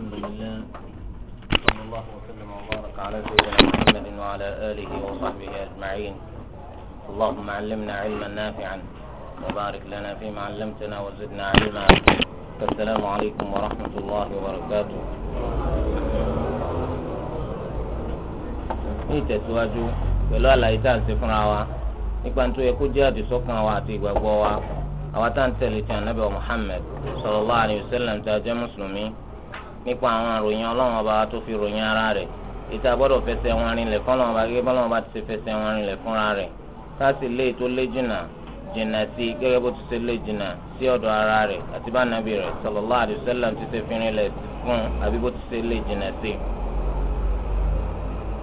الحمد لله صلى الله وسلم وبارك على سيدنا محمد وعلى آله وصحبه أجمعين اللهم علمنا علما نافعا وبارك لنا فيما علمتنا وزدنا علما السلام عليكم ورحمة الله وبركاته ní ìtẹ̀síwájú pẹ̀lú àlàyé tá à ń ṣe fúnra wa nípa tó yẹ kó jẹ́ àdìsọ́kàn wa àti ìgbàgbọ́ wa àwa tá à ń tẹ̀lé ti ànábẹ́ Muhammad sallallahu alaihi wasallam tá a jẹ́ mùsùlùmí nípa àwọn àròyìn ọlọ́run ọba tó fi ròyìn ara rẹ̀ ètò àgbọ́dọ̀ fẹsẹ̀ wọn rinlẹ̀ fọlọ́run ọba gẹ́gẹ́ bọ́lọ́run ọba ti ṣe fẹsẹ̀ wọn rinlẹ̀ fúnra rẹ̀ káàsì lé tó lé jìnnà jìnnà sí gẹ́gẹ́ bó ti ṣe lé jìnnà sí ọ̀dọ̀ ara rẹ̀ àti bá nàbì rẹ̀ sallallahu alaihi wasallam ti ṣe fi rinlẹ̀ fún àbí bó ti ṣe lé jìnnà sí.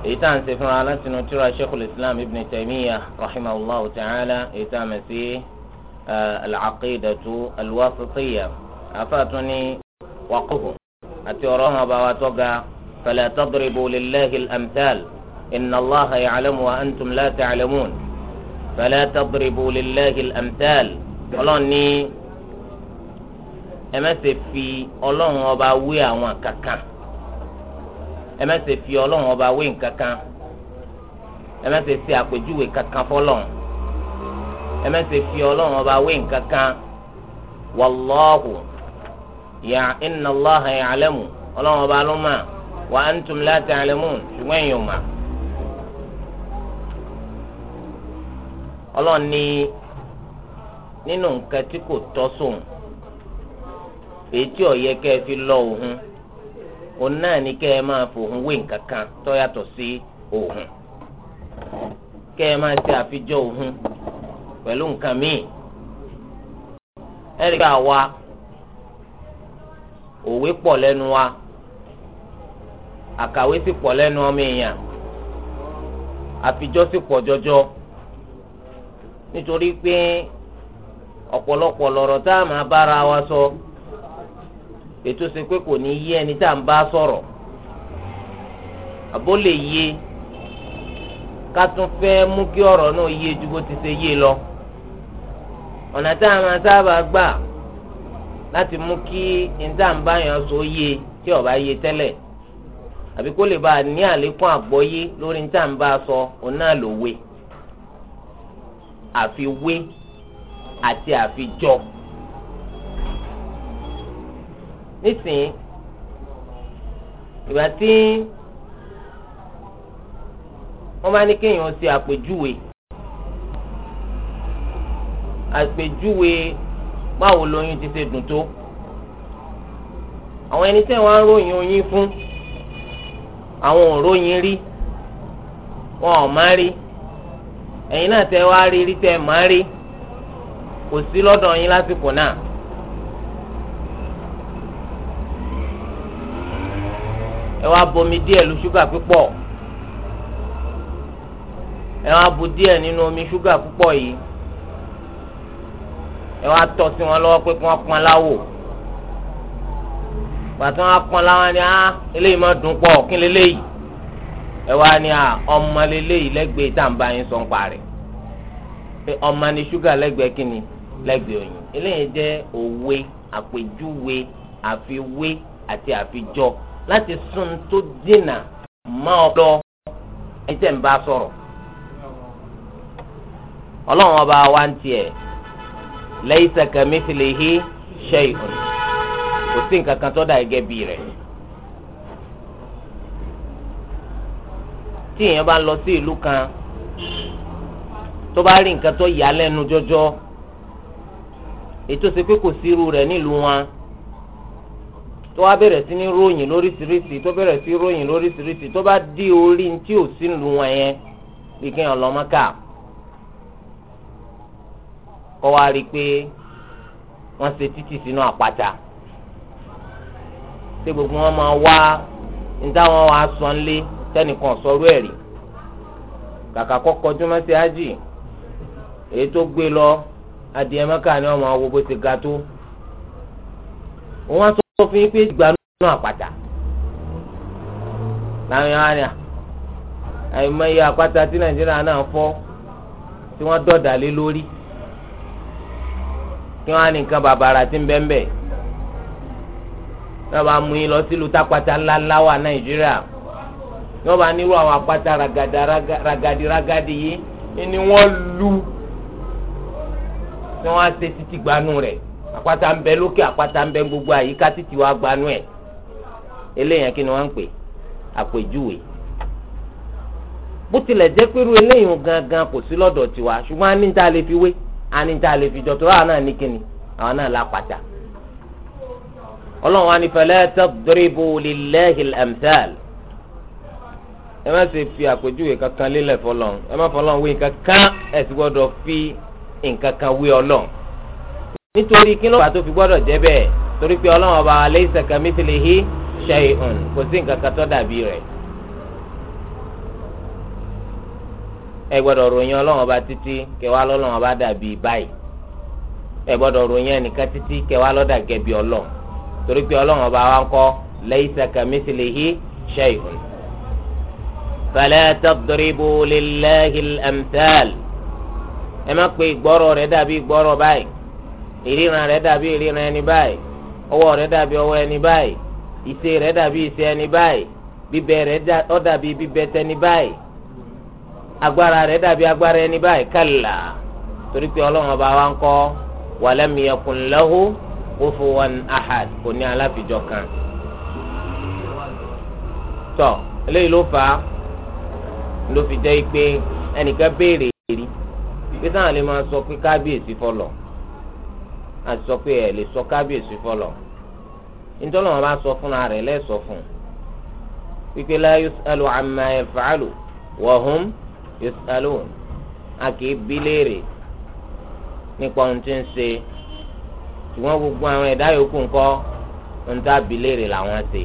èyí tá à ń ṣe fúnra látinú tíra sheikhul islam ibn taymiyyah rahimahullahu ta'ala èyí tá à mọ̀ sí eh, àfàtúni wàkùhù àti ọ̀rọ̀ hàn bá wa tó ga fala tadribu lillahi al-amthal inna allaha ya'lamu wa antum la ta'lamun fala tadribu lillahi al-amthal ọlọ́run ní ẹ má ṣe fi ọlọ́run ọba wé àwọn kankan ẹ fi ọlọ́run ọba wé nǹkankan ẹ má àpèjúwe kankan fọlọ́run ẹ fi ọlọ́run ọba wé nǹkankan wallahu. ya inna Allaha ya'lamu ọlọ́run ọba ló wa antum la ta'lamun ṣùgbọ́n èèyàn ma ní nínú nǹkan tí kò tọ́ sóun ètí ọ̀yẹ́ kẹ́ ẹ fi lọ òun òun náà ní kẹ́ ẹ máa fòun wé nǹkan kan yàtọ̀ sí òun kẹ́ ẹ máa ṣe àfijọ́ òun pẹ̀lú nǹkan míì ẹ̀rí ká wa. òwe pọ̀ lẹ́nu wa àkàwé sì pọ̀ lẹ́nu ọmọ èèyàn àfijọ́ sì pọ̀ jọjọ́, nítorí pé ọ̀pọ̀lọpọ̀ lọ̀rọ̀ tá a máa bára wa sọ ètò ṣe pé kò ní yí ẹni tá a ń bá sọ̀rọ̀ àbó lè yé ká tún fẹ́ mú kí ọ̀rọ̀ náà yé ju bó ti ṣe yé lọ ọ̀nà tá a máa sábà gbà. láti mú kí ntàǹbáyàn sọ yé e tí ó bá yé e tẹ́lẹ̀ àbí kó lè bá a ní àlékún àgbọ́yé lórí ntàǹbá sọ òun náà ló wé àfiwé àti àfijọ. nísìnyí ìgbà tí wọ́n bá ní kéèyàn ṣe àpèjúwe àpèjúwe báwo lóyún ti ṣe dùn tó àwọn ẹni tẹ́ wọ́n á ròyìn oyin fún àwọn ò ròyìn rí wọn ò má rí ẹ̀yin náà tẹ́ wá rí rí tẹ́ má rí kò sí lọ́dọ̀ yín lásìkò náà. ẹ wá bomi díẹ̀ lu ṣúgà púpọ̀ ẹ wá bu díẹ̀ nínú omi ṣúgà púpọ̀ yìí ẹ wá tọ́ sí wọn lọ́wọ́ pé kí wọ́n pọn láwò pàtó wọn pọn láwọn ni ah eléyìí máa dùn pọ̀ kí leléyìí ẹ wá ní ah, à ọmọ leléyìí lẹ́gbẹ̀ẹ́ tàǹbà yín sọ ń parí pé ọmọ ni ṣúgà lẹ́gbẹ̀ẹ́ kí ni lẹ́gbẹ̀ẹ́ oyin eléyìí jẹ́ òwe àpèjúwe àfiwé àti àfijọ́ láti sún tó dènà mọ́ ọ lọ ẹ tẹ̀ ń bá sọ̀rọ̀ ọlọ́run ọba wa ń tiẹ̀ laysa kamithlihi shay'un kò sí nǹkan kan tó dà gẹ́gẹ́ bí rẹ̀. tí èèyàn bá lọ sí ìlú kan tó bá rí nǹkan tó yà lẹ́nu jọjọ ètò ìsìnkú kò sí irú rẹ̀ nílùú wọn tó wá bẹ̀rẹ̀ sí ní ròyìn lóríṣiríṣi tó bẹ̀rẹ̀ sí ròyìn lóríṣiríṣi tó bá di orí tí ò sí nílùú wọn yẹn bí kéèyàn lọ Mẹ́kà kọ́ wá rí i pé wọ́n ṣe títì sínú àpáta ṣé gbogbo wọn máa wá níta wọn wá sọ ńlé tẹnìkan sọrú ẹ̀ rí kàkà kọ́kọ́ tó má ṣe ájì èyí tó gbé lọ adìẹ mẹ́ka ni wọ́n máa wo bó ṣe ga tó wọ́n sọ fún yín pé ìgbà nínú àpáta làwọn yàrá ni àìmọye àpáta tí nàìjíríà náà fọ́ tí wọ́n dọ̀dà lé lórí kí wọ́n á ní nǹkan bàbàrà tí ń bẹ́ẹ̀ bẹ́ẹ̀ náà bá mú yín lọ sílùú tápàtà ńláńlá wà nàìjíríà náà bá nírú àwọn àpáta ragada ragadi ragadi yìí ni wọ́n lu tí wọ́n á ṣe títí gbanú rẹ̀ àpáta ń bẹ lókè àpáta ń bẹ gbogbo àyíká títí wàá gbanú ẹ̀ eléyàn kí ni wọ́n ń pè àpèjúwe bó tilẹ̀ jẹ́ pé irú eléyìí gangan kò sí lọ́dọ̀ tiwa ṣùgbọ́n a ní ta lè fi wé anita lè fi jọtọ àwọn náà nìkíni àwọn náà lápàtà ọlọ́run wa ní fẹlẹ́ tẹ́dọ́rìbù lillahi al-amthal ẹ má ṣe fi àpèjúwe kankan lélẹ̀ fọlọ́n ẹ má fọlọ́n wé kankan ẹ sì gbọ́dọ̀ fi nǹkan kan wé ọlọ́n nítorí kí ló fà tó fi gbọ́dọ̀ jẹ́ bẹ́ẹ̀ torí pé ọlọ́run ọba laysa kamithlihi shay'un kò sí nǹkan kan dàbí rẹ̀. ẹ gbọ́dọ̀ ròyìn ọba títí kẹwàá lọ́lọ́run ọba dàbí báyìí ẹ gbọ́dọ̀ ròyìn ẹnìkan títí kẹwàá lọ́dà gẹ̀bí ọlọ́ torí pé ọba wa ń kọ́ laysa kamithlihi shay'un. fala tadribu lillahi al-amthal ẹ má pe ìgbọ́rọ̀ rẹ̀ dàbí ìgbọ́rọ̀ báyìí ìríran rẹ̀ dàbí ìríran ẹni báyìí ọwọ́ rẹ̀ dàbí ẹni báyìí ìṣe dàbí agbára rẹ̀ dàbí agbára ẹni báyìí kàlà torí pé ọlọ́run ọba wa ń kọ́ walam yakun lahu kufuwan ahad kò ní aláfijọ́ kan. tọ́ eléyìí ló fà á ló fi jẹ́ pé ẹnìkan béèrè rí pé táwọn lè máa sọ pé kábíyèsí fọlọ̀ àti sọ pé ẹ̀ lè sọ kábíyèsí fọlọ̀ nítorí wọn bá sọ fúnra rẹ̀ lẹ́sọ̀ fún un pípé la yus'alu amma yaf'alu wa hum yusalun a kì í bí léèrè nípa ohun tí ń ṣe ṣùgbọ́n gbogbo àwọn ẹ̀dá yòókù ńkọ́ ohun tá a bí léèrè làwọn ṣe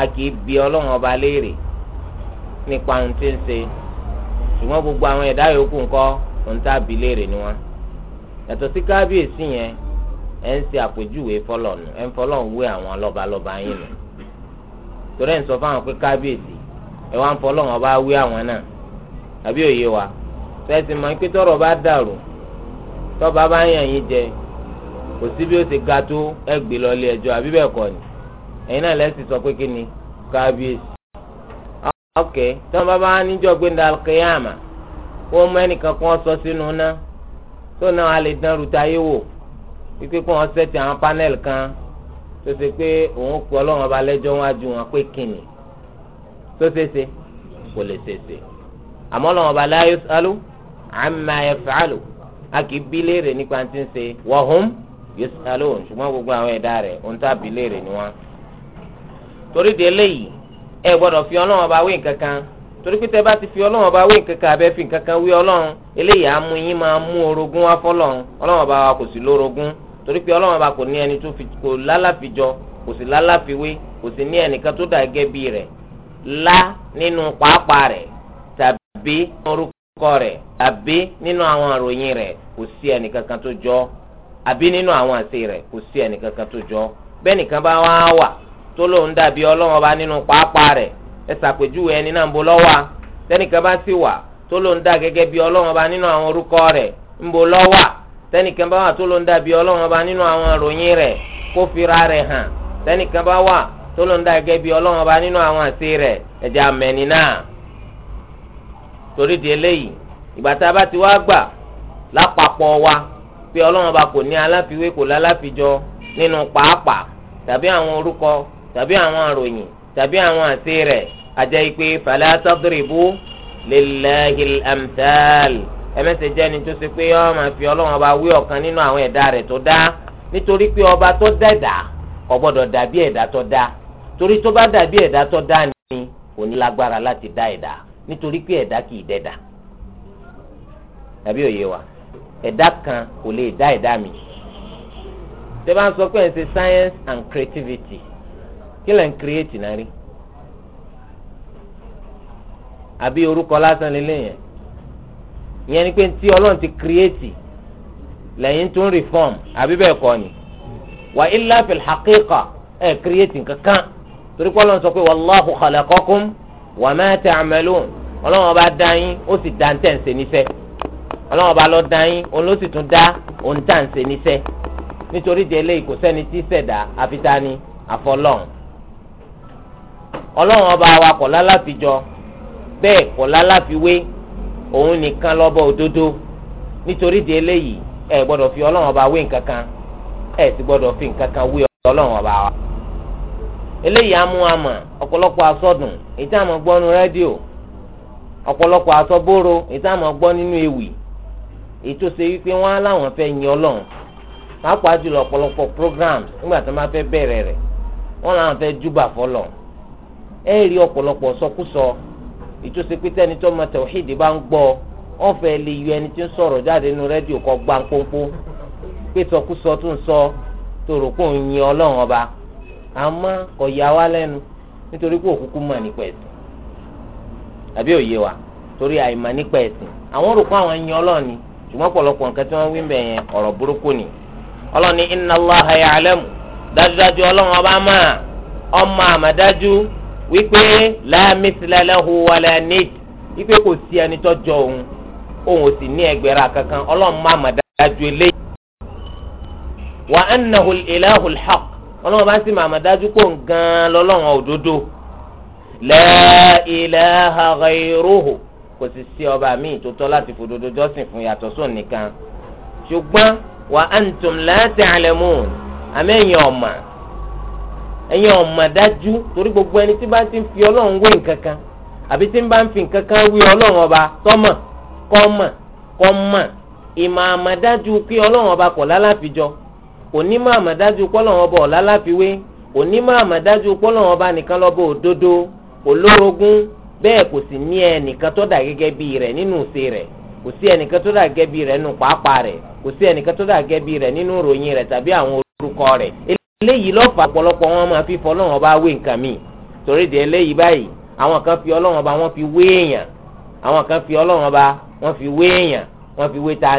a kì í bí ọlọ́run ọba léèrè nípa ohun tí ń ṣe ṣùgbọ́n gbogbo àwọn ẹ̀dá yòókù ńkọ́ ohun tá a bí léèrè ni wọ́n yàtọ̀ sí kábíyèsí yẹn ẹ̀ ń ṣe àpèjúwe fọlọ́nù ẹ̀ ń fọlọ́n wé àwọn lọ́balọ́ba yín nù torí ẹ̀ ń sọ fáwọn pé kábíyèsí ẹ̀ wá ń fọlọ́n ọba wé àwọn náà àbí òye wa fẹsẹ̀ mọ̀ pé tọrọ bá dàrú tọba bá yàn yín jẹ kò sí bí ó ti ga tó ẹ gbé lọ àbí bẹ́ẹ̀ kọ́ ni ẹ̀yin náà lẹ́sìn sọ pé kí ni kábíyèsí. ok tọ́ bàbá níjọ́ gbẹ̀ndà kéyàmà wọ́n mú ẹnìkan kan sọ sínú náà tó náà a lè dán ruta yé wò wípé kí wọ́n sẹ́tì àwọn panel kan tó ṣe pé òun pọ̀ ọlọ́run ọba lẹ́jọ́ wájú wọn pé kí ni tó ṣeéṣe kò lè ṣeéṣe àmọ́ lọ́wọ́ bá la yusalu amma yaf'alu a kì í bí léèrè nípa tí ń ṣe wa hum yusalun ṣùgbọ́n gbogbo àwọn ẹ̀dá rẹ̀ ohun tá a bí léèrè ni wọ́n. torí de eléyìí ẹ gbọ́dọ̀ fi ọlọ́wọ́ bá wí nǹkan kan torí pé tẹ bá ti fi ọlọ́wọ́ bá wí nǹkan kan abẹ́ fi nǹkan kan wí ọlọ́run eléyìí á mú yín máa mú orogún wá fọlọ́run ọlọ́wọ́ bá wa kò sí lórogún torí pé ọlọ́wọ́ bá kò ní ẹni tó fi kò lálàfijọ kò sí lálàfiwé kò sí ní ẹnìkan tó dà bí rẹ̀ lá nínú pàápàá rẹ̀ àbí orúkọ rẹ àbí nínú àwọn àròyìn rẹ kò sí ẹnìkankan tó jọ àbí nínú àwọn àṣẹ rẹ̀ kò sí ẹnìkankan tó jọ bẹ́ẹ̀ nìkan bá wá wà tó lóun dàbí ọlọ́wọ́n bá nínú pàápàá rẹ̀ ẹ ṣàpèjúwe ẹni náà ń bo lọ́wọ́ tẹ́nìkan bá sì wà tó lóun dà gẹ́gẹ́ bí ọlọ́wọ́n bá nínú àwọn orúkọ ń bo lọ́wọ́ bá wà tó lóun dàbí ọlọ́wọ́n bá nínú torí di eléyìí ìgbà tá a bá ti wá gbà lápapọ̀ wa pé ọlọ́run ọba kò ní aláfiwé kò láláfijọ nínú pàápàá tàbí àwọn orúkọ tàbí àwọn àròyìn tàbí àwọn àti rẹ̀ ajá ipe fala tadribu lillahi al-amthal ẹ̀mẹ́sẹ̀ jẹ́ ni tó ṣe pé ó máa fi ọlọ́run ọba wé ọ̀kan nínú àwọn ẹ̀dá rẹ̀ tó dá nítorí pé ọba tó dẹ̀dá kò gbọ́dọ̀ dàbí ẹ̀dá tó dá torí tó bá dàbí ẹ̀dá tó dá ni kò ní lágbára láti dá ẹ̀dá nítorí pé ẹ̀dá kì í dẹ́dà tàbí òye wa ẹ̀dá kan kò lè dá ẹ̀dá mi tẹ́ bá ń sọ pé ẹ̀ ń ṣe science and creativity kí lẹ́ ń create náà rí àbí orúkọ lásán lélẹ̀ yẹn ìyẹn ni pé tí ọlọ́run ti create lẹ́yìn tó ń reform àbí bẹ́ẹ̀ kọ́ ni wà ilá fil haqiqa ẹ̀ create nǹkan kan torí pé ọlọ́run sọ pé wàlláhu khalaqakum wa ma ta'malun ọlọ́wọ́n bá dá yín ó sì dá ntẹ̀ ń ṣe níṣẹ́ ọlọ́wọ́n bá lọ dá yín òun ló sì tún dá òun tà ń ṣe níṣẹ́ nítorí délé kò sẹ́ni tí ṣẹ̀dá àfitani àfọlọ́n ọlọ́wọ́n bá wa kọ̀ lálàfijọ́ bẹ́ẹ̀ kọ̀ lálàfiwé òun nìkan lọ́bọ̀ òdodo nítorí délé yìí ẹ gbọ́dọ̀ fi ọlọ́wọ́n bá wé nǹkan kan sì gbọ́dọ̀ fi nǹkan wé ọlọ́wọ́n bá wa. eléyìí amú ama ọ̀pọ̀lọpọ̀ asọ́dùn èyí tí redio máa gbọ́ nínú rédíò ọ̀pọ̀lọpọ̀ asọ́bóró eto si a máa gbọ́ nínú ewì èyí wípé wọ́n á fẹ́ yin ọlọ́run jùlọ ọ̀pọ̀lọpọ̀ programs nígbà tí wọ́n fẹ́ bẹ̀rẹ̀ rẹ̀ wọn láwọn fẹ́ júbà fọlọ̀ ẹ rí ọ̀pọ̀lọpọ̀ sọkúsọ tó tẹ̀wọ́hídì bá yọ ẹni tí ń sọ̀rọ̀ jáde nínú gbá pé sọkúsọ tó ń sọ ọba a kò yà wá lẹ́nu nítorí pé òkúkú mà nípa ẹ̀sìn àbí òye wa torí àìmà nípa ẹ̀sìn àwọn rò àwọn ń ọlọ́ọ̀ni ṣùgbọ́n pọ̀lọpọ̀ nǹkan tí wọ́n wí bẹ̀ yẹn ọ̀rọ̀ burúkú ni ọlọ́ọ̀ni inna Allaha ya'lamu dájúdájú ọlọ́run ọba máa ọmọ àmàdájú wípé la mithla lahu wípé kò sí ẹni òun òun sì ní kankan ọlọ́run àmàdájú ilahul ọlọ́run bá sì màmá dájú kó nǹkan lọ́lọ́run òdodo la ilaha kò sì sí ọba míì tó tọ́ láti fòdodo jọ́sìn fún yàtọ̀ sóun nìkan ṣùgbọ́n wa antum la ta'lamun àmì ẹ̀yin ọ̀mà ẹ̀yin ọ̀mà dájú torí gbogbo ẹni tí bá ti ń fi ọlọ́run wé nǹkan kan àbí tí ń bá ń fi nǹkan kan wé ọlọ́run ọba tọ́mọ̀ kọ́mọ̀ kọ́mọ̀ ìmọ̀ àmàdájú pé ọlọ́run ọba kọ̀ lálàfíjọ́ onímọ̀ àmọ̀dájú pọ́lọ́wọ́n bọ̀ lálàfiwé onímọ̀ àmọ̀dájú pọ́lọ́wọ́n bá nìkan lọ́bọ̀ òdodo olórogún bẹ́ẹ̀ kò sì ní ẹnìkan tó dà gẹ́gẹ́ bí rẹ̀ nínú ìṣe rẹ̀ kò sí ẹnìkan tó dà gẹ́gẹ́ bí rẹ̀ nínú pàápàá rẹ̀ kò sí ẹnìkan tó dà gẹ́gẹ́ bí rẹ̀ nínú ìròyìn rẹ̀ tàbí àwọn orúkọ rẹ̀ eléyìí lọ́fà ọ̀pọ̀lọpọ̀ wọn máa fi fọlọ́wọ́n bá wé nǹkan míì torí di eléyìí báyìí àwọn kan fi ọlọ́wọ́n bá wọ́n fi wé èèyàn àwọn kan fi ọlọ́wọ́n bá wọ́n fi wé èèyàn wọ́n fi wé ta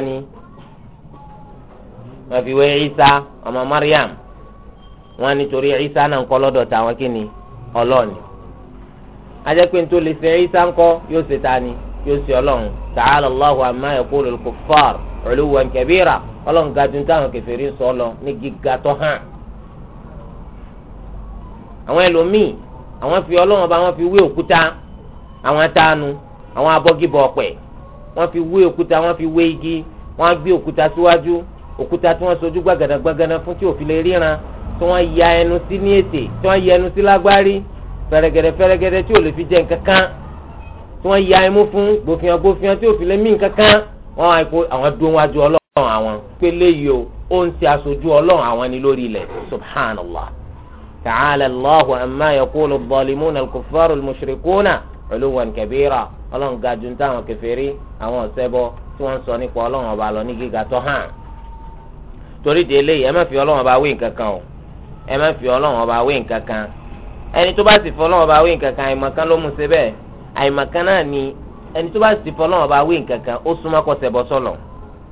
wọ́n fi wé Ìsá ọmọ Mariam wọ́n nítorí isa náà ń kọ́ awọn táwọn kíni ọlọ́ọ̀ni ajẹ́ nítorí lè ṣe Ìsá ńkọ́ yóò ṣe yóò ṣe Allahu amma yaqulu al-kuffar uluwan kabira ọlọ́run ga dùn táwọn kèfèrí lọ fi ọba wọn fi wé òkúta àwọn fi wé òkúta fi wé igi gbé òkúta tí wọ́n sojú gbàgàdàgbàgàdà fún tí òfin lè ríran tí wọ́n ya ẹnu sí ní ètè tí wọ́n ya ẹnu sí lágbárí fẹ̀rẹ̀gẹ̀dẹ̀ fẹ̀rẹ̀gẹ̀dẹ̀ tí ò lè fi jẹ nǹkan kan tí wọ́n ya imú fún gbòfin agbófin tí òfin lè mí nǹkan kan wọ́n wá ipò àwọn dúró wájú ọlọ́run àwọn pélé yìí o ó ń ṣe aṣojú ọlọ́run àwọn ni lórí ilẹ̀ subhanallah ta'ala allahu amma torí de eléyìí ẹ má fi ọlọ́wọ́n bá wí nǹkan kan o ẹ má fi ọlọ́wọ́n bá wí nǹkan kan ẹni tó bá sì fọ ọlọ́wọ́n bá wí nǹkan kan àìmọ̀kan ló mú ṣe bẹ́ẹ̀ àìmọ̀kan náà ni ẹni tó bá sì fọ ọlọ́wọ́n bá wí nǹkan kan ó súnmọ́ kó ṣẹbọ sọ̀lọ̀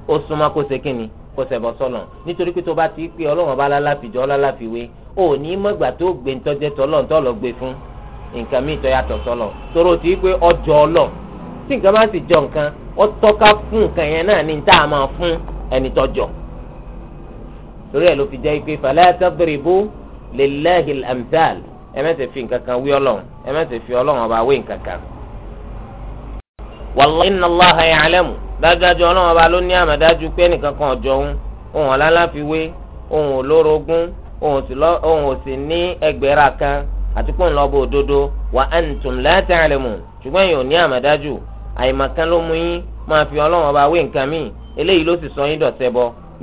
ó súnmọ́ kó ṣe kíni kó ṣẹbọ sọ̀lọ̀ nítorí pé tó bá ti pé ọlọ́wọ́n bá lálàfíjọ́ lálàfíwé ò ní mọ̀gbà tó gbé ntọ́jẹ́ tọ́lọ́ ntọ́lọ́ torí ẹ̀ ló fi jẹ́ pé fala tadribu lillahi al-amthal ẹ má ṣe fi nǹkan kan wí ọlọ́run ẹ má ṣe fi ọlọ́run ọba wé nǹkan kan. wallahi inna Allaha ya'lamu dájúdájú ọlọ́run ọba ló ní àmàdájú pé nìkan kan ọ̀jọ̀ òun òun ọ̀làlá fi wé òun olórogún òun ò sì ní ẹgbẹ̀rà kan àti pé òun lọ bó òdodo wa antum la ta'lamun ṣùgbọ́n èèyàn ò ní àmàdájú àìmọ̀kan ló mú yín máa fi ọlọ́run ọba wé nǹkan míì eléyìí ló sì sọ yín dọ̀tẹ́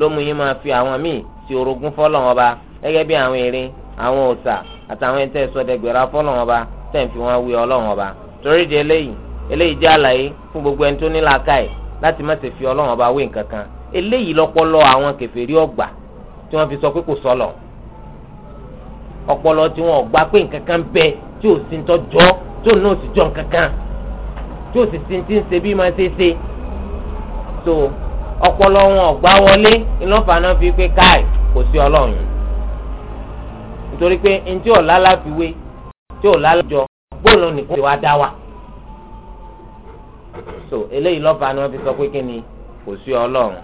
ló mú yín máa fi àwọn míì ti orogún fọ́lọ́run ọba gẹ́gẹ́ bí àwọn erin àwọn òòṣà àtàwọn ẹni tẹ́ sọdẹgbẹ̀rà fọ́lọ́run ọba tẹ̀ ń fi wọn wí ọlọ́run ọba torí di eléyìí eléyìí jẹ́ àlàyé fún gbogbo ẹni tó ní làákàyè láti má ṣe fi ọlọ́run ọba wé nǹkan kan eléyìí lọ́pọlọ àwọn kèfèrí ọgbà tí wọ́n fi sọ pé kò sọlọ ọpọlọ tí wọn gbà pé nǹkan kan bẹ tí ò sí tọjọ tí ò náà sì jọ nǹkan kan tí ò sì sí ti ń ṣe bí máa ṣe ṣe so ọpọlọ wọn ọgbà wọlé ìlọ́fà náà fi pé káì kò sí ọlọ́run nítorí pé ntí ọ̀la láfiwé tí ọ̀la lájọ bóòlù nìkan ti wá dá wa so eléyìí lọ́fà náà fi sọ pé kí ni kò sí ọlọ́run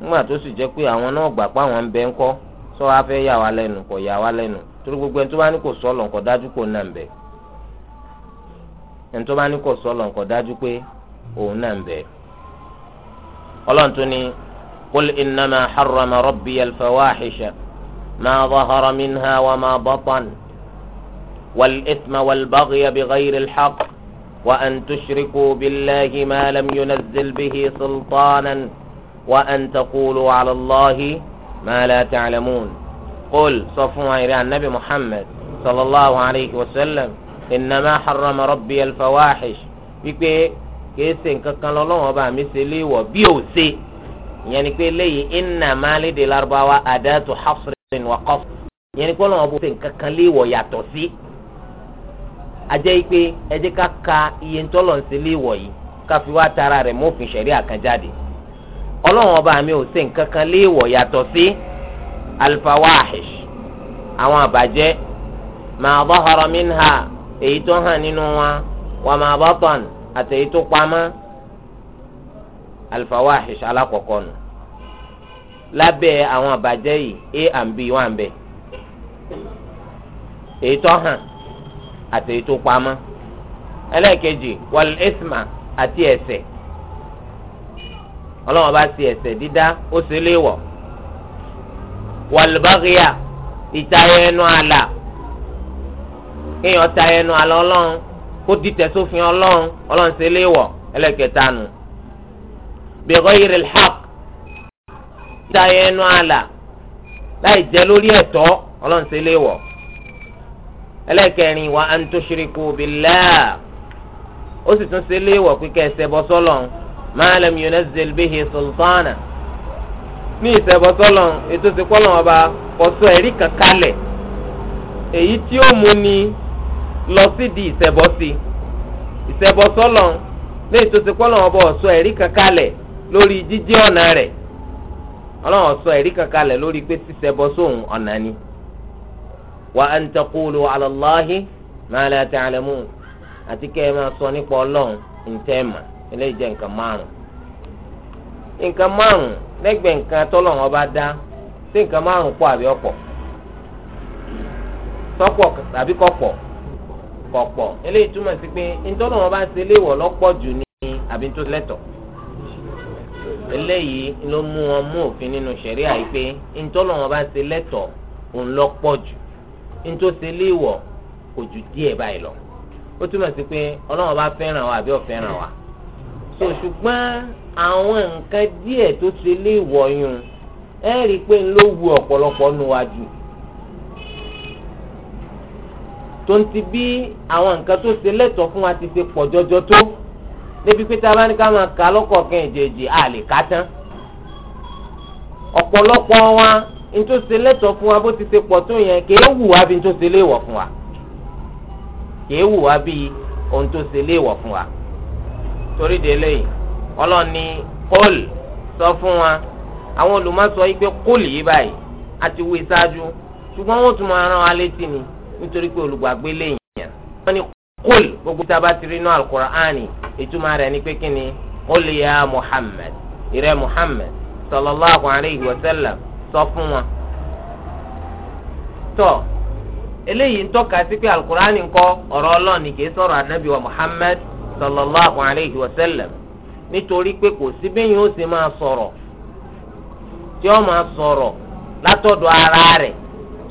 nígbà tó sì jẹ́ pé àwọn náà gbà pé àwọn ń bẹ ńkọ́ sọ wá fẹ́ yà wá lẹ́nu kò yà wá lẹ́nu torí gbogbo ẹni tó bá ní kò sọ ọlọ́run kò dájú kò nà ń bẹ ẹni tó bá ní kò sọ ọlọ́run kò dájú pé òun nà ń bẹ. ọlọ́run tún ní qul innama harrama rabbi alfawahisha ma zahara minha wa ma batan wal ithma wal bagya bi ghayri alhaq wa an tushriku billahi ma lam yunazil bihi sultanan wa an taqulu ala allahi ma la ta'lamun qul sọ fún wa ìrẹ anabi muhammad sallallahu alayhi wa sallam innama harrama rabbi alfawahish wípé. kìí ṣe nǹkan kan lọ́lọ́wọ́n bá mi ṣe léèwọ̀ bí ò ṣe ìyẹn ni pé léyìí iná máa léde lárúbáwá àdáàtú hafsirin wà kọ́f ìyẹn ni pé ọlọ́wọ́n bó ṣe nǹkan kan léèwọ̀ yàtọ̀ sí. ajẹ́ pé ẹ jẹ́ ká ka iye ń tọ́lọ̀ ń ṣe léèwọ̀ yìí ká fi wá tara rẹ̀ mọ́fin ṣẹ̀rí àkànjáde ọlọ́wọ́n bá mi ò ṣe nǹkan kan léèwọ̀ yàtọ̀ sí alfawahish àwọn àbàjẹ́ ma zahara minha èyí tó hàn nínú wa wà ma batan àtẹ̀yí tó pamọ́ alfawahish alákọ̀ọ́kọ́ nù lábẹ́ àwọn àbàjẹ́ yìí a and b wà ń bẹ̀ èyí tó hàn àtẹ̀yí tó pamọ́ ẹlẹ́ẹ̀kejì wal isma àti ẹ̀ṣẹ̀ ọlọ́wọ́n bá ti ẹ̀ṣẹ̀ dídá ó sì léèwọ̀ wal baghiya ìtayẹnu àlà kéèyàn tayẹnu àlà ọlọ́run kó dìtẹ̀ sófin ọlọ́run ọlọ́run ṣe léèwọ̀ ẹlẹ́kẹta nù. bi ghayri al-haqq ìta ẹnu àlà láì jẹ́ lórí ẹ̀tọ́ ọlọ́run ṣe léèwọ̀. ẹlẹ́kẹrin wa an tushriku billah ó sì tún ṣe léèwọ̀ pípẹ́ ẹsẹ̀bọ sọ́lọ́run ma lam yunazzil bihi sultana ní ìṣẹ̀bọ ètò ìsìnkú ọba kò ẹ̀rí kankalẹ̀ èyí tí ó mú ni lọ sí di ìṣẹ̀bọ̀sí ìṣẹ̀bọ̀sọ́lọ̀ léyìí tó ti ọba ọ̀sọ́ ẹ̀rí kankalẹ̀ lórí jíjí ọ̀nà rẹ̀ ọlọ́run ọ̀sọ́ ẹ̀rí kankalẹ̀ lórí pé ṣíṣẹ̀bọ̀sóhun ọ̀nà ni. wa an taqulu ala Allahi ma la ta'lamun àti kẹ́ ẹ máa sọ nípa ọlọ́run ntẹ́ mà eléyìí nǹkan márùn. nǹkan ọba dá sí nǹkan márùn pọ̀ àbí ọ̀pọ̀ sọ́pọ̀ àbí kọ̀pọ̀ eléyìí túmọ̀ sí pé ntọ́nà wọn bá ń ṣe léwọ̀ lọ́pọ̀ jù ní àbí tó lẹ́tọ̀ eléyìí ló mú wọn mú òfin nínú ṣẹ̀ríà yìí pé ntọ́nà wọn bá ń ṣe lẹ́tọ̀ òun lọ́pọ̀ jù ntọ́ṣe léwọ̀ kò jù díẹ̀ báyìí lọ ó túmọ̀ sí pé ọlọ́wọ́n bá fẹ́ràn wa àbí ọ̀fẹ́ràn wa so ṣùgbọ́n àwọn nǹkan díẹ̀ tó ṣe léwọ̀ yun ẹ rí i pé ń ló wu ọ̀pọ̀lọpọ̀ nu wa tó ń ti bí àwọn nǹkan tó ṣe lẹ́tọ̀ọ́ fún wa ti ṣe pọ̀ jọjọ tó débi pé tá a bá ní ká máa kà á lọ́kọ̀ọ̀kan ìjẹ̀jì a lè kà á tán ọ̀pọ̀lọpọ̀ wa ní tó ṣe lẹ́tọ̀ọ́ fún wa bó ti ṣe pọ̀ tó yẹn kèé wù wá bí ní tó ṣe léèwọ̀ fún wa kèé wù wá bí ohun tó ṣe léèwọ̀ fún wa torí de lẹ́yìn ọlọ́ni kọ́ọ̀l sọ fún wa àwọn olùmọ̀sọ yìí pé kọ́ọ̀l yìí báyìí àti wí ṣáájú ṣùgbọ́n wọ́n tún máa rán wa létí ni nítorí pé olùgbàgbé lèèyàn wọ́n ní kúl gbogbo tí a bá ti rí inú alukur'ani ìtumọ̀ rẹ̀ ni pé kí ni qul ya muhammad ìrẹ́ muhammad sallallahu alayhi wa sallam sọ fún wọn. tọ́ eléyìí ń tọ́ka sí pé alukur'ani ń kọ́ ọ̀rọ̀ ọlọ́ọ̀ni kì í sọ̀rọ̀ anabi wa muhammad sallallahu alayhi wa sallam nítorí pé kò sí bẹ́yìn ó sì máa sọ̀rọ̀ tí ó máa sọ̀rọ̀ látọ̀dọ̀ ara rẹ̀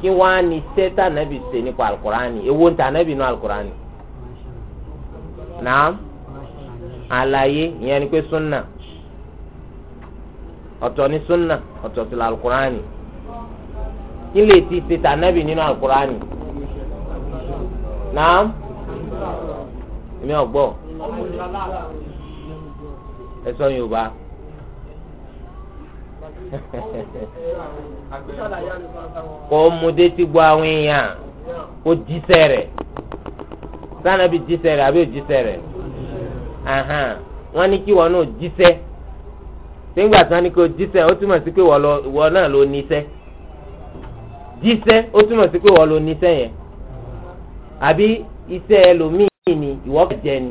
kí wọ́n á ní iṣẹ́ tànàbì ṣe nípa alukurani ewu tànàbì nù alukurani naam àlàyé ìyẹn ni pé sunna ọ̀tọ̀ ni sunna ọ̀tọ̀ sí alukurani kí lè ti ṣe tànàbì nínú alukurani naam èmi ọ̀gbọ́ ẹ sọ yorùbá. kò mu détí gbọ́ àwọn èèyàn ó jíṣẹ́ rẹ̀ sànàbí jíṣẹ́ rẹ̀ àbí òjíṣẹ́ rẹ̀ wọ́n ní kí wọn náà jíṣẹ́ nígbà tí wọ́n ní kí o jíṣẹ́ ó túmọ̀ sí pé wọ́n náà ló níṣẹ́ jíṣẹ́ ó túmọ̀ sí pé wọ́n ló níṣẹ́ yẹn àbí iṣẹ́ ẹlòmíì ni ìwọ́kẹ̀jẹ́ ni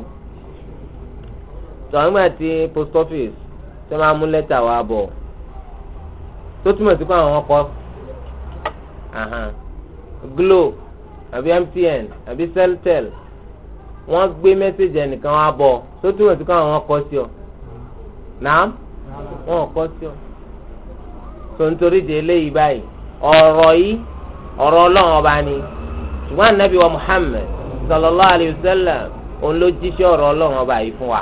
tọ́wọ́n gbà tí post office tó máa mú lẹ́tà wá bọ̀. tó túmọ̀ sí pé àwọn ọkọ̀ glo àbí MTN àbí Celtel wọ́n gbé mẹ́sẹ̀gì ẹnìkan wá bọ̀ tó túmọ̀ sí pé àwọn ọkọ̀ sí ọ nàám wọn kọ sí ọ tó nítorí di eléyìí báyìí ọ̀rọ̀ yìí ọ̀rọ̀ Ọlọ́run ọba ni ṣùgbọ́n anabi wa Muhammad sallallahu alayhi wa sallam òun ló jí sí ọ̀rọ̀ Ọlọ́run ọba yìí fún wa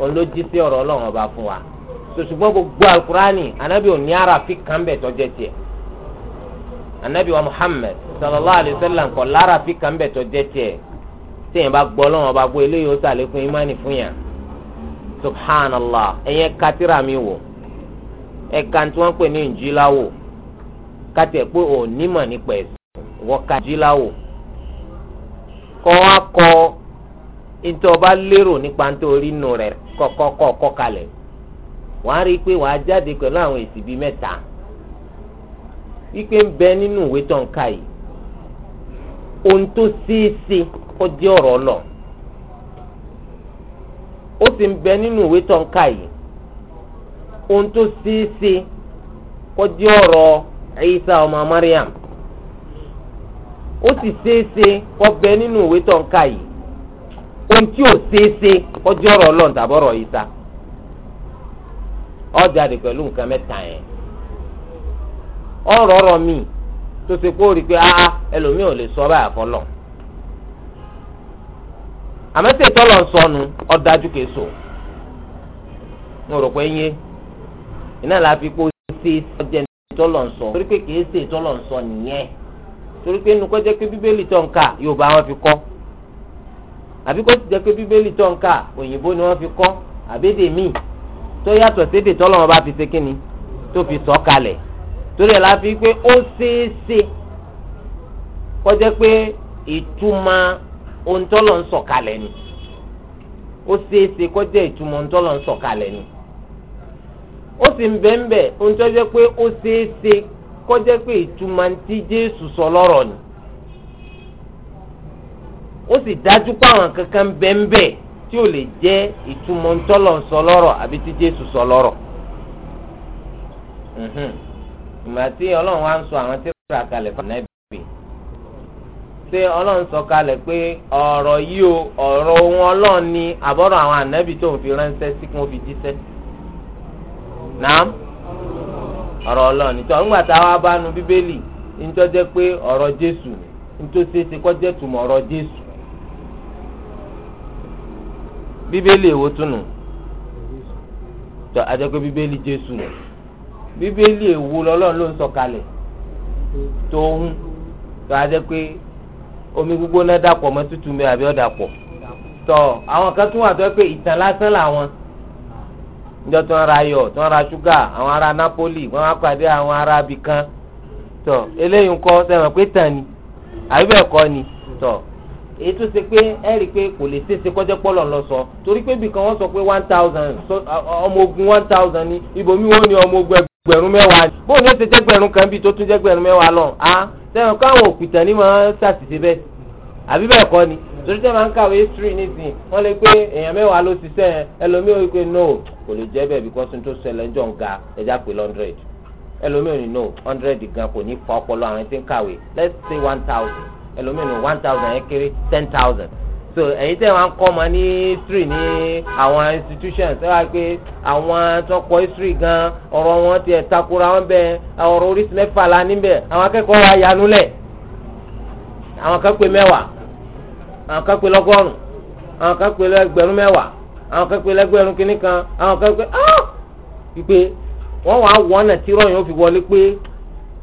òun ló jí sí ọ̀rọ̀ Ọlọ́run ọba fún wa sòṣùgbọ́n gbogbo alukurani anabi òní arafi kanbẹ tọjẹ tiẹ anabi wa muhammed sallallahu alayhi wa sallam kọ larafi kanbẹ tọjẹ ba sèyìn bá gbọ́ lọ́wọ́ bá gbọ́ eléyìí ó sàlékún imáni fún yàn subhanallah ẹ̀yẹ katira mi wò ẹ̀ka pè ní pé wọ́n ka kọ́ ntọ́ wàá rí i pé wàá jáde pẹ̀lú àwọn èsì bíi mẹ́ta wípé ń bẹ nínú ìwé tó ń ka yìí ohun tó ṣeéṣe kó jẹ́ ọ̀rọ̀ lọ ó sì ń bẹ nínú ìwé tó ń ka yìí ohun tó ṣeéṣe kó jẹ́ ọ̀rọ̀ Isa ọmọ Mariam ó sì ṣeéṣe kó bẹ nínú ìwé tó ń ka yìí ohun tí ò ṣeéṣe kó jẹ́ ọ̀rọ̀ Ọlọ́run tàbọ̀rọ̀ Isa. ọ jáde pẹ̀lú nǹkan mẹ́ta yẹn ọ̀rọ̀ mi tó ṣe kó rí i pé áá ah, ah, ẹlòmíì ò lè sọ báyà fọlọ́ àmọ́tẹ́ tọ́lọ̀ ń sọnù ọ̀dájú iná la fi kó ṣe ọjẹ́ tọ́lọ̀ ń sọ torí pé kìí ṣe kọ́ ti òyìnbó ni wọ́n fi kọ́ tó yàtọ̀ sédè tọ́lọ́mọ bá fi ṣe kínni tó fi sọ kalẹ̀ torí ẹ̀ la fi pé ó ṣeéṣe kó pé ìtumọ̀ ohun ń sọ ni ó ṣeéṣe kó jẹ́ ìtumọ̀ ohun tọ́lọ̀ ń sọ kalẹ̀ ni ó sì ń bẹ́ẹ̀ bẹ́ẹ̀ ohun tó jẹ́ pé ó ṣeéṣe kó jẹ́ pé ìtumọ̀ ti Jésù sọ lọ́rọ̀ ni ó sì dájú pé àwọn kankan bẹ́ẹ̀ tí o lè jẹ́ ìtumọ̀ ntọ́lọ̀ nsọlọ́rọ̀ àbí tí Jésù sọlọ́rọ̀ mhm. ìgbà tí ọlọ́run wá ń sọ àwọn tí ra kalẹ̀ fún ànábì ṣé ọlọ́run sọ kalẹ̀ pé ọ̀rọ̀ yìí o ọ̀rọ̀ ohun ọlọ́run ni àbọ̀rọ̀ àwọn tó ń fi ránṣẹ́ sí kí wọ́n fi jíṣẹ́ ọ̀rọ̀ ọlọ́run bíbélì èwo tún nù tó àjẹpé bíbélì jésù nù bíbélì èwo lọ́lọ́run ló ń sọ kalẹ̀ tó ń tó àjẹpé omi gbígbóná dàpọ̀ mọ́ tútù mi àbí ọ̀dà pọ̀ tó àwọn kan tún wà tó pé ìtàn lásán làwọn níjọ́ tó ń ra ayọ̀ tó ń ra ṣúgà àwọn ará Napoli wọ́n á pàdé àwọn ará abìkan tó eléyìí ń kọ́ pé tàn ni àbí bẹ́ẹ̀ ni tó. èyí tó ṣe pé ẹ rí i pé kò lè ṣeéṣe kọjá pọ́lọ̀ lọ sọ torí pé bìkan wọ́n sọ pé one thousand ọmọ ogun one thousand ni ibòmí wọ́n ní ọmọ ogun ẹgbẹ̀rún mẹ́wàá ni bóun yóò ṣe jẹ́gbẹ̀rún kan bíi tó tún jẹ́gbẹ̀rún mẹ́wàá lọ a sẹ́wọ̀n káwọn òpìtàn ní máa ń ṣàṣìṣe bẹ́ẹ̀ àbí bẹ́ẹ̀ kọ́ ni torí tẹ́ máa ń kàwé history nísìnyí wọ́n lè pé èèyàn mẹ́wàá ló ṣiṣẹ́ yẹn ẹlòmíì ò pé no kò lè jẹ́ bẹ́ẹ̀ because n tó ṣẹlẹ̀ ń jọ ń ga ẹja pé hundred ẹlòmíì ò ní no hundred gan kò ní fa ọpọlọ àwọn tí ń kàwé let's say one thousand ẹlòmínú one thousand yẹn ten thousand so ẹ̀yin tẹ́ wọn kọ́ ọmọ ní history ní àwọn institutions ẹ wá pé àwọn tó kọ́ history gan ọ̀rọ̀ wọn tiẹ̀ takora wọn bẹ ọ̀rọ̀ oríṣi mẹ́fà la níbẹ̀ àwọn akẹ́kọ̀ọ́ wa yanu lẹ̀ àwọn kan pé mẹ́wàá àwọn kan pé lọ́gọ́rùn àwọn kan pé lẹ́gbẹ̀rún mẹ́wàá àwọn kan pé kínní kan àwọn kan pé ah wàá wọ́n náà tí rọ́ọ̀yìn ó fi wọlé pé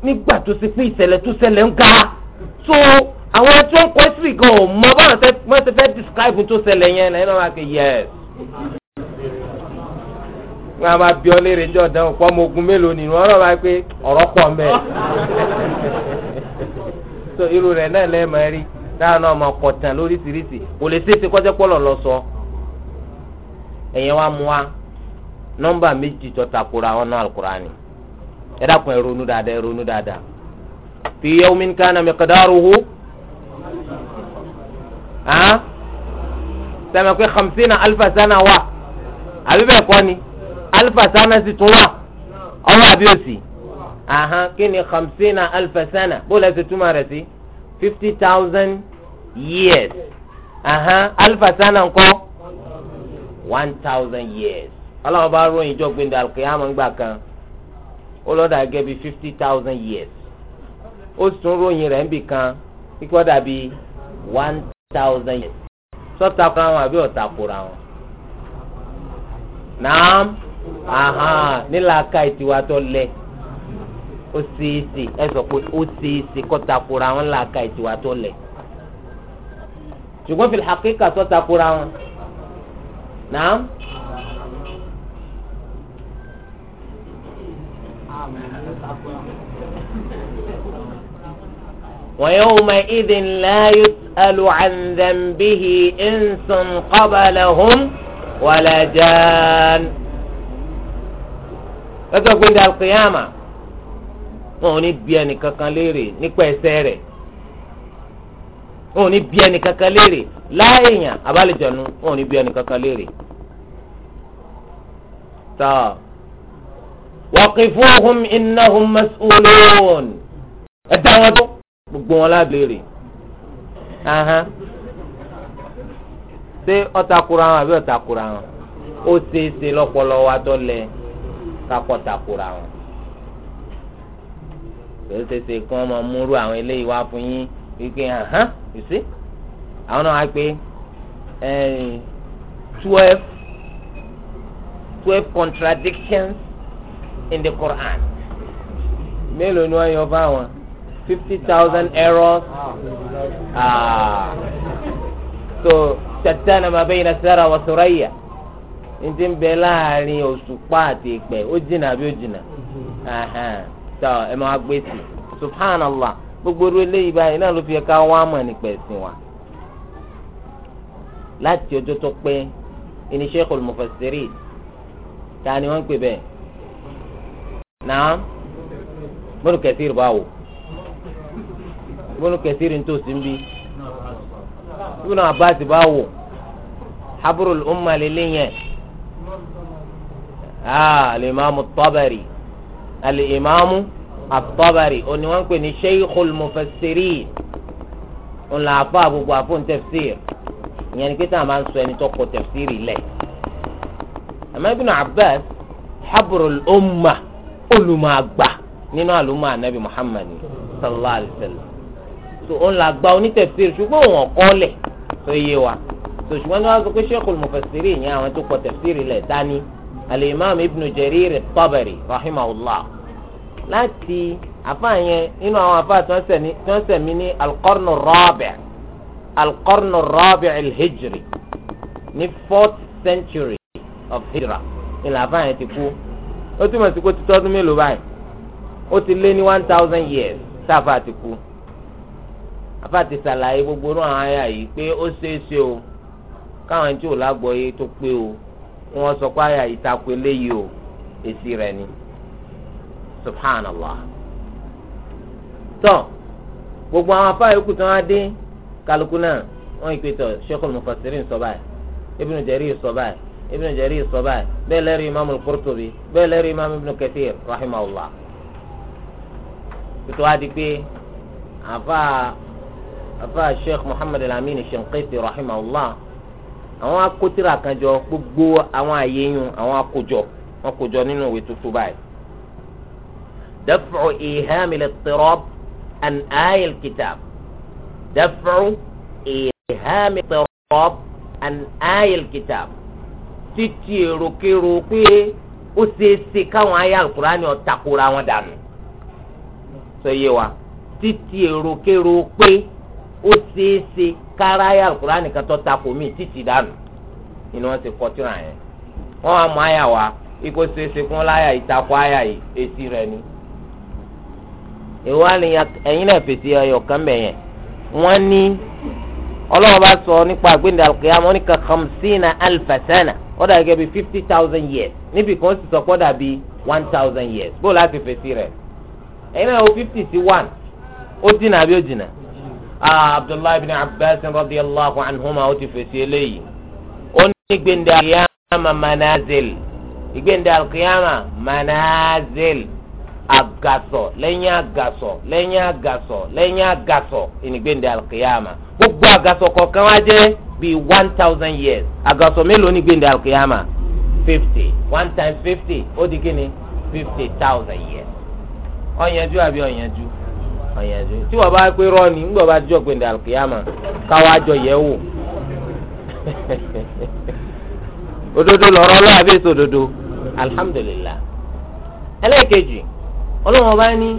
nígbà tó ṣe pé ìṣẹ̀lẹ̀ tó ṣẹlẹ̀ ń ga tó. So, àwọn tó ń kọ́ sí gan ò mọ fẹ́ describe tó ṣẹlẹ̀ yẹn náà ẹ náà yes wọn máa bí ọ léèrè jọ dán ọ̀pọ̀ ọmọ ogun mélòó nínú ọ̀rọ̀ máa pé ọ̀rọ̀ pọ̀ so irú rẹ̀ náà lẹ máa rí dáhùn ọmọ máa tán lóríṣiríṣi kò lè ṣeéṣe kọjá lọ sọ ẹ̀yin wa mú wa nọ́mbà méjì tó takora ọ̀nà hàn sẹ́mi pé hamsina alifa sana wà àbí bẹ́ẹ̀ kọ́ ni alifa sana sì tún wà ọwọ́ àbí òsì ahan kí ni hamsina alifa sana bó lẹ́sẹ̀ túmọ̀ rẹ̀ sí fifty thousand years ahan alifa sana ńkọ́ one thousand years ọlọ́run bá ròyìn jọ gbẹ̀ndẹ̀ alùkìyàmọ̀ ńgbà kan ó lọ́dà gẹ́gẹ́ bí fifty thousand years ó sì tún ròyìn rẹ̀ ńbì kan kíkọ́ dàbí one thousand years sọ́ta kura wọn àbí ọ̀tà kura wọn. naam ahan nílàaka ìtiwa tó lẹ ó ṣeéṣe ẹ sọ pé ó ṣeéṣe kọ́ta kura wọn nílàaka ìtiwa tó lẹ ṣùgbọ́n fi hakika sọ́ta kura wọn naam. Amen. ويومئذ لا يسأل عن ذنبه إنس قبلهم ولا جان فتقول ده القيامة أوني بياني كاكاليري نكوي سيري أوني بياني كاكاليري لا إنيا أبالي جانو أوني بياني كاكاليري تا وقفوهم إنهم مسؤولون الدعوة gbogbo wọn lábẹ́rẹ́ ahán ṣé ọ̀takùrọ̀ àwọn àbí ọ̀takùrọ̀ àwọn ó ṣeéṣe lọ́pọ̀lọ́ wa tó lẹ kakọ̀ takùrọ̀ àwọn kò ṣeéṣe kí wọ́n máa múrú àwọn eléyìí wá fún yín wípé ahán you see àwọn náà wá pé twelve twelve contradictions in the Quran mélòó ni wọ́n yọ fáwọn fifty thousand errors ah so shattana ma bayna sara wa suraya n ti bẹ láàrin òṣùpá àti ìpẹ ó jìnnà àbí ó jìnnà tó ẹ máa gbé sí subhanallah gbogbo orí eléyìí báyìí náà ló fi ẹka wá mọ̀ nípa ẹ̀sìn wa láti ọjọ́ tó pé ẹni Sheikhul Mufassirin ta ni wọ́n ń pè bẹ́ẹ̀ náà mọ́tò rẹ̀ bá wò ìbúnú kẹsìrì tó sì ń bí ìbúnú abáàsì bá wò habrul umma lele yẹn ah, alimami tọ́bẹ̀rì alimami atọ́bẹ̀rì òní wọ́n ń pè ní sheikhul mufassirin ńlá afọ àbúgbò àfọ̀n tẹ̀fsír ìyẹn ni pé tá a máa ń sọ ẹni tó kọ tẹ̀fsír lẹ̀ àmọ́ ibùnú abbas habrul umma olùmọ̀ àgbà nínú àlùmọ̀ anabi muhammad sallallahu alayhi wa sallam so òun là gba onítẹ̀síìrì ṣùgbọ́n òun ọ̀kọ́ lẹ̀ tó yé wa so ṣùgbọ́n tí wọ́n sọ pé Sheikhul Mufassirin ìyẹn àwọn tó kọ tẹ̀síìrì lẹ̀ dání al-Imam Ibn Jarir at-Tabari rahimahullah láti àfáà yẹn nínú àwọn àfáà tí wọ́n sẹ̀mí ní al-qarnu ar-rabi' al ní fourth century of hijra ìlà àfáà yẹn ti kú ó túmọ̀ sí pé títọ́dún mélòó báyìí ó ti lé ní one thousand years sáfà ti kú afáàtì sàlàyé gbogbo náà àwọn àyà yìí pé ó ṣeéṣe o káwọn tí ò lágbọ́ yé tó pé o wọ́n sọ pé àyà yìí takò eléyìí o èsì rẹ̀ ni subhanallah tọ gbogbo àwọn afáà yòókù tí wọ́n á dé kálukú náà wọ́n yìí pé tọ Sheikhul Mufassirin sọ báyìí Ibn Jarir sọ báyìí Ibn Jarir sọ báyìí bẹ́ẹ̀ lẹ́rù imaamu al-Qurtubi bẹ́ẹ̀ imaamu Ibn Kathir rahimahullah tuntun á di pé àfáà afa sheikh muhammad alamin shinqiti rahimahullah àwọn akótìrà kan jọ gbogbo àwọn àyèyàn àwọn akójọ wọn kójọ nínú ìwé tuntun báyìí. دفع إيهام الاضطراب عن آي الكتاب دفع إيهام الاضطراب عن آي الكتاب títí èròkérò pé ó ṣeéṣe káwọn ayé alukurani ọ̀takora wọn dànù sọ yé wa títí èròkérò pé ó ṣeé ṣe káráyà alukur'an nìkan tó takò mí títí dànù ni wọ́n ti kọ́ tíra yẹn wọ́n wá mú àyà wá ikú ṣeé ṣe fún láyà ìtakò àyà yìí èsì rẹ̀ ni. ìwà ni ẹ̀yin náà fèsì ẹyọ kan bẹ̀ yẹn wọ́n ní ọlọ́wọ́ bá sọ nípa àgbéǹde alukiyama oníkà khamsina alfasana ó dà gẹ́gẹ́ fifty thousand years níbi kan ó sì sọ pọ́ dàbí one thousand years bó láti fèsì rẹ̀ ẹ̀yin náà ó fifty sí one ó dínà àbí ó dínà Ah, abdullahi ibn abbas radiyallahu anhu anhuma ó ti fèsì eléyìí ó ní gbẹ̀ndẹ̀ alkiyama manazil ìgbẹ̀ndẹ̀ alkiyama manazil agasọ lẹ́yìn agasọ lẹ́yìn agasọ lẹ́yìn agasọ ìnìgbẹ̀ndẹ̀ alkiyama gbogbo agasọ kọ̀ọ̀kan wá jẹ́ bíi one thousand years agasọ mélòó ní gbẹ̀ndẹ̀ alkiyama fifty one times fifty ó di kí ni fifty thousand years ọ̀yẹ́jú àbí ọ̀yẹ́jú. ọ̀yànjú tí wọ́n bá pé rọ́ọ̀nì ńgbọ́ bá jọ pé ndàlùkìyàmà káwá jọ yẹ wò òdodo lọ̀rọ̀ lọ́wọ́ àbí èso òdodo alhamdulillah ẹlẹ́ẹ̀kejì ọlọ́wọ́n bá ní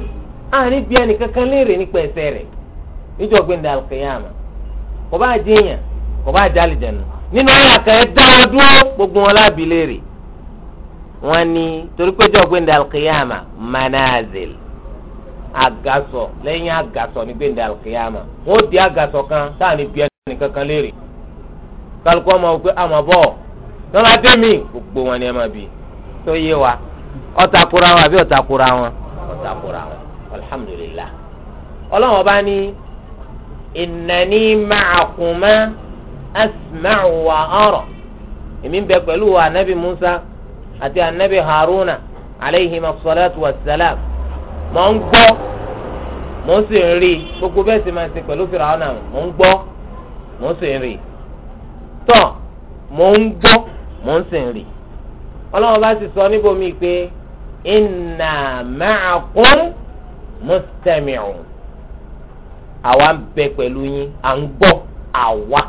àárín bíi ẹnìkankan léèrè nípa ẹ̀ṣẹ̀ rẹ̀ níjọ́ pé ndàlùkìyàmà kò bá jẹ́ èèyàn kò bá jẹ́ àlìjẹ̀nu nínú ọ̀rọ̀ àkàrẹ́ dáwọ́ dúró gbogbo wọn lábì léèrè wọn ni torí pé jọ́ pé ndàlùkìyàmà manazil. àgàsọ̀ lẹ́yìn àgàsọ̀ ní gbẹ̀ndẹ̀ àlùkìyàmà o di àgàsọ̀ kan sáàni bíẹ́ kan lere kálukú ọmọ wò pé ah, àmọ́ bọ̀ lọ́la dé mi gbogbo tó yé wa ọ̀tàkùrà wọn àbí ọ̀tàkùrà wọn ọ̀tàkùrà wọn alhamdulillah bá ní ìnáni wa èmi mọ ń gbọ́ mọ̀ sì ń rí gbogbo bẹ́ẹ̀ sì máa ṣe pẹ̀lú fìràwọ́nà mọ ń gbọ́ mọ̀ sì ń rí tọ́ mọ̀ ń gbọ́ mọ̀ sì ń rí bá sọ níbòmí pé inna ma'akum mustami'un àwa ń bẹ pẹ̀lú yín à ń gbọ́ àwa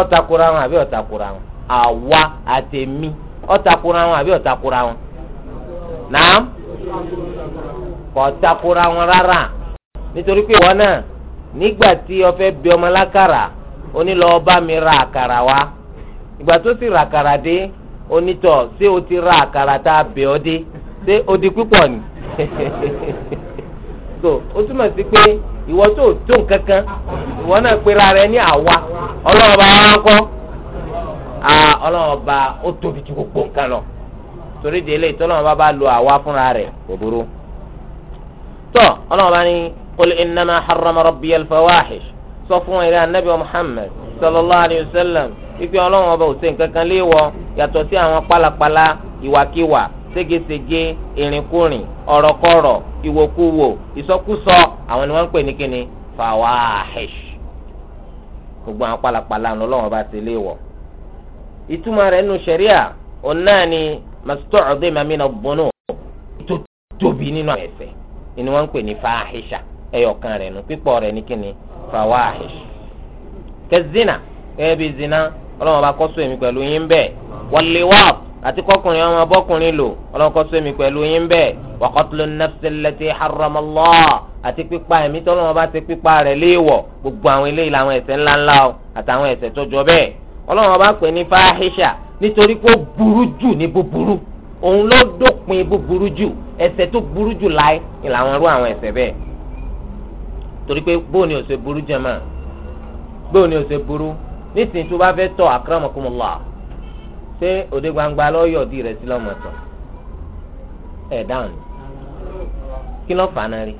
ọ̀takùrọ̀ àwọn àbí ọ̀takùrọ̀ àwọn àwa àtẹ̀mí ọ̀takùrọ̀ àwọn àbí kò takora wọn rárá nítorí pé wọn náà nígbà tí o fẹ́ bí ọmọ lákàrà ó ní lọ bá mi ra àkàrà wá ìgbà tó sì ra àkàrà dé onítọ̀ ṣé o ti ra àkàrà tá a bẹ̀ ọ́ dé ṣé o di púpọ̀ ni so ó túmọ̀ sí pé ìwọ tó tó nǹkan kan ìwọ náà pera rẹ ní àwa ọlọ́run bá wọn kọ́ ọlọ́run bá ó tóbi ju gbogbo nǹkan lọ torí délé ìtọ́lọ́run bá bá lo àwa fúnra rẹ̀ kò burú tọ́ ọlọ́run bá ní qul innama harrama rabbiya al-fawahish sọ fún wọn ìrẹ́ anabi wa muhammed sallallahu alayhi wa sallam ikú ọlọ́run ọba ò ṣe nǹkan kan léèwọ̀ yàtọ̀ sí àwọn pálapàla ìwàkiwà ségesège ìrìnkúrìn ọ̀rọ̀kọ̀rọ̀ ìwòkuwò ìsọkúsọ àwọn ni wọ́n ń pè ní kíni fawahish gbogbo àwọn pálapàla ọlọ́run ọba ṣe léèwọ̀ ìtumọ̀ rẹ̀ nù sẹ̀ríà òun ni masutu ọ̀dọ́ ìmàmínà bọ́nù tó tóbi nínú àwọn ẹ̀ṣẹ̀ ni wọ́n ń pè ní fàáhìṣà ẹyọkan rẹ̀ nù pípọ̀ rẹ̀ ní kíni fàwáhìṣ. kẹ́zínà gẹ́gẹ́ bí zina ọlọ́run bá kọ́ sọ èmi pẹ̀lú yín bẹ́ẹ̀ wal-liwāṭ àti kọkùnrin ọmọ bọ́kùnrin lò ọlọ́run kọ́ sọ èmi pẹ̀lú yín bẹ́ẹ̀ wa qatlu an-nafsi allatī harrama àti pípa ẹ̀mí tọ́lọ́run bá ti pípa rẹ̀ léèwọ̀ gbogbo àwọn eléyìí làwọn ẹ̀ṣẹ̀ ńláńlá o àtàwọn ẹ̀ṣẹ̀ tó jọ bẹ́ẹ̀ ọlọ́run bá pè ní fáhíṣà nítorí pé ó burú jù ní búburú òun ló dópin bó burú jù ẹ̀ṣẹ̀ tó burú jù láì ni làwọn rú àwọn ẹ̀ṣẹ̀ bẹ́ẹ̀ torí pé bóun ni òṣè burú jẹ máa bóun ni òṣè burú nísìnyí tó bá fẹ́ tọ̀ akramakumullah ṣé òde gbangba lọ́yọ̀ di rẹ̀ sí lọ́mọ̀tọ̀ ẹ̀ dáhùn kí ló fà náà rí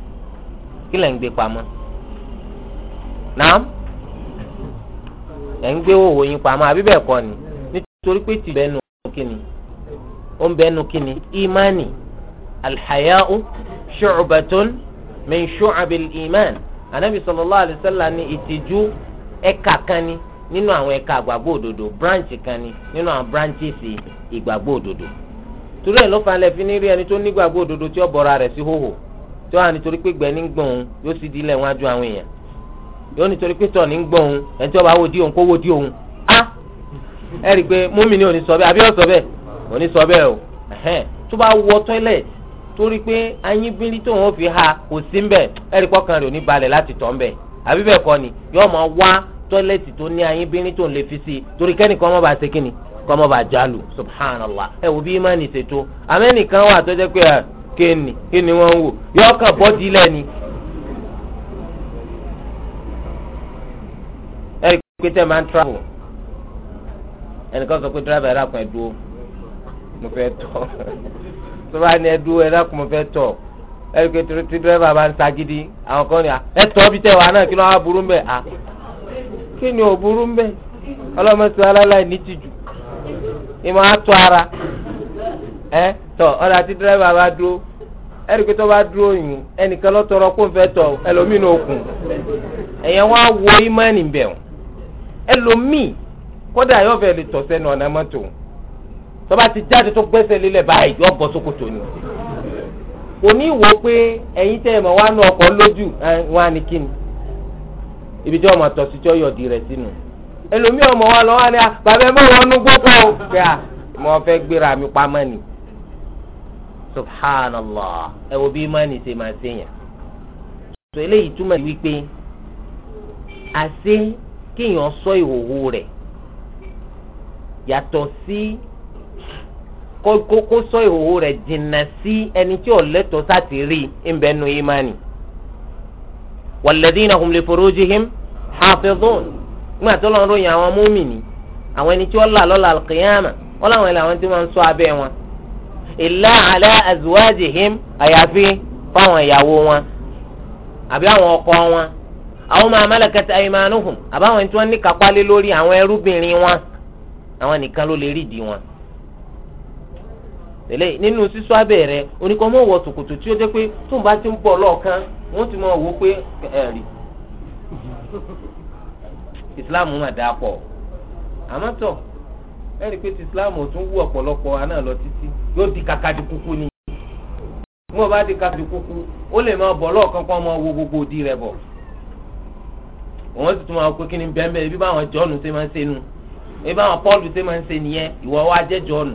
kí lẹ̀ ń gbé pamọ́ náà ẹ̀ ń gbé òwò yín pamọ́ àbí bẹ́ẹ̀ kọ́ ni nítorí pé tìbẹ́ nù kí ni ó ń bẹnu kíni ìmánì alḥayá'u ṣùcbàtún min ṣùcàbìl ìmán anabi sallallahu alayhi wa sallam ní ìtìjú ẹ̀ka kan ni nínú àwọn ẹ̀ka àgbàgbọ́ òdodo branch kan ni nínú àwọn branches ìgbàgbọ́ òdodo torí ẹ̀ ló fa alẹ́ fi ní rí ẹni tó nígbàgbọ́ òdodo tí ó bọ̀ra rẹ̀ sí hóhò tí wọ́n á nítorí pé gbẹ̀ ní gbọ̀n òun yóò sì di ilẹ̀ àwọn èèyàn yóò nítorí pé tọ̀ ní gbọ̀n òun ẹni tí wọ́n bá wo di òun kó wo di òun á ah! ẹ̀rí pé múmi ni ò ní sọ bẹ́ẹ̀ àbí ọ̀ sọ bẹ́ẹ̀ kò ní sọ bẹ́ẹ̀ o tó bá wọ toilet torí pé ayínbírí tó wọn fi ha kò sí ń bẹ̀ ẹ̀rí kọ́kàn rẹ̀ ò ní balẹ̀ láti tọ̀ ń bẹ̀ àbí bẹ́ẹ̀ kọ́ ni yóò máa wá tọ́lẹ́tì tó ní ayínbírí tó ń lè fi sí i torí kẹ́nìkan ọmọ bá ṣe kí ni kọ́ ọmọ bá jálù subhanallah ẹ wo bí imáàni ṣètò amẹ́nìkan wà tó jẹ́ pé ẹ kí ni kí ni wọ́n ń wò yóò kàn bọ́dì ilẹ̀ ẹ̀rí pé máa ń travel ẹnìkan sọ pé driver ẹ̀rọ àpọ̀ ẹ̀dúró mo fẹ́ tọ̀ tó bá ní ẹdú ẹ dákun mo fẹ́ tọ̀ ẹ rí i tí dírẹ́fà bá ń sagídí àwọn kan ní à ẹ tọ́ bí tẹ̀wá náà kí ló wá burú ń à kí ni ò burú ọlọ́mọsí aláìláì ní tìjú ara ẹ tọ̀ ọ̀dà tí dírẹ́fà bá dúró ẹ rí i tó bá dúró yìí ẹnìkan ló tọrọ kó n fẹ́ tọ̀ ẹlòmíì ní okùn ẹ̀yẹn wá wo ìmọ̀ ẹ̀nì ẹlòmíì kódà yóò fẹ́ lè tọ̀ sẹ́nu ọ̀nà mọ́tò tó bá ti jáde tó gbẹ́sẹ̀ lélẹ̀ báyìí yọ bọ́ sókòtò ni òní wò ó pé ẹ̀yin tẹ́ ẹ̀ mọ̀ wá nù ọkọ̀ lójú wọn á ní kíni ibi tí ọmọ tọ̀ sí tí ọyọ̀ di rẹ̀ sínú ẹlòmíì ọmọ wa lọ́wọ́ ni bàbá ẹ mọ̀ wọn nú gbọ́kọ̀ o pé à mo fẹ́ gbéra mi pamọ́ ni subhanallah ẹ wo bí imáni ṣe máa ṣe yàn sọ eléyìí túmọ̀ sí wípé àṣé kéèyàn ṣọ́ ìhòòhò rẹ̀ yàtọ̀ sí. Si, kó sọ ìhòòhò rẹ̀ jìnnà sí ẹni tí ò lẹ́tọ̀ọ́ sáti rí ńbẹ nu imani. walladhina hum li furujihim hafizun nígbà tó lọ́n ròyìn àwọn múmìnì àwọn ẹni tí wọ́n là lọ́la alqiyama wọ́n làwọn ẹ̀lẹ́ àwọn tí wọ́n ń ṣọ́ abẹ́ wọn. illa ala azwajihim àyàfi fáwọn ìyàwó wọn àbí àwọn ọkọ wọn àwọn ma malakat aymanuhum àbáwọn tí wọ́n ní kápálẹ́ lórí àwọn ẹrúbìnrin wọn àwọn nìkan ló lè rídìí wọn tẹ̀lé nínú sísọ abẹ́rẹ́ oníkan mọ̀ wọ ṣòkòtò tí ó jẹ́ pé tó ń bá ti ń bọ̀ lọ́ọ̀kan wọ́n ti mọ̀ wò pé ẹ̀rì ìsìláàmù mà dáa pọ̀ àmọ́ tọ̀ ẹ̀rì pé ti ìsìláàmù ò tún wú ọ̀pọ̀lọpọ̀ aná lọ títí yóò di kàkà di kúkú ni mo bá di kàkà di kúkú ó lè máa bọ̀ lọ́ọ̀kan kan máa wo gbogbo òdi rẹ̀ bọ̀ wọ́n sì tún máa pé kí ni bẹ́ẹ̀ bẹ́ẹ̀ bí báwọn jọ́ọ̀nù ṣe máa ń ṣe nu bí báwọn pọ́ọ̀lù ṣe máa ń ṣe nìyẹn ìwọ wa jẹ́ jọ́ọ̀nù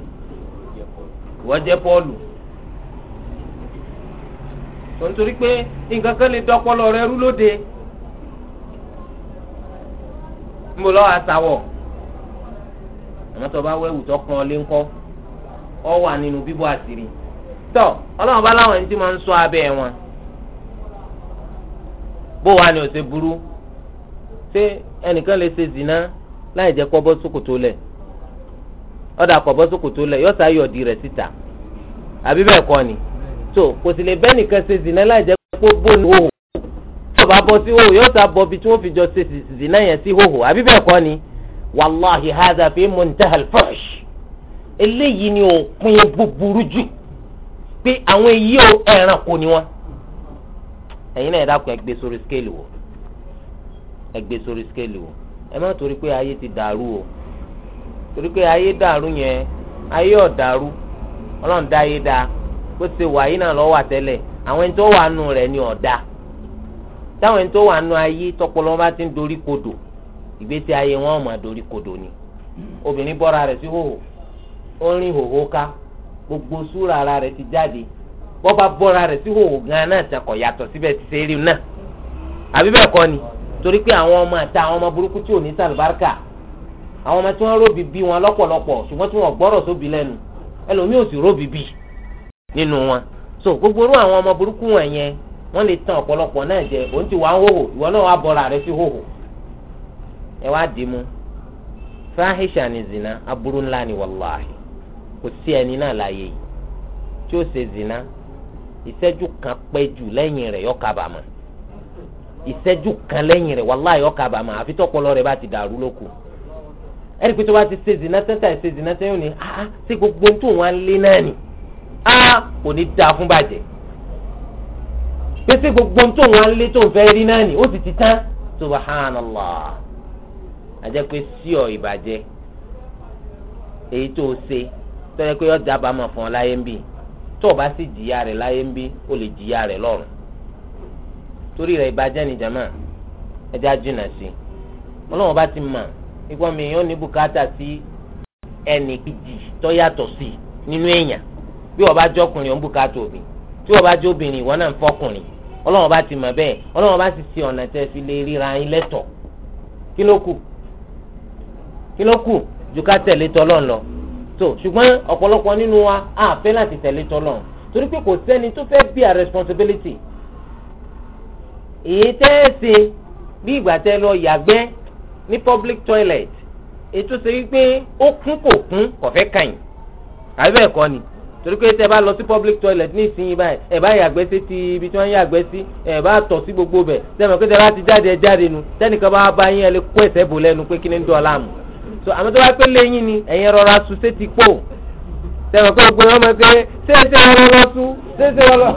wọ́n jẹ́ pọ́ọ̀lù tó pé nǹkan kan lè rẹ rú lóde ń lọ́wọ́ àtàwọ̀ àmọ́ tó bá wẹ́wù tó kàn ọ́ lé ńkọ́ ọ wà nínú bíbọ̀ àṣírí tó ọlọ́run bá láwọn ẹni tí máa ń abẹ́ ọ̀dà àkọ́bọ́sókòtò lẹ̀ yọ̀ọ́sà ayọ̀dì rẹ̀ síta àbí bẹ́ẹ̀ kọ́ ni tó kò sì lè bẹ́ẹ̀ nìkan ṣe zìnà láì jẹ́ pé bó ni hòhò tó bá bọ́ sí hòhò yọ̀ọ́sà bọ́ bí tí wọ́n fi jọ ṣe zìnà yẹn sí hòhò àbí bẹ́ẹ̀ kọ́ ni wàláhi hadha fi muntahal fuhsh eléyìí ni òpin búburú jù pé àwọn èyí ò ẹ̀ràn kò ní wọn ẹ̀yin náà dákun ẹ sórí skéèlì wò ẹ sórí skéèlì wò ẹ má torí pé ayé ti dàrú o torí pé ayé dàrú yẹn ayé ọ̀dàrú ọlọ́run dá ayé dá bó ṣe wà yìí náà lọ́wọ́ àtẹ́lẹ̀ àwọn ẹni tó wà nù rẹ̀ ni ọ̀dà táwọn ẹni tó wà nù ayé tọpọlọ bá ti ń dorí kodò ìgbésí ayé wọn ò máa dorí kodò ni obìnrin bọ́ra rẹ̀ sí hòhò ó rìn hòhò ká gbogbo súra ara rẹ̀ ti jáde bọ́ bá bọ́ra rẹ̀ sí hòhò gan-an náà tẹ̀kọ̀ yàtọ̀ síbẹ̀ ti ṣe é rí náà àbí bẹ́ẹ̀ kọ́ ni torí pé àwọn ọmọ àti àwọn ọmọ burúkú tí ò ní sàlùbáríkà àwọn ọmọ tí wọ́n róbi bí wọn lọpọlọpọ ṣùgbọ́n tí wọ́n gbọ́rọ̀ sóbi lẹ́nu ẹlòmíì ò sì róbi bí nínú wọn so gbogbo irú àwọn ọmọ burúkú wọn yẹn wọn lè tan ọpọlọpọ náà jẹ òun ti wà ń hòhò ìwọ náà wà bọ́ra rẹ sí hòhò ẹ wá dì í mú fáhíṣà ni zina aburú ńlá ni wàláhì kò sí ẹni náà láàyè yìí tí ó zina ìṣẹ́jú kan pẹ́ jù lẹ́yìn rẹ̀ yọ ìṣẹ́jú kan lẹ́yìn rẹ̀ rẹ̀ ẹni pé tó bá ti ṣe zina tẹ́tà ṣe zina tẹ́tà yóò ní ah, ah ṣé gbogbo tó wọn lé náà ni ah kò ní dáa fún bàjẹ́ pé ṣé gbogbo tó wọn lé tó fẹ́ rí náà ni ó sì ti tán subhanallah àjẹ́ pé sí ọ ìbàjẹ́ èyí tó ṣe tọ́jà pé ọjà bá mọ̀ fún ọ láyé ń bì tó o bá sì jìyà rẹ̀ láyé ń bì o lè jìyà rẹ̀ lọ́run torí rẹ̀ ìbàjẹ́ ni jama ẹja jìnnà sí ọlọ́run bá ti mọ̀ nígbà mi èèyàn ní bùkátà sí ẹnì kejì tó yàtọ̀ sí nínú èèyàn bí wọ́n bá jẹ́ ọkùnrin òun bùkátà òbí tí wọ́n bá jẹ́ obìnrin ìwọ náà ń fọkùnrin ọlọ́wọ́n bá ti mọ̀ bẹ́ẹ̀ ọlọ́wọ́n bá sì ti ọ̀nà tẹ́ fi lè ríra yín lẹ́tọ̀ kí ló kù kí ló kù ju ká tẹ̀lé tọ́lọ́n lọ tó ṣùgbọ́n ọ̀pọ̀lọpọ̀ nínú wa á fẹ́ láti tẹ̀lé tọ́lọ́n torí pé kò sẹ́ni tó fẹ́ bí a responsibility èyí tẹ́ ẹ ṣe bí ìgbà tẹ́ lọ yàgbẹ́ ní public toilet ètò ṣe wípé ó kún kò kún kò fẹ́ kàn yín àbí bẹ́ẹ̀ kọ́ ni torí pé tẹ bá lọ sí public toilet ní ìsinyìí báyìí ẹ bá yàgbẹ́ sí ti ibi tí wọ́n ń yàgbẹ́ sí ẹ bá tọ̀ sí gbogbo bẹ̀ sẹ́mi pé tẹ bá ti jáde jáde nu tẹ́nìkan bá bá yín ẹ lè kó ẹ̀sẹ̀ bò lẹ́nu pé kí ni ń dọ̀ láàmú. so àmọ́ tó bá pé lẹ́yìn ni ẹ̀yin rọra su sétí pò sẹ́mi pé gbogbo wọn mọ̀ pé ṣéṣe wọn lọ sú ṣéṣe wọn lọ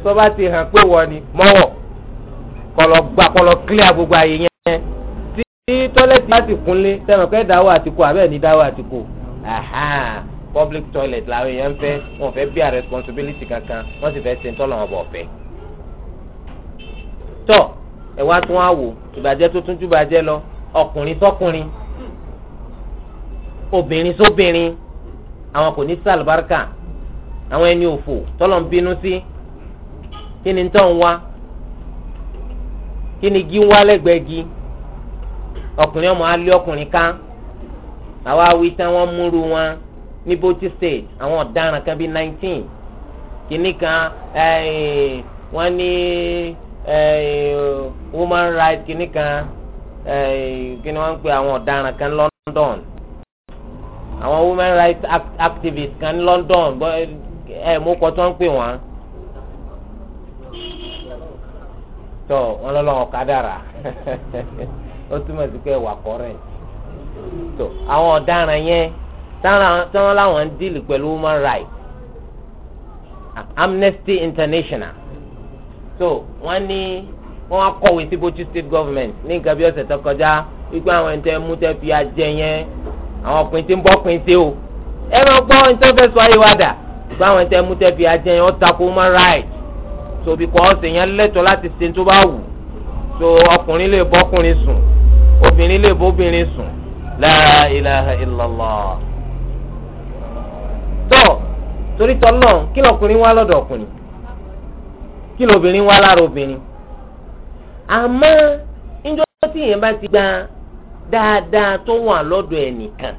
tó bá ti hàn pé wọ́n ni mọ́wọ́ kọlọ gbà kọlọ clear gbogbo àyè yẹn tí tọ́lẹ̀tì bá sì kúnlé sẹ́wọ̀n pé dáwọ́ àtìkù àbẹ́ẹ̀ ní dáwọ́ àtìkù public toilet làwọn èèyàn fẹ́ wọn fẹ́ bí a responsibility kankan wọ́n sì fẹ́ ṣe tọ́lọ̀ wọn bọ̀ fẹ́. tọ́ ẹ wá tún á wò ìbàjẹ́ tó tún jù bàjẹ́ lọ ọkùnrin sọ́kùnrin obìnrin sóbìnrin àwọn kò ní sàlùbáríkà àwọn ẹni òfò tọ́lọ̀ ń bínú sí kí ni tọ́ ń wá kí ni gí ń wá lẹ́gbẹ̀ẹ́ gí. ọkùnrin ọmọ alẹ́ ọkùnrin ká àwa wí tán wọ́n múru wọn ní Bauchi state àwọn ọ̀daràn kan bíi nineteen kìnnì kan eh, wọ́n ní eh, woman rights kìnnì kan eh, kìnnì wọ́n ń pè àwọn ọ̀daràn kan London àwọn woman rights activists kan ní London ẹ mú kọ́ tó ń pè wọ́n tó wọn lọ́lọ́ ọ̀kadà rà. ó túmọ̀ sí pé wà kọ́rẹ́ǹt tó àwọn ọ̀daràn yẹn táwọn láwọn ń díìlì pẹ̀lú human rights Amnesty International so wọ́n ní wọ́n wá kọ̀wé sí Bauchi state government ní nǹkan bí ọ̀sẹ̀ tó kọjá wípé àwọn ẹni tẹ́ mú tẹ́ fi ajẹ́ yẹn àwọn ọkùnrin tí ń bọ́ ọkùnrin sí o ẹ máa gbọ́ ohun tó fẹ́ sọ ayé wípé àwọn ẹni mú tẹ́ fi ajẹ́ yẹn ó takò human rights so because èèyàn lẹ́tọ̀ọ́ láti ṣe tó bá wù so ọkùnrin lè bọ́kùnrin sùn obìnrin lè bóbìnrin sùn la ilaha illallah tó torí tọ́lọ́ kí lọkùnrin wá lọ́dọ̀ ọkùnrin kí lobìnrin wá lára obìnrin àmọ́ níjọ́ tí yẹn bá ti gba dáadáa tó wà lọ́dọ̀ ẹnìkan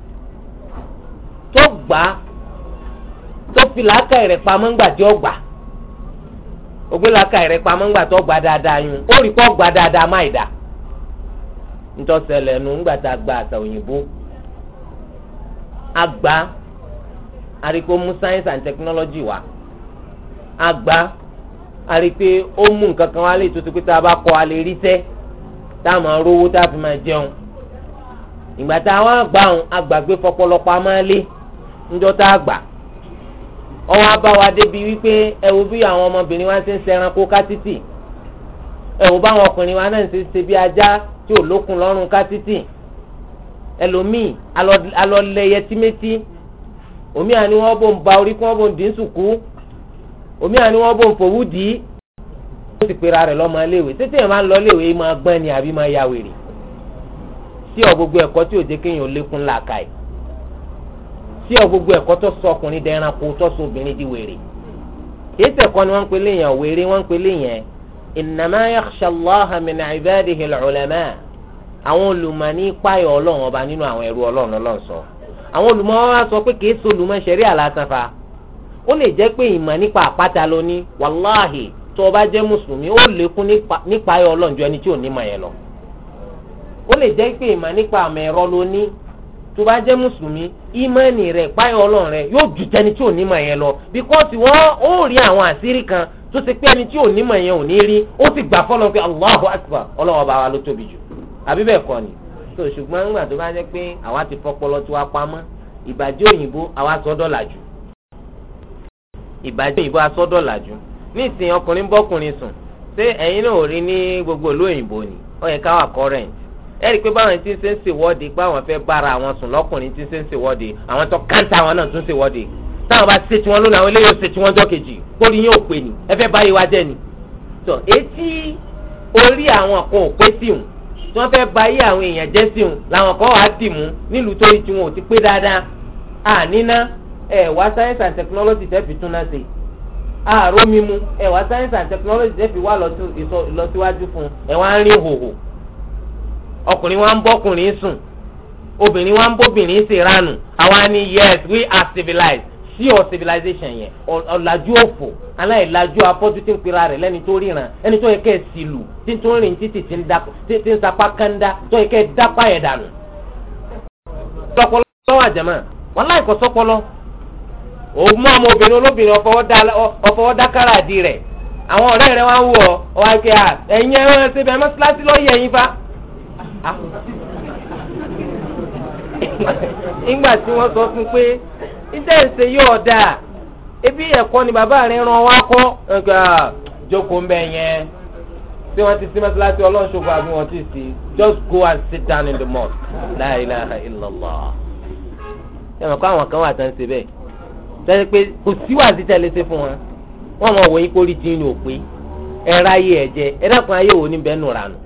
tó gbà á tó fi làákà rẹ̀ pamọ́ ńgbà tí ó gbà ó gbé làákà rẹ̀ pamọ́ ńgbà tó gbà dáadáa yún ó rí kó gbà dáadáa má ì dáa. ntọ́sẹ̀lẹ̀ nu ńgbà tá a gba àṣà òyìnbó àgbà àríkó mú science and technology wa agba àríkpé omu mú nǹkan kan wá lè tó ti pé tá a bá kọ́ a fi máa jẹun ìgbà tá a wá gbà ń agbàgbé fọpọlọpọ amálé ńjọ tá a gbà wa débi wípé ẹ wo bí àwọn ọmọbìnrin wa ṣe ń ṣẹranko ká títì ẹ wo báwọn ọkùnrin wa náà ṣe ń ṣe bí ajá tí o lókun lọ́rùn ká títì ẹlòmíì alọ́lẹ̀ yẹtímẹ́tí omi àni wọ́n bò ń ba orí kí wọ́n bò ń dín sùkú omi àni wọ́n bò ń fowú dì í ó sì pera rẹ̀ lọ́mọ iléèwé títí ẹ̀ máa lọ iléèwé máa gbọ́n ni àbí máa ya wèrè tí ọ gbogbo ẹ̀kọ́ tí ò jẹ́ kéèyàn tí ọ gbogbo ẹ̀kọ́ tó sọ ọkùnrin tó sọ obìnrin di wèrè kì í ni wọ́n ń pe léèyàn wèrè wọ́n innama yakhsha Allaha min ibadihi al-ulama àwọn olùmọ̀ ní páyọ̀ ọlọ́run ọba nínú àwọn ẹrú ọlọ́run ọlọ́run sọ àwọn olùmọ̀ wa sọ pé kìí so olùmọ̀ ṣẹ̀rí àlàsànfà ó lè jẹ́ pé ìmọ̀ nípa àpáta ló ní wàláhì tó o bá jẹ́ mùsùlùmí ó lékún nípa ayọ̀ ọlọ́run ju ẹni tí ò ní mọ̀ yẹn lọ tó bá jẹ́ mùsùlùmí ìmọ̀ọ́nì rẹ̀ páyọ̀ ọlọ́run rẹ̀ yóò ju tẹni tí ò ní mọ̀ yẹn lọ bíkọ́sì wọ́n ó rí àwọn àṣírí kan tó ṣe pé ẹni tí ò nímọ̀ yẹn ò ní rí ó sì gbà fọlọ́ pé Allahu Akbar ọlọ́wọ́ bá wa ló tóbi jù àbí bẹ́ẹ̀ kọ́ ni tó ṣùgbọ́n nígbà tó bá jẹ́ pé àwa ti fọpọlọ tiwa pamọ́ ìbàjẹ́ òyìnbó àwa sọ́dọ̀ làjù ìbàjẹ́ òyìnbó asọ́dọ̀ làjù ní ìsìn ọkùnrin bọ́kùnrin sùn ṣé ẹ̀yin náà ò rí ní gbogbo ìlú òyìnbó ni ó yẹ káwà current ẹ rí i pé báwọn ti ń ṣe ń ṣèwọ́de pé àwọn fẹ́ bára àwọn sùn lọ́kùnrin ti ń ṣe ń ṣèwọ́de àwọn tó káńtà àwọn náà tún ṣèwọ́de táwọn bá ṣe tiwọn lónìí àwọn eléyìí ó ṣe tiwọn jọ́ kejì kórìí yóò pè ní ẹ fẹ́ báyìí wá jẹ́ ni. tó etí orí àwọn kan ò pé sí wọn tí wọ́n fẹ́ báyìí àwọn èèyàn jẹ́ sí wọn làwọn kan wàá dì mú nílùú torí tiwọn ò ti pé dáadáa. àníná ẹ science and technology tẹ́ fi tún náà ṣe àárọ̀ mímu ẹ science and technology tẹ́ fi wá lọ́síwájú fún ẹ wá ń rí hòhò ọkùnrin wa ń bọ́kùnrin sùn obìnrin wa ń bóbìnrin ṣèrànù àwa ni yes we are civilized sí ọ civilization yẹn ọ̀làjú òfò aláìlàjú afọ́jú tí ń pera rẹ̀ lẹ́ni tó ríran ẹni tó yẹ kẹ́ ẹ sì lù tí ń tó rìn títì tí ń sapá kánda tó yẹ kẹ́ ẹ dápá yẹn dànù. sọpọlọ àjẹmọ wọn láì kọ sọpọlọ òun mú ọmọ obìnrin olóbìnrin ọfọwọ́ dákàrà àdì rẹ̀ àwọn ọ̀rẹ́ rẹ̀ wọ́n wù ọ́ ọ̀hún àti ẹ̀yin ẹ̀rọ ṣe bẹ̀rẹ̀ mọ́ṣáláṣí lọ́ọ́ yẹ̀yìn fa ìgbà ah. tí wọ́n sọ fún pé ìtẹ̀sẹ̀ yóò dáa ebi ẹ̀kọ́ ni bàbá rẹ̀ ràn wá kọ́ ẹ̀ka ah, jókòó ń bẹ̀ yẹn tí wọ́n ti sí mẹ́sàlásí ọlọ́ṣogbo àbí wọ́n ti sí just go and sit down in the mosque la ilaha illallah. ṣé wọn kọ́ àwọn kan wà tán ṣe bẹ́ẹ̀ tẹ́lẹ̀ pé kò sí wàásù tẹ́lẹ̀ ṣe fún wọn wọ́n mọ̀ wọ́n yín kórìí dín ní òpè ẹ̀rọ ayé ẹ̀jẹ̀ ẹ̀dàkùn ayé wo ni bẹ́ẹ̀ nù ranù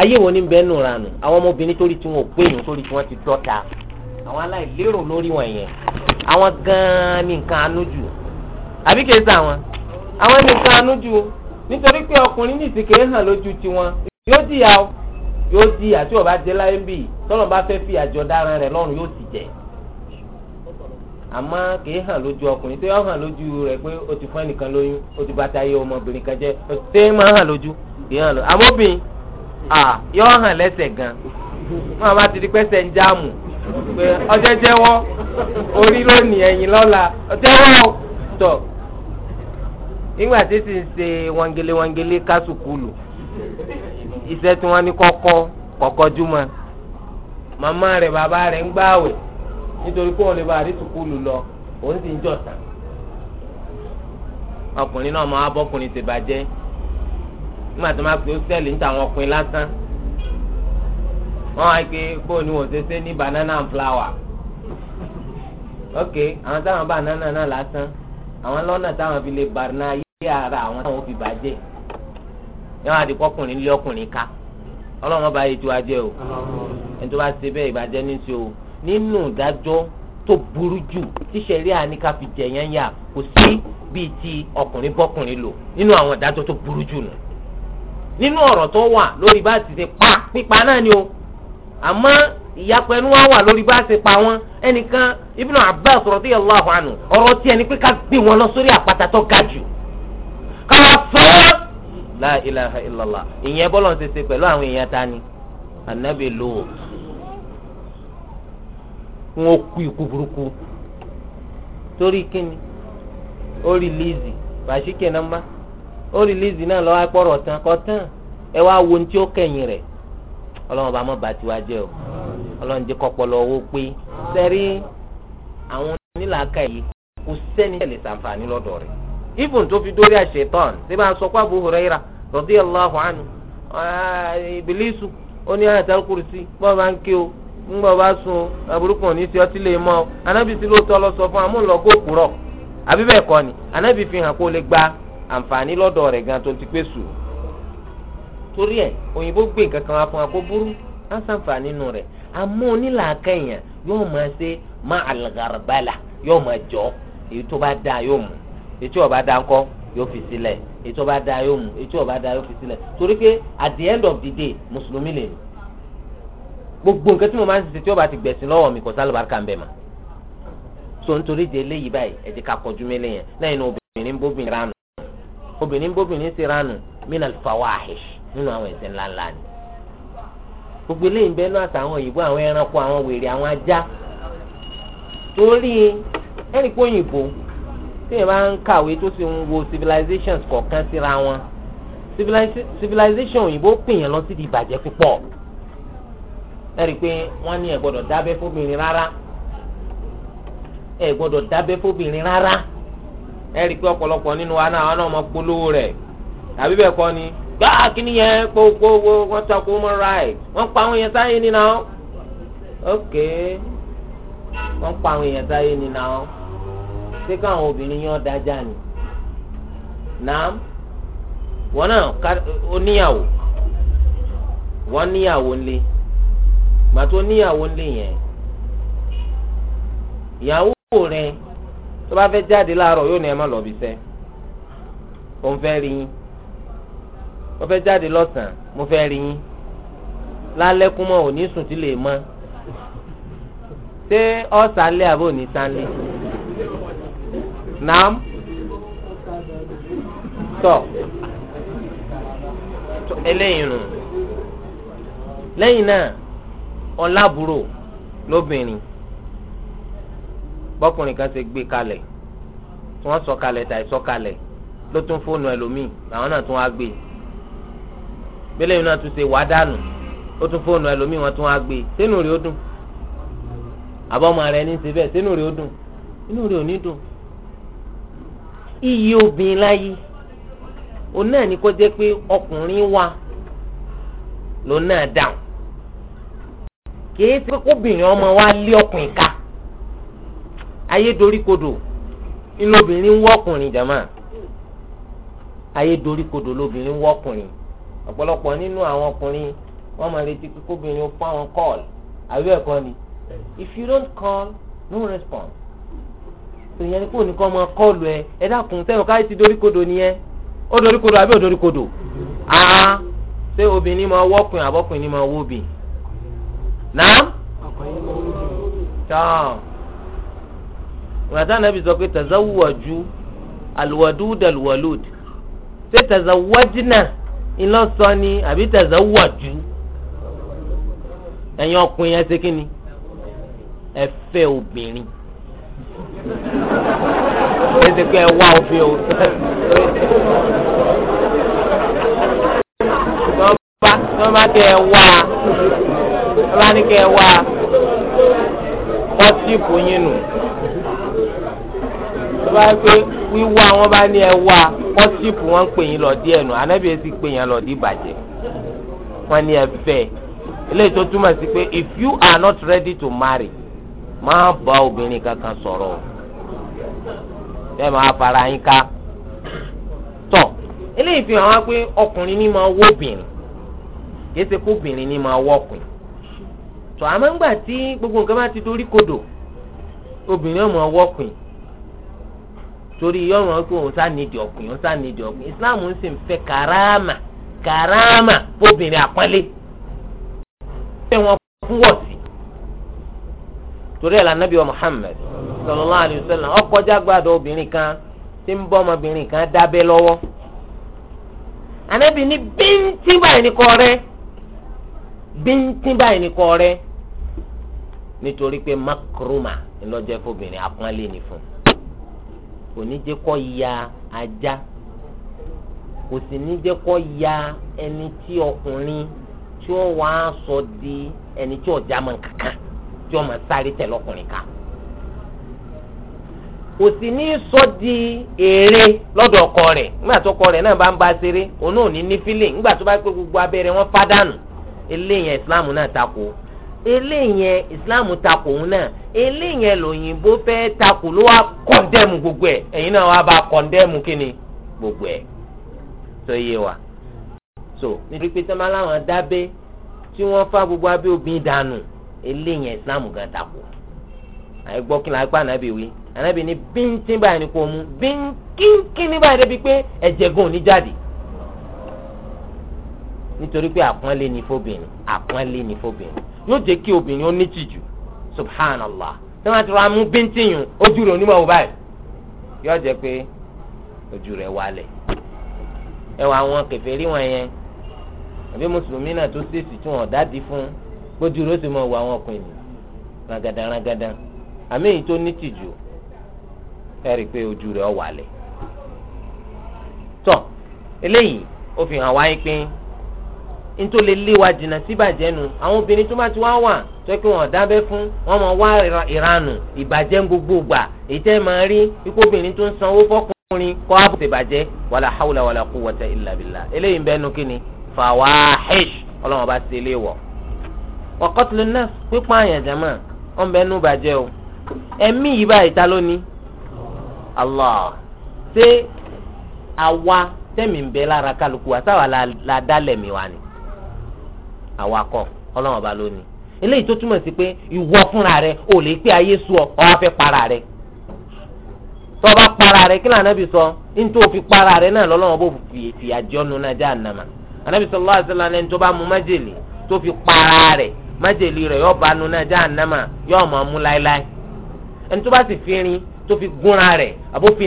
ayé wo ni bẹ́ẹ̀ nù ranù àwọn ọmọbìnrin torí tí wọn ò pé èèyàn torí tí wọ́n ti dọ́ta àwọn aláìlérò lórí wọ̀nyẹn àwọn gan-an ní nǹkan anújù àbí kìí sá wọn àwọn ní nǹkan anújù nítorí pé ọkùnrin ní ìsìnkè hàn lójú tiwọn yóò jìyà o yóò jìyà tí o bá jẹ láyé bì tọ́lọ̀ bá fẹ́ fi àjọ dára lọ́rùn yóò sì jẹ àmọ́ kìí hàn lójú ọkùnrin tí yóò hàn lójú rẹ̀ pé o ti fún ẹnìkan lóyún o ti bàtà iye ọmọbìnrin kan jẹ o ti tẹ́ máa hàn lójú kìí hàn lójú àmọ́ obìnrin yóò hàn lẹ́sẹ̀ gan-an wọn bá ti di pẹ́sẹ̀ ń jáàmù pé ọjọ́ jẹ́wọ́ orí lónìí ẹ̀yìn lọ́la jẹ́wọ́ tọ̀ nígbà tí sì ń ṣe wangele wangele kásùkúlù iṣẹ́ tí wọ́n ní kọ́kọ́ kọ́kọ́ júmọ́ màmá rẹ̀ bàbá rẹ̀ ń gbààwẹ̀ nítorí pé òun lè bá àrí sùkúlù lọ òun sì ń jọ̀sán ọkùnrin náà máa bọ́kùnrin ti bàjẹ́ nígbà tí wọ́n máa pè ó sẹ́ẹ̀lì ń ta ọkùnrin lásán wọ́n á gbé bóun ni wọ́n ṣe ṣe ní banana and flower ok àwọn táwọn banana náà lásán àwọn lọ́nà táwọn fi lè bàrínà ayé ara àwọn táwọn fi bàjẹ́ yẹn wọ́n á di kọkùnrin lé ọkùnrin ká ọlọ́run ọba yìí tó wá jẹ́ o ẹni tó bá ṣe bẹ́ẹ̀ ìbàjẹ́ ní ti o nínú ìdájọ́ tó burú jù tí ṣẹ̀ríà ní ká fi jẹ yẹn yà kò sí bíi ti ọkùnrin bọ́kùnrin lò nínú àwọn ìdájọ́ tó burú jù nù nínú ọ̀rọ̀ tó wà lórí bá ti ṣe pa pípa náà ni o àmọ́ ìyapọ̀ ẹnu wa wà lórí bá a ṣe pa wọn ẹnìkan Ibn Abbas radiyallahu anhu ọ̀rọ̀ tiẹ̀ ni pé ká gbé wọn lọ sórí àpáta tó ga jù la ilaha illallah ìyẹn bọ́lọ̀ ń ṣẹṣẹ pẹ̀lú àwọn èèyàn ta ni anabi lò ó wọn ikú burúkú torí kíni ó rìlíìsì bàṣíkè nọ́mbà ó rìlíìsì náà lọ́wọ́ àpọ̀rọ̀ tán kọ́ tán ẹ wá wo ohun tí ó kẹ̀yìn rẹ̀ ọlọ́run bá mọ̀ bá tiwa jẹ́ o ọlọ́run jẹ́ kọ́pọ̀lọ́ owó pé sẹ́rí àwọn onílàákà yìí kò sẹ́ni tẹ̀lé sàǹfààní lọ́dọ̀ rẹ̀ even tó fi dórí àṣetán ṣé máa sọ pé Abu Huraira radiyallahu anhu ìbílísù ah, ó ní àyàtà kùrùsì bọ́ọ̀ bá ń ké o ńgbọ́ bá sun o àbúrúkọ ní ti lè mọ́ ọ anábì tí ló tọ́ lọ sọ fún amúlọ́gọ́ òkúrọ̀ àbí bẹ́ẹ̀ ni anábì fi hàn kó lè gba àǹfààní lọ́dọ̀ rẹ̀ gan tó ti pé sùúrù torí ẹ̀ òyìnbó gbé nǹkan kan wá fún wa kó burú á nínú rẹ̀ àmọ́ onílàákà yóò máa ṣe má àlàgàràbàlà yóò máa jọ èyí tó bá dáa yóò mú èyí tó dáa ńkọ́ yóò fi sílẹ̀ èyí tó dáa yóò mú èyí tó dáa yóò fi sílẹ̀ torí pé at the end of the day mùsùlùmí lè ní gbogbo nǹkan tí mo máa ń ṣe tí ó bá ti gbẹ̀sìn lọ́wọ́ mi kò sálùbáríkà ń bẹ̀ mà so nítorí di eléyìí báyìí ẹ jẹ́ ká kọjú mélé yẹn lẹ́yìn obìnrin bóbìnrin ránù obìnrin bóbìnrin sì ránù minal fawahish nínú àwọn ẹ̀ṣẹ̀ ńláńlá ni gbogbo eléyìí ń bẹ náà àtàwọn òyìnbó àwọn ẹranko àwọn wèrè àwọn ajá torí ẹnìkó òyìnbó téèyàn bá ń kàwé tó sì ń wo civilizations kọ̀ọ̀kan síra wọn civilization òyìnbó pèèyàn lọ sí di ìbàjẹ́ púpọ̀ ẹ̀rí pé wọ́n ní ẹ̀ gbọ́dọ̀ dábẹ́ fóbìnrin rárá ẹ̀ gbọ́dọ̀ dábẹ́ fóbìnrin rárá ẹ̀rí pé ọ̀pọ̀lọpọ̀ nínú wa náà wọn náà mọ polówó rẹ̀ tàbí bẹ́ẹ̀ kọ́ ni gbáà kìíní yẹn gbogbogbò wọ́n takò human right wọ́n pa àwọn èèyàn sáyé nínú àwọn ok wọ́n pa àwọn èèyàn sáyé nínú àwọn ṣé káwọn obìnrin yẹn dájà ni náà wọ́n náà oníyàwó wọ́n níyàwó ńlẹ̀ gbàtó níyàwó ńlẹ̀ yẹn ìyàwó rẹ̀ tó bá fẹ́ jáde láàárọ̀ yóò ní ẹ má lọ bí sẹ́ òun fẹ́ rí yín mo fẹ́ jáde lọ́sàn-án mo fẹ́ rí yín lálẹ́ kún mọ́ òní sùn tí lè mọ́ ṣé ọ̀sánlé àbí òní sánlé nàám tọ̀ eléyìí rùn lẹ́yìn náà ọ̀làbúrò lóbìnrin bọ́kùnrin kan ṣe gbé kalẹ̀ tí wọ́n sọ kalẹ̀ tàì sọ kalẹ̀ ló tún fóònù ẹlòmíì làwọn náà tún wá gbé e. bẹ́lẹ̀ yìí náà tún ṣe wàá dànù ó tún fóònù ẹlòmíì wọn tún wá gbé sínú rẹ̀ ó dùn àbọ̀mọ rẹ̀ ní í sínú rẹ̀ ó dùn inú ò ní dùn. obìnrin láyé pé ọkùnrin wa lòun náà dáhùn kìí ṣe pé kóbìnrin ọmọ wa lé ọkùnrin ká ayédoríkodò inú obìnrin ń jàmá ayédoríkodò ọ̀pọ̀lọpọ̀ nínú àwọn ọkùnrin wọ́n máa retí pé kóbìnrin ó fún àwọn call àbí ẹ̀kọ́ ni if you don't call no response tó yẹn ni kó nìkan máa kọ́ọ̀lù ẹ ẹ dákun sẹ́wọ̀n káyé ti doríkodò nìyẹn ó doríkodò àbí ò doríkodò àá ṣé obìnrin máa wọ́kùn àbọ́kùnrin máa wóbì náà tán ìgbàdá nàbì sọ pé tazawwaju alwadud alwalud ṣé tazawwajna ìlọsọ ni àbí tẹ̀sán wọ̀ jù ẹ̀yin ọkùnrin yẹn ṣe kí ni ẹ fẹ́ obìnrin ẹ ṣe pé ẹ wá òfin o. tí wọ́n bá kẹ́ ẹ wá wọ́n bá ní kẹ́ ẹ wá kọ́tíìpù yín nù. tó bá yẹ pé wíwá wọn bá ní ẹ wá kọ́tíìpù wọn ń pè yín lọ díẹ̀ anábì ẹ sì pè yín lọ bàjẹ́ wọn ní ẹ fẹ́ eléyìí tó túmọ̀ sí pé if you are not ready to marry má bá obìnrin kankan sọ̀rọ̀ o ẹ máa fara yín ká tọ̀ eléyìí fi hàn wá pé ọkùnrin ní máa wó obìnrin kìí ṣe kóbìnrin ní máa wọ́ ọkùnrin tọ̀ àmọ́ ńgbà tí gbogbo nǹkan bá ti dorí kodò obìnrin ọmọ ọwọ́ ọkùnrin torí yọ̀mọ̀ pé òun sá nídìí ọkùnrin òun sá ń karama karama fóbìnrin àpọ́nlé fẹ́ wọn fún wọ̀sí torí ẹ̀ lànà bí sallallahu alayhi wa sallam gbàdọ̀ obìnrin kan tí ń bọ́ kan dábẹ́ lọ́wọ́ anabi ní bíntín báyìí ní kọ́ rẹ́ bíntín báyìí ní kọ́ nítorí pé makruma fóbìnrin àpọ́nlé ni kò ní ya ajá kò sì ní ya ẹni tí ọkùnrin tí ó wa sọ di ẹni tí ọjà mọ̀ kankan tí ó ma sáré tẹ̀lé ọkùnrin ká kò sọ di èrè lọ́dọ̀ ọkọ rẹ̀ nígbà tó ọkọ rẹ̀ náà bá ń ba ṣeré òun náà ní bá pé gbogbo abẹ́rẹ́ wọn fádànù eléyìí Islam náà takò eléyẹn islam takò òun náà eléyẹn lòyìnbó fẹ́ takò ló wá kọ́ndẹ́mù gbogbo ẹ̀ ẹ̀yin náà wá bá kọ́ndẹ́mù kíni gbogbo ẹ̀ tó yé wa. so nítorí pé sọ́mọ́ aláwọn dábẹ́ tí wọ́n fá gbogbo abẹ́ obìnrin dànù eléyẹn islam gan takò àyè gbọ́ kí n láyé pa ànábì wí ànábì ní bíntín báyìí ni kò mú bínkínkín ní báyìí débi pé ẹ̀jẹ̀ gan ò ní jáde nítorí pé àpọ́nlé ni fóbìnrin àpọ́nlé ni fóbìnrin yóò jẹ́ kí obìnrin ó ní tìjú subhanallah tẹ́wọ́n ti ra mú bíntín ojú rẹ̀ onímọ̀ báyìí yóò jẹ pé ojú rẹ̀ wálẹ̀ ẹ àwọn kèfèrí wọn yẹn àbí mùsùlùmí náà tó ṣèṣì tí wọn dáàdi fún gbójú rẹ̀ ó sì mọ̀ wọ àwọn ọkùnrin àmì èyí tó ní tìjú ẹ ojú rẹ̀ wálẹ̀ tọ́ eléyìí ó fi nítorí lè wa jìnnà sí ìbàjẹ́ nu àwọn obìnrin tó bá ti wá wà tó kí wọn dábẹ́ fún wọn máa wá ìranù ìbàjẹ́ gbogbo gbà èyí tẹ́ máa rí ikú obìnrin tó ń sanwó fọkùnrin kọ́ àbò tẹ̀ bàjẹ́ wàlà hàwùlà wàlà quwwata illa billah eléyìí ń bẹ́ẹ̀ nu kí ni fawahish ọlọ́wọ́n bá ṣe ilé wọ̀. wa qatlun àyàn jama ọ̀n bẹ́ẹ̀ nu bàjẹ́ o ẹ̀mí yìí báyìí ta lónìí awakọ ọlọ́run ọba lónìí eléyìí tó túmọ̀ sí pé ìwọ fúnra rẹ ò lè pé ayé sú ọ ọ wá para rẹ tó o para rẹ kí lànà sọ o fi para rẹ náà lọ́lọ́run bó fi fìyà náà já ànàmà ànábì sallallahu mu májèlé tó fi para rẹ májèlé rẹ yóò bá nu náà já ànàmà yóò máa mú láéláé fi irin tó fi rẹ àbó fi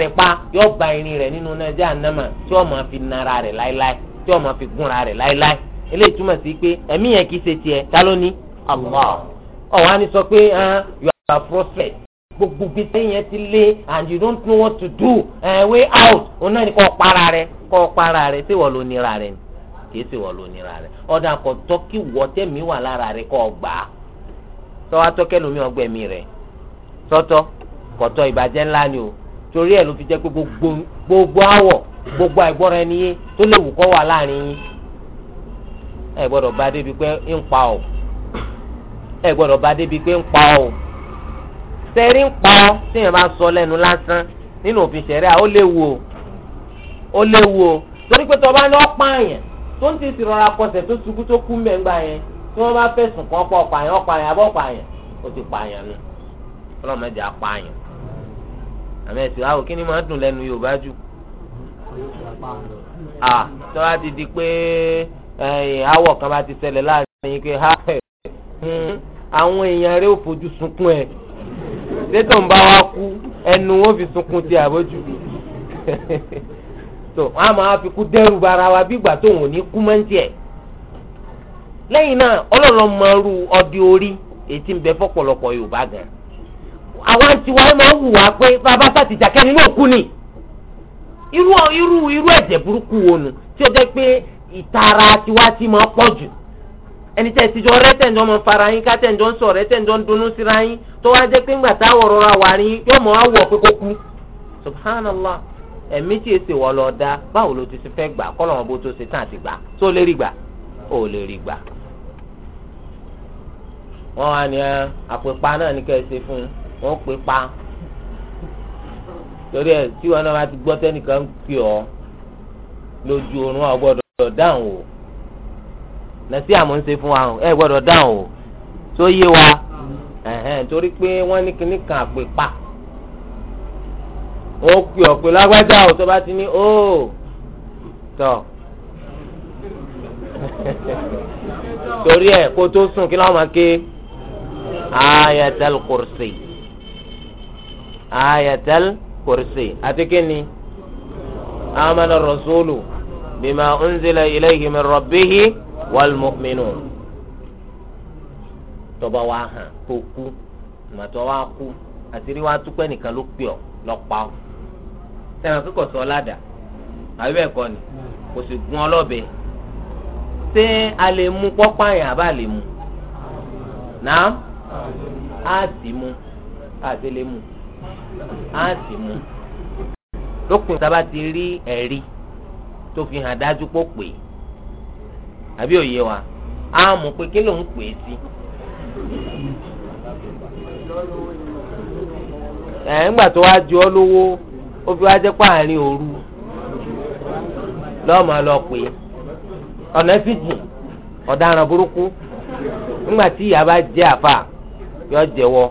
rẹ pa yóò irin rẹ nínú náà ànàmà tí yóò nara rẹ láéláé tí yóò fi rẹ láéláé eléyìí túmọ̀ sí pé ẹ̀mí yẹn kì í ṣe tiẹ̀ ta ló ní Allah sọ pé ah, you are prophet gbogbo gbèsè yẹn ti lé and you don't know what to do uh, way out òun náà ni kò para rẹ kò para rẹ ṣé wọ́n ló nira rẹ ni kì í ṣe wọ́n ló nira rẹ ọ̀dà kò tọ́ kí wọ́ tẹ̀mí wà lára rẹ kò gbà á sọ́wọ́ atọ́kẹ́ lomi ọgbẹ́mí rẹ sọ́tọ́ kọ̀tọ́ ìbàjẹ́ ńlá ni o torí ẹ̀ ló fi jẹ́ pé gbogbo gbogbo àwọ̀ gbogbo àìgbọ́ra ẹni yé tó léwu kọ́ wà láàrin yín ẹ gbọ́dọ̀ bá débi pé ń pa ọ́ ẹ gbọ́dọ̀ bá débi pé ń pa ọ́ sẹ́rí ń pa ọ́ tíyẹn bá sọ lẹ́nu lásán nínú òfin ṣẹ̀ríà ó léwu o ó léwu o torí pé tọ́ba ní ọ̀pá àyàn tó ń ti sì rọra kọsẹ̀ tó ṣubú tó kú mẹ́ngbà yẹn tí wọ́n bá fẹ̀sùn kan pọ̀ pààyàn ọ̀pààyàn abọ́pààyàn ó ti pààyàn nù ọlọ́mọdé apààyàn àmì ẹ̀sìn àwọn kí ni máa dùn lẹ́nu Yorùbá jù à tọ́wá ti di pé. awọ kan bá ti sẹlẹ láàrin yín pé ha hmm, àwọn èèyàn rẹ ò fojú sunkún ẹ sétò ń bá wa kú ẹnu wọn fi sunkún ti àbójú so wọn ma fi kú bara wa bí ìgbà tó wọn ní kú mọ́ntì ẹ̀ lẹ́yìn náà ọlọ́run máa ọdí orí ètí ń bẹ fọ́pọ̀lọpọ̀ Yorùbá gan àwa ti wá máa wù wá ni irú irú irú ẹ̀jẹ̀ burúkú wo nu tí jẹ́ ìtara tiwa ti máa pọ̀ jù ẹni tẹ́ ti jọ rẹ́ tẹ̀jọ́ mọ fara yín ká tẹ̀jọ́ ń sọ rẹ́ tẹ̀jọ́ ń dunnú síra yín tó wá jẹ́ pé ńgbà táwọ̀ rọra wà rí yóò mọ̀ á wọ̀ kú subhanallah ẹ̀mí tí èsì wọ̀ lọ da báwo ló ti fẹ́ gbà kọ́ lọ́wọ́ bó tó ṣe tán àti gbà tó lè rí gbà ó lè rí gbà. wọ́n wá ní àpèpá náà ní kẹ́sì fún wọn pè pa torí ẹ̀ tí wọn náà bá ti gbọ́ tẹ́nìkan pè ọ́ lójú oorun ọgbọ́dọ̀ gbọ́dọ̀ dáhùn o nàṣí àmọ́ ń ṣe fún wa ẹ gbọ́dọ̀ dáhùn o tó yé wa torí pé wọ́n ní kíní kan àpè pa ó pè ọ́ pé lágbájá o tó bá ti ní ó tọ̀ torí ẹ kó tó sùn kí láwọn máa ké ayatul kursi ayatul kursi àti kíni amana rasulu bima unzila ilayhi min rabbihi wal mu'minun tọba wa hàn kó kú ìmọ̀tọ́ wa kú àtìrí wa tú pé nìkan ló pè ọ́ lọ́pàá ọ́ sẹ́wọ̀n kíkọ̀ sọ ládà àbí bẹ́ẹ̀ kọ́ ni kò sì gun ọlọ́bẹ ṣé a lè mú pọ́pá yẹn àbá lè mú náà á sì mú á sì lè mú á sì mú lópin tá a bá ti rí ẹ̀rí. E tó fi hàn dájú pé ó pè é àbí òye wa á mú pé kí ló ń pè é sí. ẹ̀ tó wá ọ́ lówó ó fi wá jẹ́ páàrin òru lọ́ọ̀mà lọ pè é ọ̀nà sì jìn ọ̀daràn burúkú ńgbà tí ìyá bá jẹ́ yọ jẹ́wọ́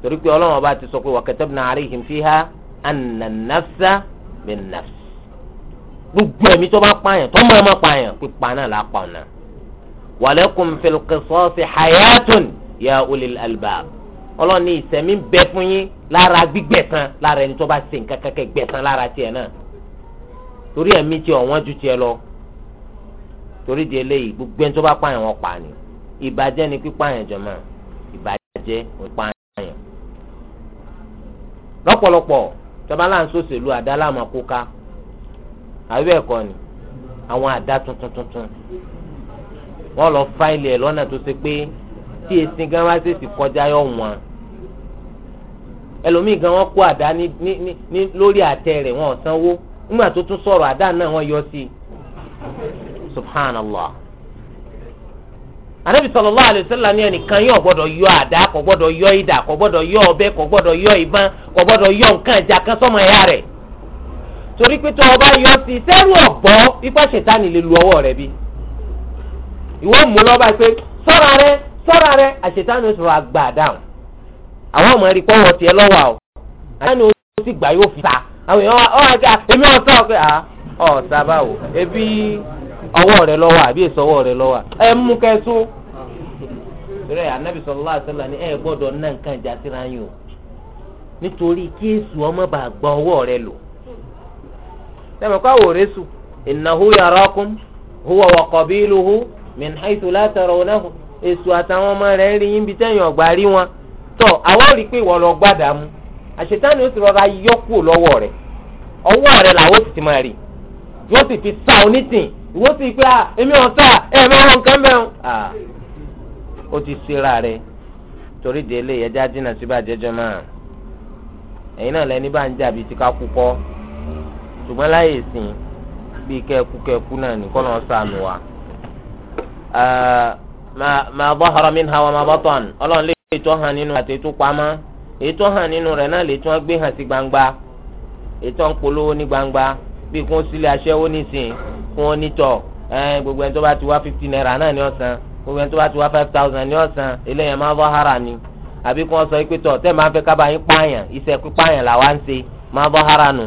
torí pé ti sọ pé anna bin gbogbo ẹ̀mí tó bá pààyàn tó máa ma pààyàn pípa náà là pa ọ̀nà. walakum fil qisasi hayatun ya ulil albab ọlọ́ni ìsẹ̀mí bẹ fún yín lára gbígbẹ̀san lára ẹni tó bá ṣe nǹkan kẹ́kẹ́ gbẹ̀san lára tiẹ̀ náà torí ẹ̀mí tiẹ̀ ọ̀wọ́n ju tiẹ̀ lọ torí di eléyìí gbogbo ẹni tó bá pààyàn wọn pa ni ìbàjẹ́ ni pípààyàn jọ̀mọ́ ìbàjẹ́ ò pààyàn lọ́pọ̀lọpọ̀ tọ́ba láǹsọ̀ọ́sẹ̀ lu àbí ẹ̀kọ́ ni àwọn àdá tuntun tuntun wọ́n lọ fáìlì ẹ̀ lọ́nà tó ṣe pé tí esin gan wá ṣèṣì kọjá yọ wọn ẹlòmíì gan wọ́n kó àdá ní ní ní lórí àtẹ rẹ̀ wọn ò sanwó nígbà tó tún sọ̀rọ̀ àdá náà wọ́n yọ sí i subhanallah anabi sallallahu alayhi wa ẹnìkan yóò gbọ́dọ̀ yọ àdá kò gbọ́dọ̀ yọ idà kò gbọ́dọ̀ yọ ọbẹ kò gbọ́dọ̀ yọ ìbọn kò gbọ́dọ̀ yọ nǹkan ìjà kan sọmọ ẹyà rẹ̀. torí pé tó o bá yọ sí sẹ́rù ọ̀gbọ́ ipá ṣètánì lè lu ọwọ́ rẹ bí ìwọ mú lọ́ba pé sọ́ra rẹ sọ́ra rẹ àṣetánì sọ̀rọ̀ àgbà dáhùn àwọn ọmọ rí pọ́wọ́ tiẹ̀ lọ́wọ́ o àṣetánì gbà fi ta àwọn èèyàn ọ àga èmi ọ̀sán ọ̀pẹ à ebi ọwọ́ rẹ lọ́wọ́ àbí èso ọwọ́ rẹ lọ́wọ́ mú kẹsùn ni ẹ gbọ́dọ̀ ná nǹkan o nítorí kí èsù ọmọ bá ọwọ́ sẹ́mi kọ́ àwòrán èso yàrá yarakum huwa wa qabiluhu min haythu la tarawnahu èso àtàwọn ọmọ rẹ̀ ń rí yín bí tẹ́yìn ọ̀gbà rí wọn tọ́ àwọn rí pé ìwọ lọ gbàdá mu ó rọra lọ́wọ́ rẹ̀ ọwọ́ rẹ̀ èmi ò ẹ̀ máa ṣùgbọ́n láyè sìn bíi kẹ́ẹ̀kú kẹ́ẹ̀kú náà ní kọ́nà sànù wa. ma zahara minha wa ma batan ọlọ́run lè tó hàn nínú àti ètò pamọ́ ètò hàn nínú rẹ̀ náà lè tó hàn gbé hàn sí gbangba ètò ń polówó ní gbangba bíi kún sílé aṣẹ́wó nísìn kún onítọ̀ gbogbo ẹni tó bá ti wá fifty naira náà ní ọ̀sán gbogbo ẹni tó bá ti wá five thousand ní ọ̀sán eléyàn ma zahara ni àbí kún ọ sọ pé tọ̀ tẹ́ẹ̀ máa fẹ́ kábàáyín pààyàn iṣẹ́ pípààyàn làwa ń ṣe ma zahara nù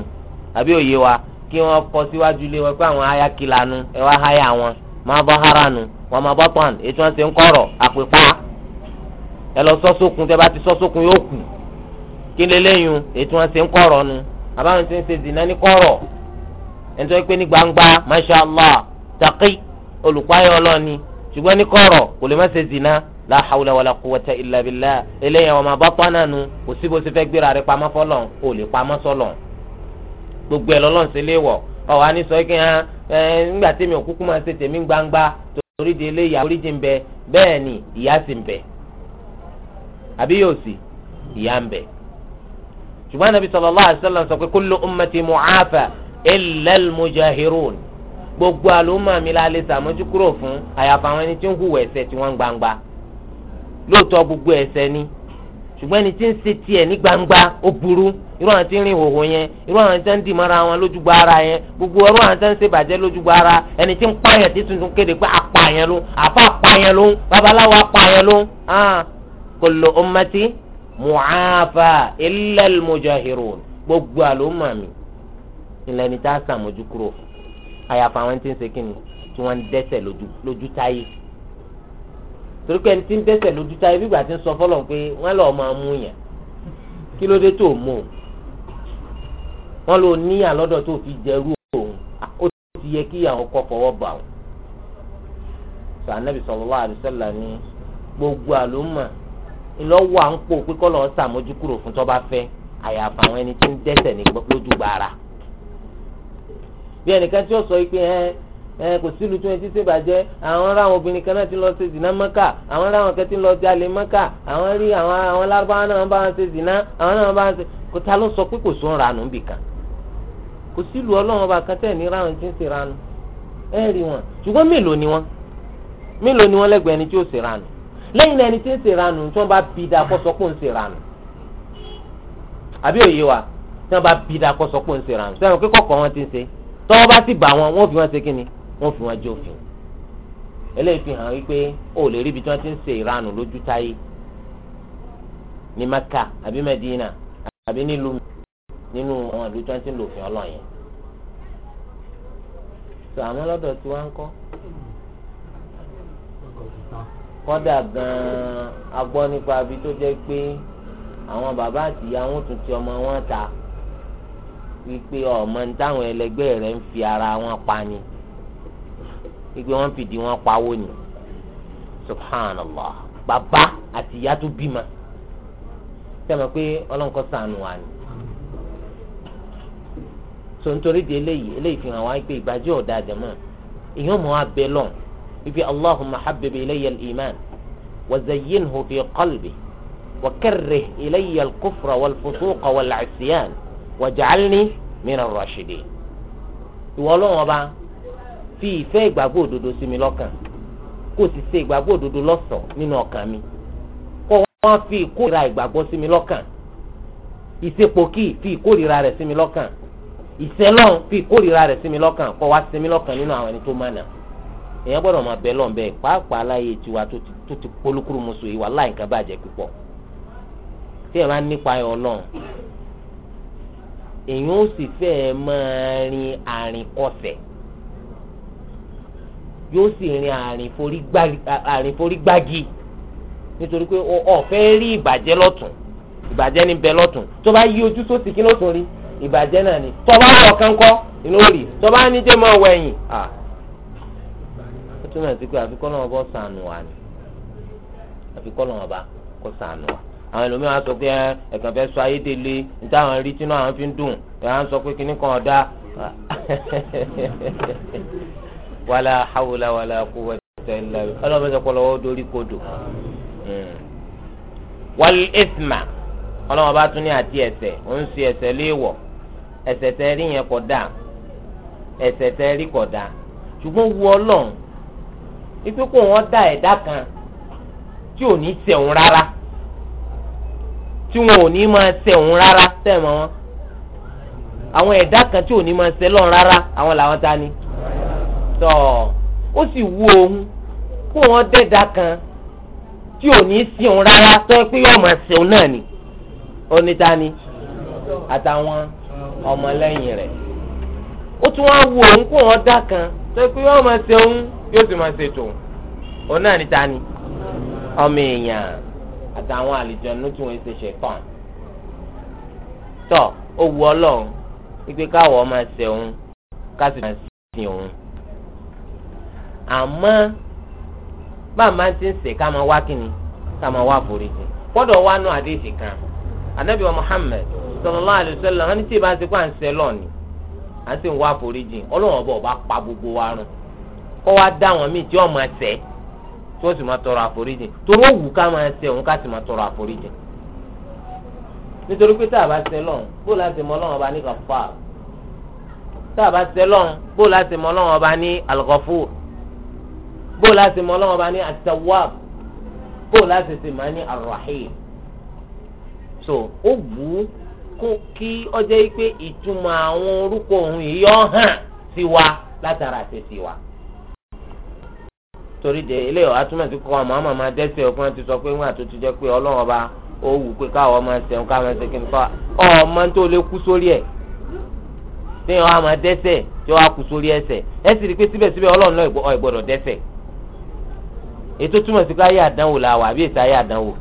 àbí òye wa kí wọ́n kọ síwájú lé wọn pé àwọn ayakila nu ẹ wá háyà wọn máa bọ́ hara nu wọn máa bọ́ tán ètò wọn ṣe ń kọ̀rọ̀ àpèpá ẹ lọ sọ́sọ́kun tẹ́ bá ti sọ́sọ́kun yóò kù kí lélẹ́yìn ètò wọn ṣe ń kọ̀rọ̀ nu àbáwọn ṣe ń ṣe dìnnà ní kọ̀rọ̀ ẹni tó ń pè ní gbangba masha allah taqi olùkọ́yọ̀ ọlọ́ni ṣùgbọ́n ní kọ̀rọ̀ kò lè má ṣe dìnnà la hawla wala quwwata illa billah eléyàn wọn máa bọ́ tán náà nu kò síbo ṣe fẹ́ gbéra rẹ̀ pamọ́ fọlọ́n kò lè pamọ́ sọlọ́n gbogbo ẹ̀ lọ́lọ́run ṣe léèwọ̀ ọ̀ wá ní sọ kí hàn ẹ ńgbà tèmi ò kúkú máa ṣe tèmi gbangba torí di eléyà oríjì ń bẹ bẹ́ẹ̀ ni ìyá sì ń bẹ àbí yóò sì ìyá ń bẹ ṣùgbọ́n sọ pé gbogbo àlùmọ́ mi la lè sàmójúkúrò fún àyàfà àwọn ẹni tí ń gbogbo ni ṣùgbọ́n ẹni tí ń ṣe tiẹ̀ ní gbangba ó burú irú àwọn tí ń rìn ìhòhò yẹn irú àwọn tí ń dì mọ́ra wọn lójúgbà ara yẹn gbogbo irú àwọn tí ń ṣe bàjẹ́ lójúgbà ara ẹni tí ń pààyàn tí tuntun kéde pé apààyàn ló àfa apààyàn ló babaláwo apààyàn ló kullu ummati mu'afa illa al-mujahirun gbogbo àlòmọ̀ mi ilẹ̀ ni tá a sàmójú kúrò àyàfà àwọn tí ń ṣe kíni tí wọ́n ń lójú táyé torí pé ẹni tí ń dẹ́ṣẹ̀ lójú táyé bí ìgbà tí ń sọ fọlọ́n pé wọ́n lọ́ọ́ máa mú yàn kí ló dé tó mú o wọ́n lọ ní àlọ́dọ̀ tó fi jẹ́rú òun ó ti yẹ kí àwọn kọ́ fọwọ́ bà ó. sọ anabi sallallahu alaihi wasallam ní gbogbo àlómà ìlọ́wọ́ à ń pò pé kọ́ lọ́ọ́ sàmójú kúrò fún tó bá fẹ́ àyàfà àwọn ẹni tí ń dẹ́ṣẹ̀ ní lójú gbàrà bí ẹnìkan tí ó sọ pé ẹ ẹ eh, kò sílu tí wọn ti ṣèbàjẹ́ àwọn ará àwọn obìnrin kan náà ti lọ ṣe zìnà mọ́kà àwọn ará àwọn kan ti lọ jalè mọ́kà àwọn rí àwọn àwọn lárúbáwá náà bá wọn ṣe zìnà àwọn náà bá wọn ṣe kò ta ló sọ pé kò sún ranù bì kan kò sílu ọlọ́run ọba kan tẹ̀ ní ráwọn tí ń ṣe ranù ẹ rí wọn ṣùgbọ́n mélòó ni wọn mélòó ni wọn lẹ́gbẹ̀ẹ́ ẹni tí ó ṣe ranù lẹ́yìn ẹni tí ń ṣe ranù tí wọ́n bá bí da kó sọ pé ń ṣe ranù àbí òye wa tí wọ́n bá bí da kó sọ pé ń ṣe ranù sẹ́wọ̀n kíkọ́kọ́ wọn ti ń ṣe tọ́wọ́ bá sì bà wọn wọ́n fi wọn ṣe kí ni wọ́n fi wọn jófin eléyìí fi hàn wípé ó lè rí ibi tí wọ́n ti ń ṣe ìranù lójú táyé ní Maka àbí Medina àbí nílùú nínú àwọn ìlú tí wọ́n ti ń lò fún ọlọ́yìn sọ àmọ́ lọ́dọ̀ tí wọ́n ń kọ́ kọ́dà gan-an nípa ibi tó jẹ́ pé àwọn bàbá àti ìyá wọn tún ti ọmọ wọn ta wípé ọmọ táwọn ẹlẹgbẹ́ rẹ̀ ń fi ara wọn pa ni gbígbé wọn fìdí wọn pawó ni subhanallah bàbá àti ìyá tó bímọ sẹ́mi pé ọlọ́nkọ́ sànù wa ni so nítorí di eléyìí eléyìí fi hàn wá pé ìgbàjẹ́ ọ̀dà àjẹmọ́ èèyàn mọ̀ á bẹ lọ́n wípé allahumma habbib ilayya al-iman wa zayyinhu fi qalbi wa karrih ilayya al-kufra wal-fusuqa wal-'isyan wa min ar-rashidin ìwọ ọlọ́wọ́n ọba fi ìfẹ́ ìgbàgbọ́ òdodo sí mi lọ́kàn kò sì ṣe ìgbàgbọ́ òdodo lọ́sọ̀ nínú ọkàn mi kó wọ́n fi ìkórira ìgbàgbọ́ sí mi lọ́kàn ìsepò kí fi ìkórira rẹ̀ sí mi lọ́kàn ìsẹ́lọ́n fi ìkórira rẹ̀ sí mi lọ́kàn kó wá sí mi lọ́kàn nínú àwọn ẹni tó èèyàn gbọ́dọ̀ máa bẹ lọ́n bẹ́ẹ̀ pàápàá yóò sì rin àrìn forí gbági nítorí pé ó fẹ́ rí ìbàjẹ́ lọ́tún ìbàjẹ́ ní bẹ lọ́tún tó bá yí ojú sósì kí ló tún rí ìbàjẹ́ náà ni tó bá wọ̀ kánkọ́ inú rí tó bá ní jẹ́ mọ́ ọ̀wọ́ ẹ̀yìn à ó túmọ̀ sí pé àfikún náà bọ́ sànù wà ní àfikún náà bá kó sànù wà àwọn ẹlòmíràn á sọ pé ẹ̀kan fẹ́ sọ ayédèlé níta àwọn rí tí náà àwọn fi ń dùn ẹ̀ à sọ pé kinní kan ọ̀dà wàlà hawla wàlà quwwata illa billah ọlọ́run sọ pọlọ wọ́n dorí kodò. wal ithma ọlọ́run bá tún ní àti ẹ̀ṣẹ̀ ó ń ṣe ẹ̀ṣẹ̀ léèwọ̀ ẹ̀ṣẹ̀ tẹ́ rí yẹn kọ̀ dáa ẹ̀ṣẹ̀ tẹ́ rí kọ̀ dáa ṣùgbọ́n wu ọlọ́run ipe kó wọn dá ẹ̀dá kan tí ò ní ṣẹ̀wọ̀n rárá tí wọn ò ní máa ṣẹ̀wọ̀n rárá tẹ̀ àwọn ẹ̀dá kan tí ò ní máa ṣẹlọ́n rárá àwọn làwọn ta ni. sọ ó sì wú òun kó wọn dẹ́da kan tí ò ní sí òun rárá tó pé yóò máa ṣeun náà ni onítàní àtàwọn ọmọlẹ́yìn rẹ̀ ó tún wá wú òun kó wọn dá kan tó pé yóò máa ṣeun yóò sì máa ṣètò òun náà níta ni ọmọ èèyàn àtàwọn tí ṣe ṣẹ̀tàn tọ́ ó wù ọlọ́run wípé káwọ́ máa ṣeun ká sì máa sin òun. àmọ́ bàmá ti ń sè ká máa wá kíni ká máa wá àforíjì gbọ́dọ̀ wá nù àdéhìí kan anabi wa Muhammad sallallahu alaihi wasallam wọn ní tí ìbá ti kó à ń sẹ lọ́ọ̀ni à ń sì ń wá àforíjì ọlọ́wọ́n bọ̀ bá pa gbogbo wa rún kọ́ wa dá wọn míì tí wọ́n máa sẹ́ tí wọ́n sì máa tọrọ àforíjì torí ó wù ká máa sẹ òun ká sì máa tọrọ àforíjì nítorí pé tá a bá sẹ lọ́n bó láti mọ Ọlọ́run bá ní al bó láti mọ ọlọ́wọ́n bá ní at-Tawwab bó láti sì máa ní ar-Rahim so ó wù ú kó kí ọjọ́ yìí pé ìtumọ̀ àwọn orúkọ òun yìí yọ hàn sí wa látara àti sí wa torí de eléyọ̀ atúmọ̀ sí kọ́ ọmọ àmọ́ máa dẹ́sẹ̀ ọkùnrin ti sọ pé wọ́n àti ti jẹ́ pé ọlọ́run ọba ó wù pé káwọn máa sẹ̀wọ̀n káwọn ṣe kí n fa ọmọ tó lè kú sórí ẹ̀ tí wọ́n á máa dẹ́sẹ̀ tí wọ́n á kú sórí ẹsẹ̀ ẹ sì rí i pé síbẹ̀síbẹ̀ ọlọ́run náà ò gbọ́dọ̀ dẹ́sẹ̀ ètò túmọ̀ sí pé ayé àdánwò la wà àbí ètò ayé àdánwò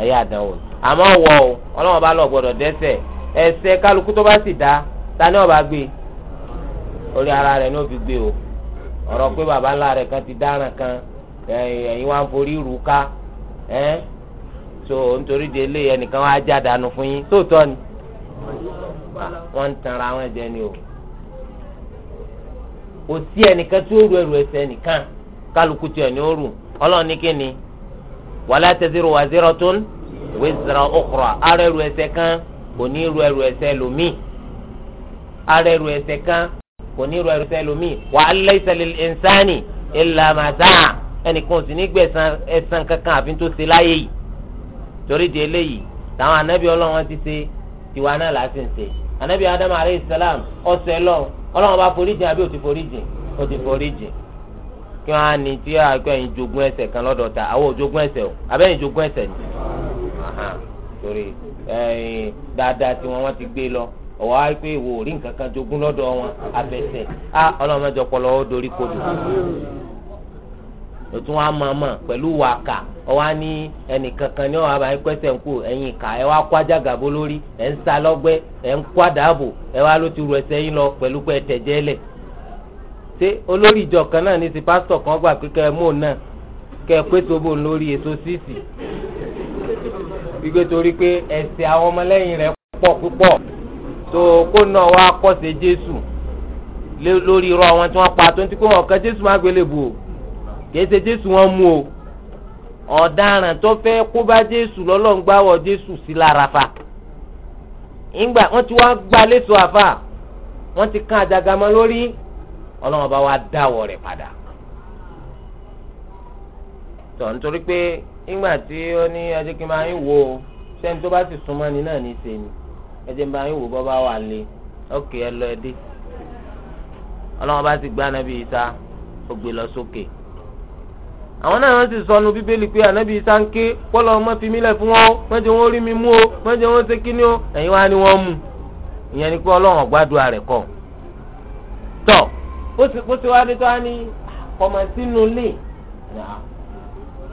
ayé àdánwò àmọ́ wọ o ọlọ́wọ́n bá lọ gbọ́dọ̀ dẹ́ṣẹ̀ ẹ̀ṣẹ̀ kálukú tó bá sì dá ta ni ọba gbé orí ara rẹ̀ ní òfi gbé o ọ̀rọ̀ pé baba ńlá rẹ̀ kan ti dáràn kan ẹ̀yin wá ń forí rù ká ẹ́ so nítorí de ilé ẹnìkan wá já dànù fún yín sóòótọ́ ni wọ́n ń tanra wọn jẹ ni o kò sí ẹnìkan tí ó rù ẹrù ẹ̀ṣẹ̀ nìkan kálukú tiẹ̀ ni ó rù ọlọ́ọ̀ni kíni wàlá tẹ̀síro wà zero tún wíṣọ̀rọ̀ ọkọ̀rọ̀ ara ẹrù ẹ̀ṣẹ̀ kan kò ní ru ẹrù ẹ̀ṣẹ̀ lómi ara ẹrù ẹ̀ṣẹ̀ kan kò ní ru ẹrù ẹ̀ṣẹ̀ lómi wà á lé ìsẹ̀lẹ̀ ìnsáni ìlànà sáà ẹnìkan sì ní gbẹ̀sán ẹ̀san kankan àfi tó ṣe láyé yìí torí di eléyìí táwọn anábì ọlọ́wọ́n ti ṣe tiwa náà láti ń ṣe anábì adamu aleyhi salam ọ̀sẹ̀ lọ ọlọ́wọ́n bá foríjìn àbí ó ti foríjìn ó ti foríjìn. kí wọn á ní tí yóò àgbẹ̀ yín jogún ẹsẹ̀ kan ta àwọn òjogún ẹsẹ̀ o abẹ́yìn jogún ẹsẹ̀ ni torí dáadáa tí wọn wọn ti gbé lọ ọwọ́ á pé ìwò nǹkan kan jogún lọ́dọ̀ wọn abẹ́sẹ̀ á ọlọ́mọdé ọpọlọ ó dorí kodò òtún mọ̀ pẹ̀lú wàkà ọwọ́ á ní ní àbáyé ìka ẹ wá kó ajágàbó lórí ẹ̀ ń sa lọ́gbẹ́ ẹ̀ ń ẹ wá ló ti ẹsẹ̀ lọ pẹ̀lú tẹ̀jẹ́ lẹ̀ ṣé olórí ìjọ kan náà ní ti pásítọ̀ kan gbà pé kẹ́ ẹ mú un náà kẹ́ ẹ pé tóbó lórí èso síìsì wípé torí pé ẹ̀sìn àwọn ọmọlẹ́yìn rẹ̀ pọ̀ púpọ̀ tó kó náà wá kọ́sẹ̀ Jésù lórí irọ́ wọn tí wọ́n pa tó ń ti kó wọn kan Jésù má gbélé bò kìí ṣe Jésù wọn mú o ọ̀daràn tó fẹ́ kó bá Jésù lọ́lọ́ngbáwọ̀ Jésù sí lára fa ìgbà wọ́n ti wá gbalẹ̀ sọ àfà wọ́n ti kan àjàgàmọ́ lórí ọlọ́wọ́n bá wá dáwọ̀ rẹ̀ padà tọ̀ nítorí pé ìgbà tí ó ní ẹjẹ́ kí n máa ń wò ó sẹ́ni tó bá sì súnmọ́ ni náà ní í ṣe ni ẹjẹ́ máa ń wò bọ́ bá wà lé ọkẹ́ ẹ lọ ẹ dé ọlọ́wọ́n bá sì gbá anábì Ìsá ó gbé lọ sókè àwọn náà wọ́n sì sọnù bíbélì pé anábì Ìsá ń ké pọ́lọ́ ọmọ fi mílẹ̀ fún wọn má jẹ́ wọn rí mi mú o má jẹ́ wọn ṣe kíní o ẹ̀yin wá ni wọ́n mú ìyẹn ni pé ọlọ́wọ́n gbàdúrà rẹ̀ kọ́ tọ́ ó sì kó sí wájú tó á ní kọmọ sínú lé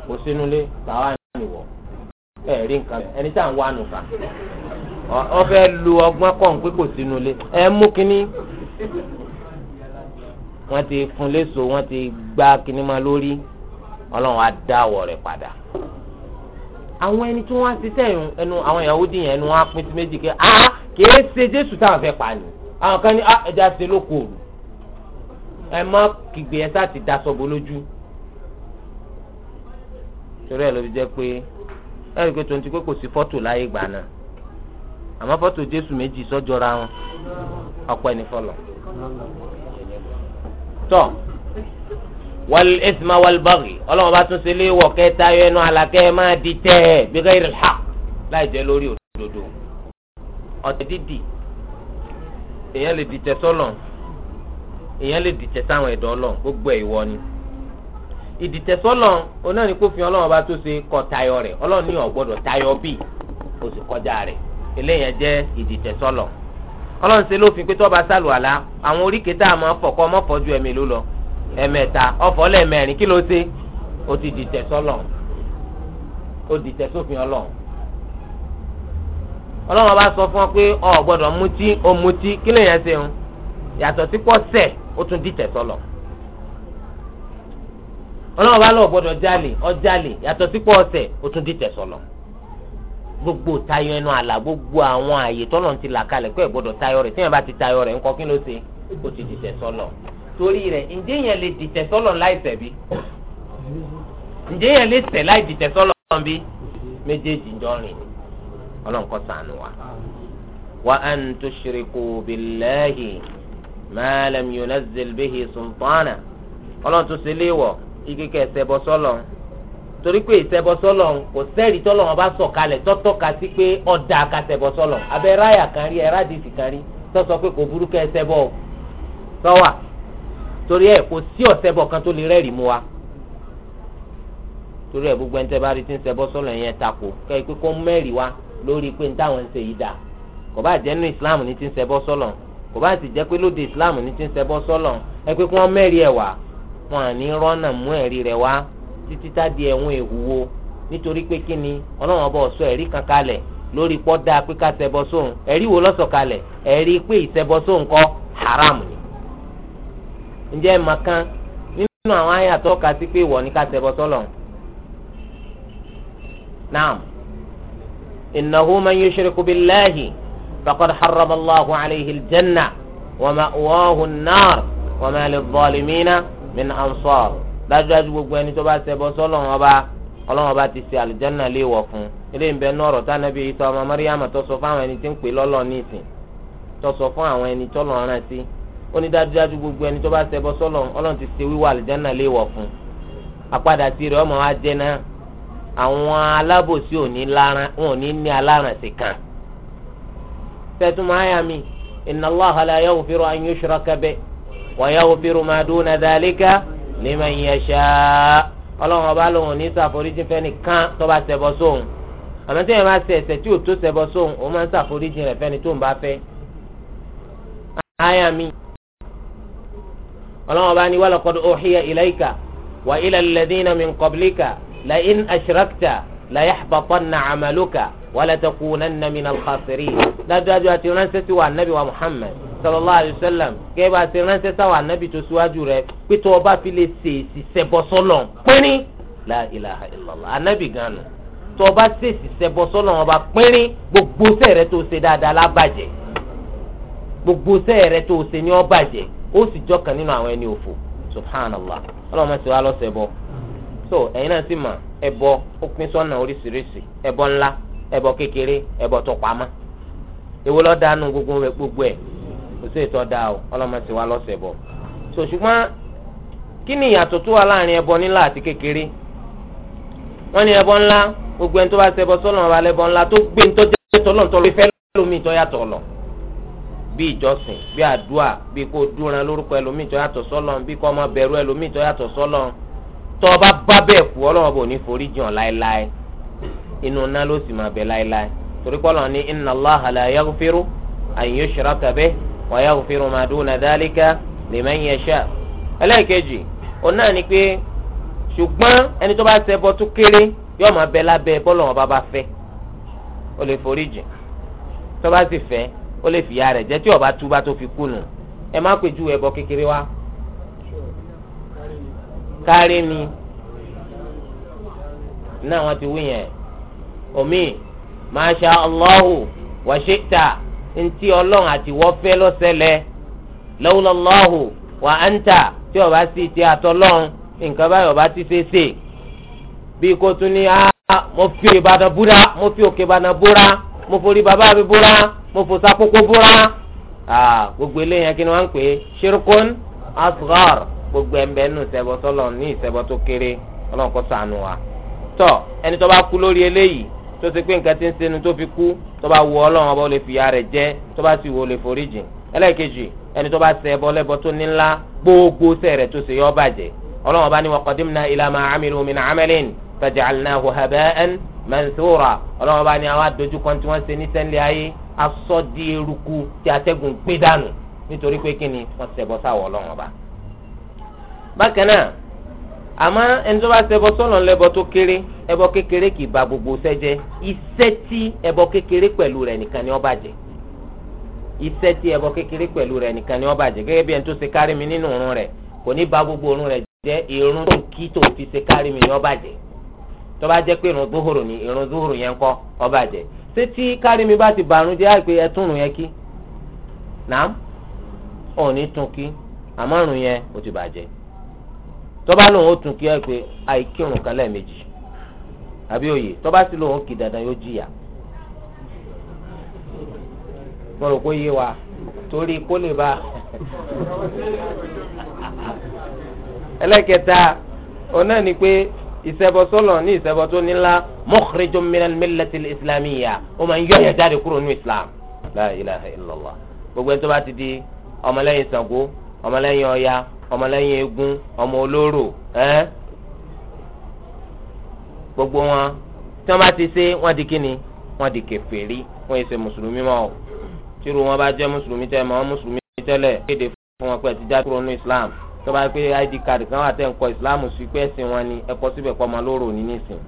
kò sínú lé bàbá nìwọ ẹ rí nǹkan ẹni tá à ń wá nùkà ọ fẹ́ lu ọgbọ́n kàn pé kò sínú lé ẹ mú kínní wọ́n ti fún léṣo wọ́n ti gbá kínní ma lórí ọlọ́run á dáwọ̀ rẹ̀ padà àwọn ẹni tí wọ́n á ṣiṣẹ́ ẹnu àwọn Yahudi yẹn ẹnu wọn á pín sí méjì kẹ́ ah kìí ṣe Jésù táwọn fẹ́ pa ni àwọn kan ní ẹja ṣe lóko òru ẹ má kígbe ẹ sáà ti daṣọ bo lójú torí ẹ ló fi jẹ́ pé ẹ rí i pé tonti pé kò sí fọ́tò láyé ìgbà náà àmọ́ fọ́tò jésù méjì sọ́jọ́ra wọn ọ̀pọ̀ ẹni fọlọ́ tọ́ wal isma wal baghi ọlọ́run bá tún ṣe lé wọ̀ kẹta yọ ẹnu àlàkẹ́ máa di tẹ́ ẹ bí ghairi al-haqq láì jẹ́ lórí òdodo ọ̀tẹ̀ dídì èèyàn lè dìtẹ̀ sọ́lọ̀ èèyàn lè dìtẹ̀ sáwọn ẹ̀dọ́ ọlọ́run gbogbo ẹ̀ ìwọ ni ìdìtẹ̀ sọ́lọ́run onáà ní kó fi ọlọ́run ọba tó ṣe kọ tayọ rẹ̀ ọlọ́run ní ò gbọ́dọ̀ tayọ bí kò sì kọjá rẹ̀ eléyẹn jẹ́ ìdìtẹ̀ sọ́lọ́run ọlọ́run ṣe lófin pé tọ́ba sálùwàlá àwọn oríkèé tá a máa fọ̀kọ́ mọ́fọ́ ju ẹ̀mí ló lọ ẹ̀mẹ̀ta ọ̀fọ̀ lẹ́ẹ̀mẹrin kí ló ṣe ó ti dìtẹ̀ sọ́lọ́run ó dìtẹ̀ sófin ọlọ́run ọlọ́run ọba sọ fún ọ pé o gbọ́dọ̀ mutí o mutí kí lèyẹn ṣe ń yàtọ̀ sí pọ̀ sẹ̀ ó tún dìtẹ̀ sọlọ ọlọ́run bá lọ́ọ̀ gbọ́dọ̀ jalè ọjalè yàtọ̀ sí pọ̀ sẹ̀ ó tún dìtẹ̀ sọlọ gbogbo tayọ ẹnu àlà gbogbo àwọn àyè tọ́lọ̀ ti là kalẹ̀ pé gbọ́dọ̀ tayọ rẹ̀ tíyẹn bá ti tayọ rẹ̀ ńkọ́ kí ló ṣe ó ti dìtẹ̀ sọlọ torí rẹ̀ ǹjẹ́ yẹn lè dìtẹ̀ sọlọ láì ṣẹ̀ ǹjẹ́ yẹn lè ṣẹ̀ láì dìtẹ̀ sọlọ ma lam yunazil bihi sultana ọlọ́run tún ṣe léèwọ̀ ikeke ẹ̀sẹ̀bọ sọ́lọ̀ torí pé ìṣẹ̀bọ sọ́lọ̀ kò sẹ́ẹ̀rì tọ́lọ̀ wọn bá sọ̀ kalẹ̀ tọ́tọ́ka sí pé ọ̀dà kàṣẹ̀bọ sọ́lọ̀ abẹ́ ráyà kan rí ẹ̀rá dìtì kan rí tọ́sọ pé kò burú kẹ́ ẹ̀sẹ̀bọ sọ́wà torí ẹ̀ kò sí ọ̀sẹ̀bọ kan tó lè rẹ́rìí mu wa torí ẹ̀ gbogbo ẹ̀ńtẹ́ bá rí tí ń ṣẹ̀bọ sọ́lọ̀ yẹn takò kẹ́ ẹ pé kó mẹ́rìí wa lórí pé ń táwọn ń ṣe yìí dà kò bá jẹ́ nínú Islam ní tí ń ṣẹ̀bọ sọ́lọ̀ kò bá sì jẹ́ pé lóde islam ní ti ń ṣẹbọ sọ́lọ̀ ẹ pé kí wọ́n mẹ́rin ẹ̀ wá wọn à ní rọ́nà mú ẹ̀rí rẹ̀ wá títí tádi ẹ̀wọ̀n èhùwo nítorí pé kí ni ọlọ́run ọba ọ̀sọ́ ẹ̀rí kan kalẹ̀ lórí pọ́dà pé ká ṣẹbọ sóhun ẹ̀rí wo lọ́sọ̀ kalẹ̀ ẹ̀rí pé ìṣẹbọ sóhun kọ́ haram ni. ǹjẹ́ màkàn nínú àwọn àyà tó ka sí pé ìwọ ni ká ṣẹbọ sọ́lọ̀ naam innahu faqad harrama allahu alayhi aljanna wa ma'wahu an-nar wa ma lil-zalimina min ansar dájúdájú gbogbo ẹni tó bá ṣẹbọ sọ́lọ́run ọba Ọlọ́run ọba ti ṣe àlùjánnà léèwọ̀ fún ilé ìbẹ nọrọ tánàbí Ìsá ọmọ Màríyámà tó sọ fún àwọn ẹni tí ń pè lọlọ ní ìsìn tó sọ fún àwọn ẹni tó lọ rán sí ó ní dájúdájú gbogbo ẹni tó bá ṣẹbọ sọ́lọ́run Ọlọ́run ti ṣe wíwọ̀ àlùjánnà léèwọ̀ fún apádà sí rẹ̀ ọmọ wa jẹ náà àwọn alábòsí ò ní ní alárànṣe kan tẹ́tùmù àyà mi inna Allaha la yaghfiru an yushraka bihi wa yaghfiru ma duna dhalika liman yasha ọlọ́run ọba lòun ní ṣàforíjì fẹ́nìkan tó bá ṣẹbọ sóun àmọ́ tí yẹn bá ṣe ẹ̀ṣẹ̀ tí ò tó ṣẹbọ sóun ó máa ń ṣàforíjì rẹ̀ fẹ́ni tó ń bá fẹ́. àyà mi ọlọ́run ọba ni wa laqad uhiya ilayka wa ila alladhina min qablika la in la yahbatanna amaluka wala takunanna minal khasirin dájúdájú àti ránṣẹ́ sí wa anabi wa muhammad sallallahu alayhi wa sallam gẹ́gẹ́ bá ti ránṣẹ́ sáwọn anabi tó síwájú rẹ̀ pé tó o bá fi lè ṣèṣì ṣẹbọ sọ́lọ̀ pínrín la ilaha illallah anabi ganu tó o bá ṣèṣì ṣẹbọ sọ́lọ̀ wọn bá pínrín gbogbo sẹ́ẹ̀ rẹ tó ṣe dáadáa lábàjẹ́ gbogbo sẹ́ẹ̀ tó ṣe ní ó ó sì jọ́kan nínú àwọn ẹni òfò subhanallah ọlọ́run mẹ́sàn-án lọ́sẹ̀ bọ́ so ẹ̀yin náà sì mọ̀ ẹbọ ó pín sọ́nà oríṣiríṣi ẹbọ ńlá ẹbọ kékeré ẹbọ tó pamọ́ èwo ló dánú gbogbo rẹ̀ gbogbo ẹ̀ kò sí ètò ọ̀dà o ọlọ́mọ ti wá lọ́sẹ̀ bọ̀ so ṣùgbọ́n kí ni ìyàtọ̀ tó wà láàrin ẹbọ ńlá àti kékeré wọ́n ní ẹbọ ńlá gbogbo ẹni tó bá ṣẹbọ sọ́nà ọba lẹ́bọ ńlá tó gbé ntọ́jẹ́ tọ́lọ́ntọ́ ló fẹ́ lómi ìtọ́ yàtọ̀ lọ bí ìjọsìn bí àdúà bí kò dúran lórúkọ ẹlòmíì yàtọ̀ sọ́lọ́n bí kò má bẹ̀rù ẹlòmíì yàtọ̀ sọ́lọ́n tọ́ ọ bá bá bẹ́ẹ̀ kú ọlọ́run bò ní forí jìn láéláé inú ná ló sì máa bẹ láéláé torí pé ọlọ́run ní inna Allaha la yaghfiru an yushraka bihi wa yaghfiru ma duna dhalika liman yasha ẹlẹ́ẹ̀kejì òun náà ni pé ṣùgbọ́n ẹni tó bá ṣẹbọ tó kéré yóò máa bẹ lábẹ́ bọ́lọ́run bá bá fẹ́ ó lè forí jìn tó bá sì fẹ́ ó lè fìyà rẹ̀ jẹ tí ó túbá tó fi kú ẹ má pèjú ẹbọ kékeré wa kárí mi náà wọ́n ti wí yẹn omi masha allahu wa ntí ọlọ́run àti wọ́n fẹ́ lọ́sẹ̀lẹ̀ lawla allahu wa anta tí ọba sì ti àtọ́lọ́run nǹkan báyọ̀ bá ti ṣe ṣe bí tún ní á ah, mo fi ìbàdàn búra mo fi òkè ìbàdàn búra mo forí bàbá mi búra mo fò sákòókò búra ah, gbogbo gbogbo ẹnbẹ nù sẹbọ sọlọ ní ìsẹbọ tó kéré Ọlọ́run kó ṣàánú wa. tọ ẹni tó bá kú lórí eléyìí tó ṣe pé nǹkan ti ń sẹnu tó fi kú tó bá wù Ọlọ́run ọba ó lè fìyà rẹ̀ jẹ tó bá sì wù lè foríjìn. ẹlẹ́ẹ̀kejì ẹni tó bá ṣe ẹbọ lẹ́bọ tó ní ńlá gbogbo sẹ rẹ̀ tó ṣe yọ bàjẹ́ Ọlọ́run ọba ní wa qadimna ila ma amilu min amalin faja'alnahu haba'an mansura Ọlọ́run ọba ní àwa dojú tí wọ́n ṣe ní sẹ́ńlẹ̀ ayé asọ́ eruku tí atẹ́gùn gbé dànù nítorí pé kíni wọ́n ṣẹbọ sáwọ́ Ọlọ́run ọba. bákan náà àmọ́ ẹni tó bá ṣe ẹbọ sọ́nà lẹ́bọ tó kéré ẹbọ kékeré kì í ba gbogbo iṣẹ́ jẹ́ tí ẹbọ kékeré pẹ̀lú rẹ nìkan ni ẹbọ kékeré rẹ nìkan ni ó bàjẹ́ gẹ́gẹ́ bí tó ṣe kárí ba gbogbo òórùn rẹ irun tó kí tó fi ṣe kárí mi ni ó bàjẹ́ tó bá jẹ́ pé irun zuhuru ni irun zuhuru yẹn kọ́ ó bàjẹ́ ṣé tí kárí mi bá ti bàrún jẹ́ àìpé yẹn kí tọ́ba lòun ó tún kí ẹ pé àìkírun kan lẹ́ẹ̀mejì àbí òye tọ́ba sì lòun kì dandan yóò jìyà mo rò pé yé wa torí kó lè ba ẹlẹ́kẹta ọ̀nà ni pé ìṣẹbọ sọlọ ní ìṣẹbọ tó nílá mukhrijun minal millatil islamiyya ó máa ń yọ ẹ̀yàn jáde kúrò ní islam la ilaha illallah gbogbo ẹni tó bá ti di ọmọlẹ́yìn Ṣàngó ọmọlẹ́yìn Ọya ọmọlẹ́yìn eégún ọmọ olóró ẹ́ gbogbo wọn tí wọ́n bá ti ṣe wọ́n di kíni wọ́n di kèfèrí wọ́n yìí ṣe mùsùlùmí mọ́ ọ́ tírú wọn bá jẹ́ mùsùlùmí tẹ́ mọ́ mùsùlùmí tẹ́lẹ̀ kéde fún wọn pé ti já kúrò ní islam tó bá pé id card kan wà tẹ́ ń kọ islam sí pé ẹ̀sìn wọn ni ẹ̀kọ́ síbẹ̀ kọ́ ọmọ olóró ní nísìn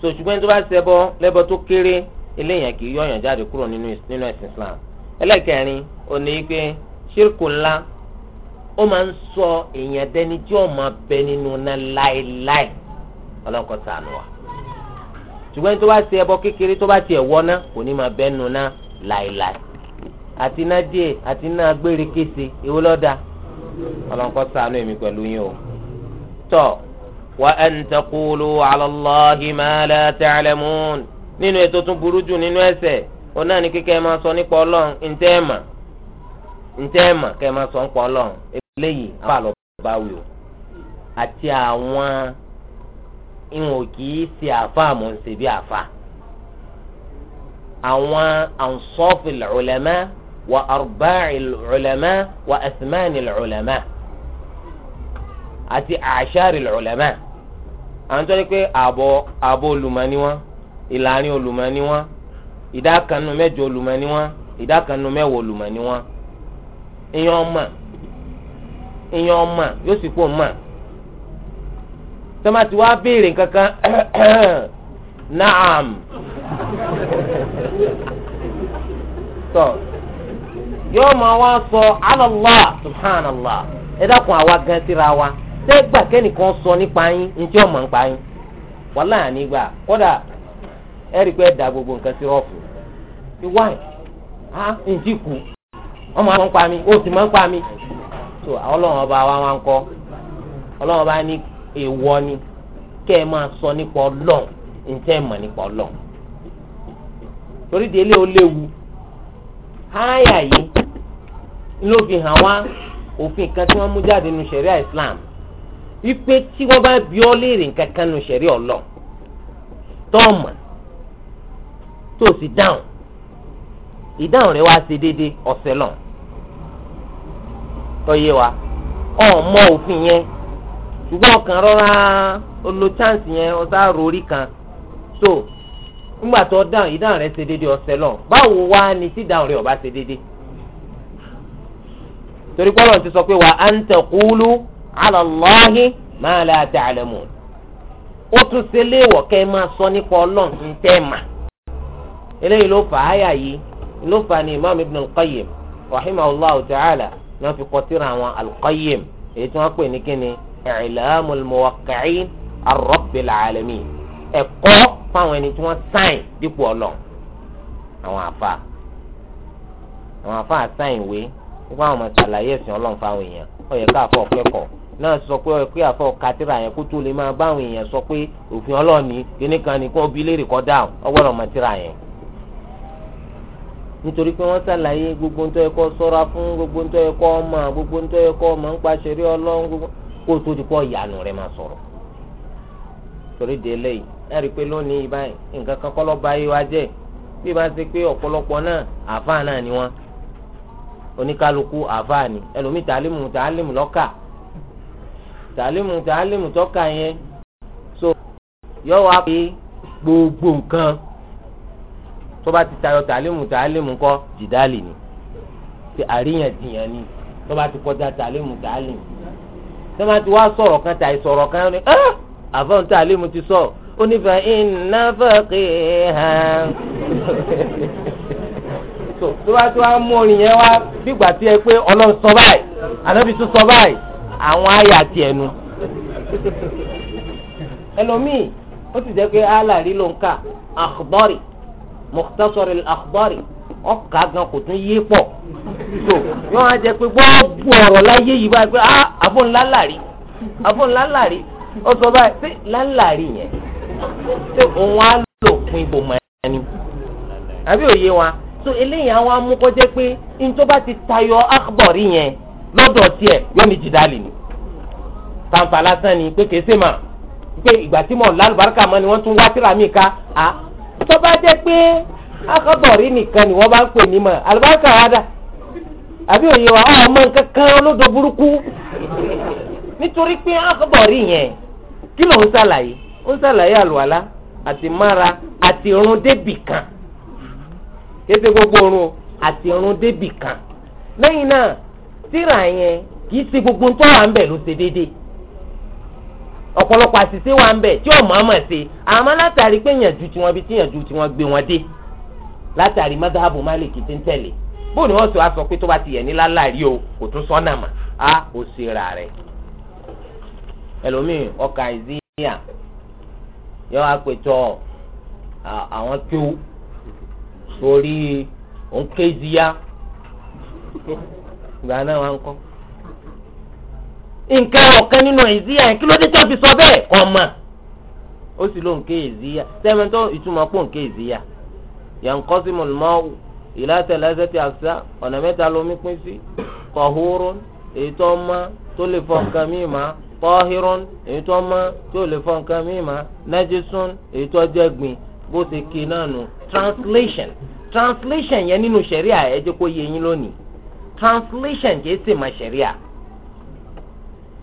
so ṣùgbọ́n tó bá ṣẹbọ lẹ́bọ tó kéré eléyàn kì í yọ̀yàn jáde kúrò nínú ẹ̀sìn islam ẹlẹ́kẹ̀rin òní pé ṣírkù ńlá ó máa ń sọ èèyàn dẹni tí ó máa bẹ nínú na láéláé ọlọ́kọ̀ sànù wa ṣùgbọ́n tó bá ṣe ẹbọ kékeré tó bá tiẹ̀ wọ́ná kò ní máa bẹ nínú náà láéláé àti iná díẹ̀ àti iná agbére kése èwo lọ́dà ọlọ́kọ̀ sànù èmi pẹ̀lú yín o tọ́ wa an taqulu ala Allahi ma la ta'lamun nínú ètò tún burú jù nínú ẹ̀ṣẹ̀ òun náà ni kíkẹ́ máa sọ nípa ọlọ́run ntẹ́ ẹ̀ mà ntẹ́ ẹ̀ léyìí àwọn ah. àlọ́ bá wí o àti àwọn ìwọ̀n kì í ṣe àfa àmọ́ ń ṣe bí àfa àwọn ansọ́fì lọ́lẹ́mẹ́ wà arbáì lọ́lẹ́mẹ́ wà ẹ̀sìmẹ́ni lọ́lẹ́mẹ́ àti àṣàrì lọ́lẹ́mẹ́ àwọn tó ní pé àbọ̀ àbọ̀ olùmọ̀ni wọn ìlànà olùmọ̀ni wọn ìdá kanu mẹ́jọ olùmọ̀ni wọn ìdá kanu mẹ́wọ̀ olùmọ̀ni wọn ìyẹn ọmọ. èèyàn ọmọ yóò sì kó mọ tọ́mátì wá béèrè kankan naam tọ yóò máa wá sọ alọlọ subhanallah ẹ dákun àwa gan síra wa sẹ́gbà kẹ́nìkan sọ nípa yín ọmọ ń pa yín wàhálà kódà pé ẹ da gbogbo nǹkan sí ha ǹjì kù ọmọ àwọn ń pa mi ó so àwọn ọlọ́run ọba wa wá ń kọ́ ọlọ́run ọba ní èèwọ̀ ni kẹ́ ẹ máa sọ nípa ọlọ́run ntẹ́ mọ̀ nípa ọlọ́run torí délé ó léwu háyà yìí ló fi hàn wá òfin kan tí wọ́n mú jáde nu ṣẹ̀ríà Islam wípé tí wọ́n bá bi ọ́ léèrè nǹkan kan nu ṣẹ̀ríà ọlọ́run tọ́ọ̀mù tó sì dáhùn ìdáhùn rẹ̀ wá ṣe déédéé ọ̀sẹ̀ lọ́hùn tó wa mọ òfin yẹn ṣùgbọ́n ọkàn rọra olo chance yẹn ọ̀sá rori kan so nígbà tó dáhùn ìdáhùn rẹ ṣe déédéé ọ̀sẹ̀ lọ báwo wá ni tí ìdáhùn rẹ ọ̀bá ṣe déédéé torí pọ́lọ̀ ti sọ pé wa an taqulu ala Allahi ma la ta'lamun ó tún ṣe léèwọ̀ kẹ́ ẹ máa sọ nípa ọlọ́run tẹ́ ẹ mà eléyìí ló fà yìí ló fà ní ta'ala. ni wọ́n fi kọ tírà àwọn Al-Qayyim èyí tí wọ́n pè ní kíni I'lamul Muwaqqi'in ar-Rabbil Alamin ẹ̀kọ́ fáwọn ẹni tí wọ́n sáìn dípò ọlọ àwọn àfa àwọn àfa sáìn ìwé wípé àwọn ọmọ ṣàlàyé ẹ̀sìn Ọlọ́run fáwọn èèyàn ó yẹ káàfọ kẹ́kọ̀ọ́ náà sọ pé ọyọ pé àfọ katira yẹn kó tó lè máa báwọn èèyàn sọ pé òfin Ọlọ́run ni ni kó bí léèrè kọ dáhùn ọwọ́ ọmọ tírà nítorí pé wọ́n ṣàlàyé gbogbo ntọ́ ẹ̀kọ́ sọ́ra fún gbogbo ntọ́ ẹ̀kọ́ ọmọ gbogbo ntọ́ ẹ̀kọ́ ọmọ ń paṣẹ rí ọlọ́run gbogbo kó o tó ti pọ̀ ìyanu rẹ̀ máa sọ̀rọ̀ torí de eléyìí ẹ rí i pé lónìí báyìí nǹkan kan kọ́lọ́ ba ayé wa jẹ́ bí wọ́n ti pé ọ̀pọ̀lọpọ̀ náà àáfàá náà ni wọ́n oníkálukú àáfàá ni ẹlòmíì tàálímù tàálímù so yọ wá tó bá ti tayọ tàlímù tàlímù kọ́ jìdálì ni ti àríyànjiyàn ni tó bá ti kọjá tàlímù tàlímù tó bá ti wá sọ̀rọ̀ kan tàì sọ̀rọ̀ kan ni ah! àfọ̀n tàlímù ti sọ ó ní fa iná fẹ́ẹ́kì hàn tó tó bá ti wá mú orin yẹn wá bígbà tí ẹ pé ọlọ́run sọ báyìí ànábì tún sọ báyìí àwọn àyà ti ẹnu ẹlòmíì ó ti jẹ́ pé aláàrí ló ń kà àkùbọ́rì. Mukhtasar al-Akhdari ọkà gan kò tún yé pọ̀ so wọn á jẹ pé gbọ́ọ̀bù ọ̀rọ̀ láyé yìí báyìí pé ah àfọ̀n lálàrí àfọ̀n lálàrí ó sọ báyìí pé lálàrí yẹn ṣé òun á lò fún ibò mọ́ ẹni àbí òye wa so eléyìí àwọn amúkọ́jẹ́ pé n tó bá ti tayọ akhdari yẹn lọ́dọ̀ tiẹ̀ yọmi jìdálì ni fanfa lásán ni pé kèsè mà pé ìgbà tí mo lálùbáríkà mọ́ ni wọ́n tún wá síra mi ká ah tó bá jẹ́ pé akọ́bọ̀rí nìkan ni wọ́n bá ń pè ní mọ̀ àlùbáríkà wa dà àbí òye wa ọmọ nǹkan olódò burúkú nítorí pé akọ́bọ̀rí yẹn kí ló ń ṣàlàyé ń ṣàlàyé àlùwàlá àti àti irun débì kan kété gbogbo irun àti irun débì kan lẹ́yìn náà yẹn kì í gbogbo ń tọ́wà ń ọ̀pọ̀lọpọ̀ àṣìṣe wà ń bẹ̀ tí ò mọ̀ ọmọ ṣe àmọ́ látàrí pé yànjú tiwọn bí tí yànjú tiwọn gbé wọn dé látàrí madhabu Malik ti ń tẹ̀lé bóun ni wọ́n sọ aṣọ pé tó bá ti yẹ̀ ní láláàrí o kò tún sọ́nà mà á ò ṣe ra rẹ̀ ẹlòmíì ọkà ìzíyà yọ apẹtọ àwọn tó torí òun kézíyà gbà náà wà ń kọ́. nǹkan ọ̀kan nínú eziya yẹn kí ló dé tó fi sọ bẹ́ẹ̀ kọ́ nke ó sì ló ń ké sẹ́mi tó ìtumọ̀ pò ń ké ìzíyà yanqasimu al-ma'u ila thalathati aqsa ọ̀nà mẹ́ta lomi pín sí nma èyí tó mọ́ tó lè fọ nǹkan míì mọ́ tahirun èyí tó mọ́ tó lè fọ nǹkan míì mọ́ najisun èyí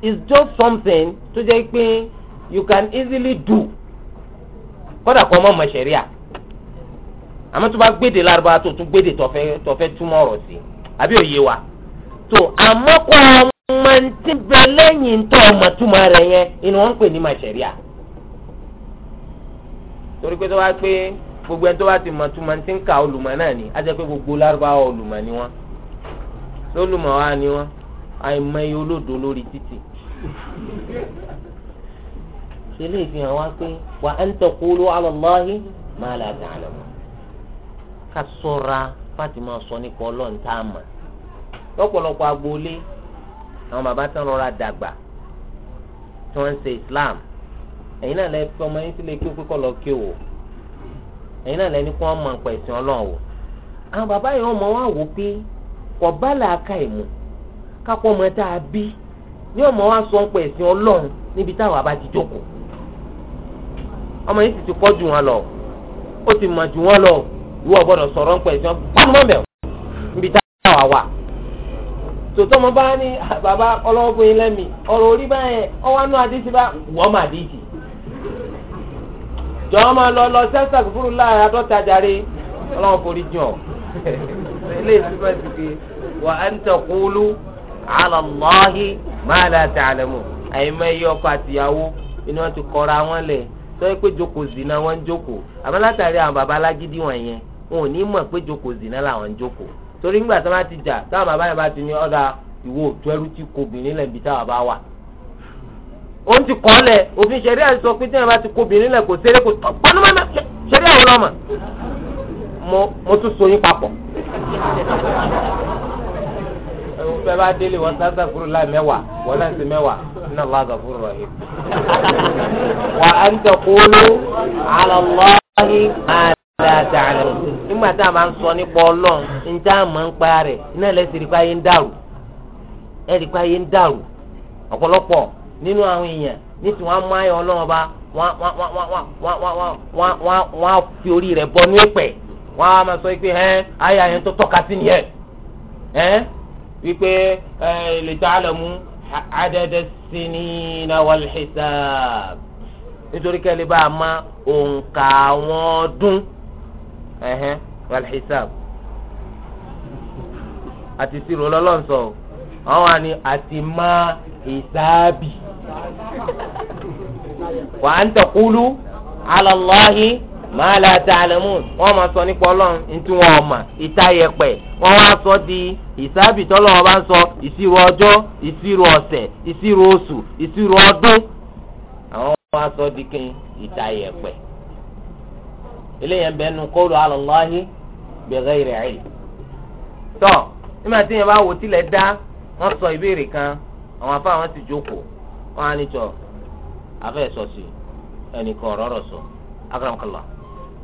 is just something to jẹ́ pé you can easily do kódà kọ́ ọmọ ọmọ ṣẹ̀ríà àmọ́ tó bá gbéde lárúbá tó tún gbéde tọ́fẹ́ tọ́fẹ́ túmọ̀ ọ̀rọ̀ sí àbí òye wa tó àmọ́ kọ́ ọmọ tí bẹ lẹ́yìn tó ọmọ túmọ̀ rẹ̀ yẹn inú wọn ń pè ní ọmọ ṣẹ̀ríà torí pé tó bá pé gbogbo ẹni tó bá ti mọ̀ túmọ̀ tí ń ka olùmọ̀ náà ni á jẹ́ pé gbogbo lárúbáwá olùmọ̀ ni wọ́n lólùmọ̀ wa ni wọ́n àìmọye olódo lórí títì ṣẹlẹ ìfihàn wa pé wa an taqulu ala Allahi ma la ta'lamun ká sọra sọ nípa Ọlọ́run tá a mọ̀ lọ́pọ̀lọpọ̀ agboolé àwọn bàbá tán dàgbà tí wọ́n Islam ẹ̀yin náà lẹ́yìn fún ọmọ yín sílé kí ó pé lọ kí o ẹ̀yin náà lẹ́yìn kí wọ́n mọ ẹ̀sìn Ọlọ́run àwọn bàbá yìí wọ́n mọ wò pé làákà ìmù kápọ̀ ní ọmọ wa sọ ń pẹ ẹ̀sìn níbi táwa bá ti jókòó ọmọ yìí sì ti pọ̀ jù wọn lọ ó ti mọ̀ ju wọn lọ ìwọ gbọ́dọ̀ sọ̀rọ̀ ń pẹ ẹ̀sìn mọbẹ níbi táwa wà tòótọ́ mo bá ní bàbá ọlọ́gbìn lẹ́mìí ọ̀rọ̀ orí báyẹn ọwọ́ nù wọ́n mà dìjì jọ̀ọ́ máa lọ lọ sẹ́sàk fúru láàrin àdọ́ta jàre ọlọ́run forí jìn ọ́ ilé ala Allahi ma la ta'lamu àyìnbá iye ọkọ àtìyàwó inú wọn ti kọra wọn lẹ̀ sọ́yìn pé jókòó zina wọn ń jókòó àmọ́ látàrí àwọn baba alágídí wọn yẹn wọn ò ní mọ̀ pé jókòó zina làwọn ń jókòó torí ńgbà tí ti jà táwọn baba yẹn bá ti ní ọ̀dà ìwọ òtú ẹrú tí obìnrin lẹ̀ ń bi bá wà. ó ti kọ́ lẹ̀ òfin ṣẹ̀rí àti pé tí wọ́n bá ti kó obìnrin lẹ̀ kò séré kò pọ́nmọ́nà ṣẹ̀rí àwọn ọlọ́mọ mo tún so yín papọ̀ bẹ́ẹ̀ bá délé wọn sáńtà fúru láì mẹ́wàá wọn náà ti mẹ́wàá iná bá gà fúru rẹ̀. wà á ń tẹ kóló alọ́láhi àdàdàlẹ̀. nígbà tá a máa ń sọ nípa ọlọ́run ní tá a máa ń iná rí ń dàrú ń dàrú ọ̀pọ̀lọpọ̀ nínú àwọn èèyàn ní tí wọ́n á mú ayọ̀ ọlọ́run ọba wọ́n á fi orí rẹ̀ bọ́ ní èpè wọ́n á máa sọ pé ẹ́ ayé ayé tó tọ́ka sí ẹ́ wípé li ta'lamu adada sinina wal hisab nítorí kẹ́lẹ́ bá a ma òǹkà àwọn ọdún wal hisab àti sírò lọ́lọ́sọ àwọn àni àti má hisabi wa an taqulu ala Allahi máa la ta'lamun wọ́n máa sọ nípa ọlọ́run ntí wọn ọ̀mà ìtayẹpẹ̀ wọ́n wá sọ di ìsábì tọ́lọ́ wọn bá ń sọ ìṣirò ọjọ́ ìṣirò ọ̀sẹ̀ ìṣirò oṣù ìṣirò ọdún àwọn wá sọ di kí ìtayẹpẹ̀ eléyàn bẹ́ẹ̀ nu qawlu ala Allahi bi ghayri ilm. tọ́ nígbà tí yẹn bá wò tilẹ̀ dá wọ́n sọ ìbéèrè kan àwọn afá wọn ti jókòó wọ́n á níjọ afẹ́ sọ̀sì ẹnìkan ọ̀rọ̀ sọ akram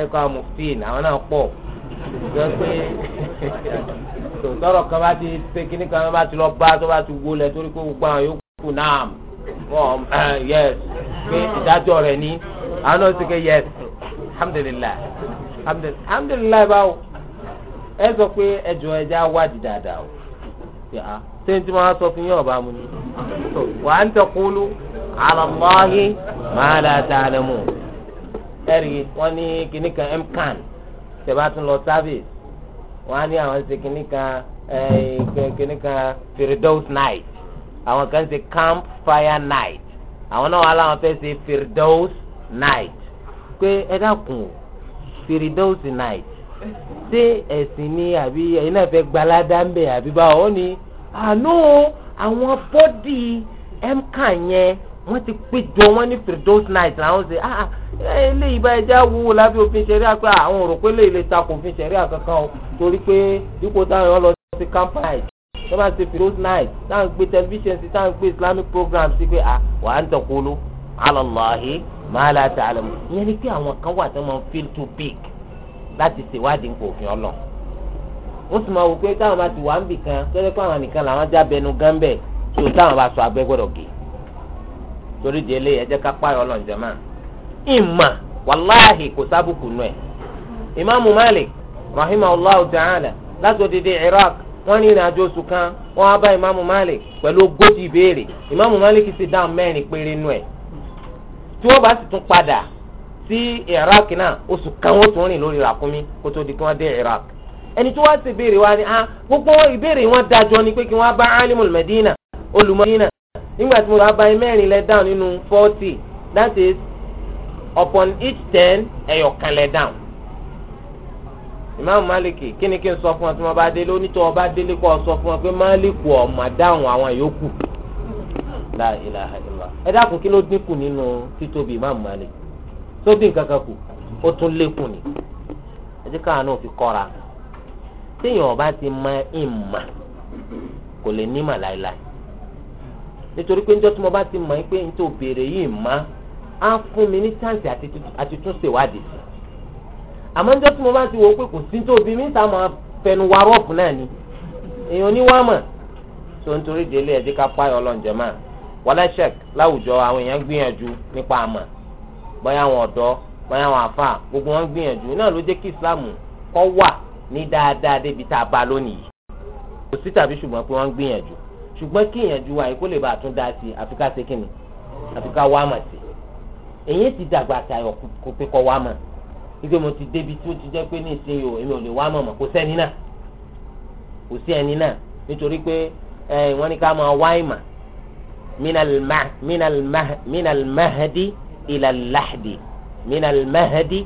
ẹ̀kọ́ amòfin àwọn náà pọ̀ jọ pé tòótọ́rọ̀ kan bá ti pé kíní kan bá ti lọ bá tó bá ti wọlé torí pé gbogbo àwọn yòókù náà wọ́n yẹs pé ìdájọ́ rẹ̀ ní àwọn náà ti ké yẹs alhamdulilayi alhamdulilayi báwo ẹ sọ pé ẹjọ ẹjẹ awádìí dáadáa o ah, ṣé n tí wọ́n sọ fún yín ọba mu ni wà á ń tẹ̀kúlù alàmọ́hí máa dáa dáa lẹ́mú ẹ̀rí wọ́n ní kinní kan mcan tẹ̀bá tún lọ service wọ́n á ní àwọn ṣe kinní kan kinní kan firdaus night àwọn kan ṣe camp fire night àwọn náà wà láwọn fẹ́ ṣe firdaus night pé ẹ dákun firdaus night ṣé ẹ̀sìn ni àbí ẹ̀yin náà fẹ́ gbalada ń bẹ̀ àbí báwo ni àánú ah, àwọn bọ́dì mcan yẹn wọ́n ti péjọ wọ́n ní firdaus night làwọn ṣe ah, ah eh, eléyìí bá ẹja wúwo lábẹ́ òfin ṣẹ̀ríà pé ah, àwọn òrò pé lè lè takò òfin ṣẹ̀ríà kankan o torí pé dípò táwọn lọ sí campite wọ́n bá ṣe firdaus night táwọn gbé tẹlifíṣàn sí táwọn gbé islamic program sí pé ah wàá ń tọkolo alọ́láhi màálà tààlà mu ìyẹn ni pé àwọn kan wà tó máa feel too big láti ṣèwádìí nǹkan òfin ọlọ́run ó sì máa wò pé táwọn bá ti wà ń bì kan tẹ́lẹ̀ pé àwọn nìkan làwọn jábẹ́nu gánbẹ̀ tó táwọn bá sọ abẹ́ gé torí di eléyìí ẹ jẹ́ ká páyọ Ọlọ́run jàmá ìmà wàláhì kò sábùkù nù ẹ ìmáàmù Malik rahimahullahu ta'ala láti odidi Iraq wọ́n ní ìrìn àjò oṣù kan wọ́n á bá ìmáàmù Malik pẹ̀lú ogójì ìbéèrè ìmáàmù Malik sì dáhùn mẹ́rin péré nù ẹ tí wọ́n bá sì tún padà sí Iraq náà oṣù kan wọ́n tún rìn lórí ràkúnmí kó tó di kí wọ́n dé Iraq ẹni tó wá sí ìbéèrè wa ni ah, gbogbo ìbéèrè wọn dájọ ni pé kí wọ́n bá alimul Medina olùmọdínà nígbà tí mo lọ abayín mẹ́rin lẹ down nínú forty that is upon each ten ẹ̀yọ̀kan lẹ down ìmáàmù máàlìkì kí ni kí n sọ fún ọ tí wọn bá délé onítọ̀ ọba délé kọ́ ọ sọ fún ọ pé máàlìkù ọ̀mà dáhùn àwọn yòókù la ilaha illa ẹ dákun kí ló dínkù nínú títóbi ìmáàmù máàlìkì tó dín kankan kù ó tún lékùn ni ẹ jẹ́ káwọn náà fi kọ́ra téèyàn ọba ti mọ ìmà kò lè nímà láéláé nítorí pé njọ́ tí mo bá ti mọ̀ ẹ́ pé n tó béèrè yìí má á fún mi ní chance àti tún ṣèwádìí sí àmọ́ njọ́ tí mo bá ti wò ó pé kò sí tó bí mi ta máa fẹnu wa rọ́ọ̀pù náà ni èèyàn ní wá mọ̀ tó nítorí délé ẹ̀jẹ̀ ká pààyàn ọlọ́njẹ́ máa wọlé ṣẹ́k láwùjọ àwọn èèyàn gbìyànjú nípa àmọ̀ bóyá àwọn ọ̀dọ́ bóyá àwọn àfà gbogbo wọn gbìyànjú náà ló jẹ́ kí ìsìláàmù kó wà ní dáadáa débi tá a bá lónìí kò sí tàbí ṣùgbọ́n pé wọ́n gbìyànjú ṣùgbọ́n kí ìyànjú wa kó lè bá a tún dá sí i àfi ká ṣe sí èyí ti dàgbà tayọ kó pé kọ́ wá mo ti débi tí ó ti jẹ́ pé ní ìsinyìí o èmi ò lè wá mà kò sẹ́ni náà kò sí ẹni náà nítorí pé wọ́n ní ká máa wá ìmà mínàlmáhàdì ìlàláhàdì mínàlmáhàdì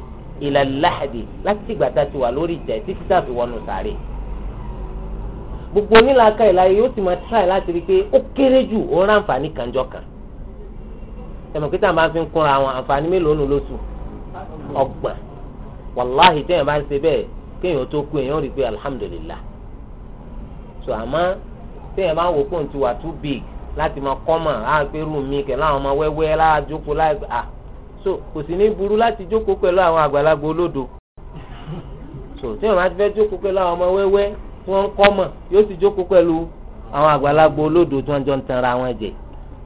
ìlàláhàdì láti ìgbà tá a ti wà lórí ìtẹ́ títí tá a fi wọnú sáré gbogbo onílàákà ìlàyé yóò sì máa tíráì láti rí i pé ó kéré jù ó ń ra àǹfààní kanjọ kan ẹmọ kí táwọn bá fi ń kúnra àwọn àǹfààní mélòó nù lóṣù ọgbọ̀n wàláhì téèyàn bá ń ṣe bẹ́ẹ̀ kéèyàn tó kú èèyàn rí i pé alhamdulillah so àmọ́ téèyàn bá wò pé òun ti wà too big láti máa kọ́mọ̀ á pé rú mi kẹ̀ láwọn ọmọ wẹ́wẹ́ láàjókòó láì à so kò sì ní burú láti jókòó pẹ̀lú àwọn àgbàlagbà olódo so téèyàn bá ti fẹ́ jókòó pẹ̀lú àwọn ọmọ wẹ́wẹ́ tí wọ́n ń kọ́ mọ̀ yóò sì jókòó pẹ̀lú àwọn àgbàlagbà olódò tí wọ́n jọ ń tanra wọn jẹ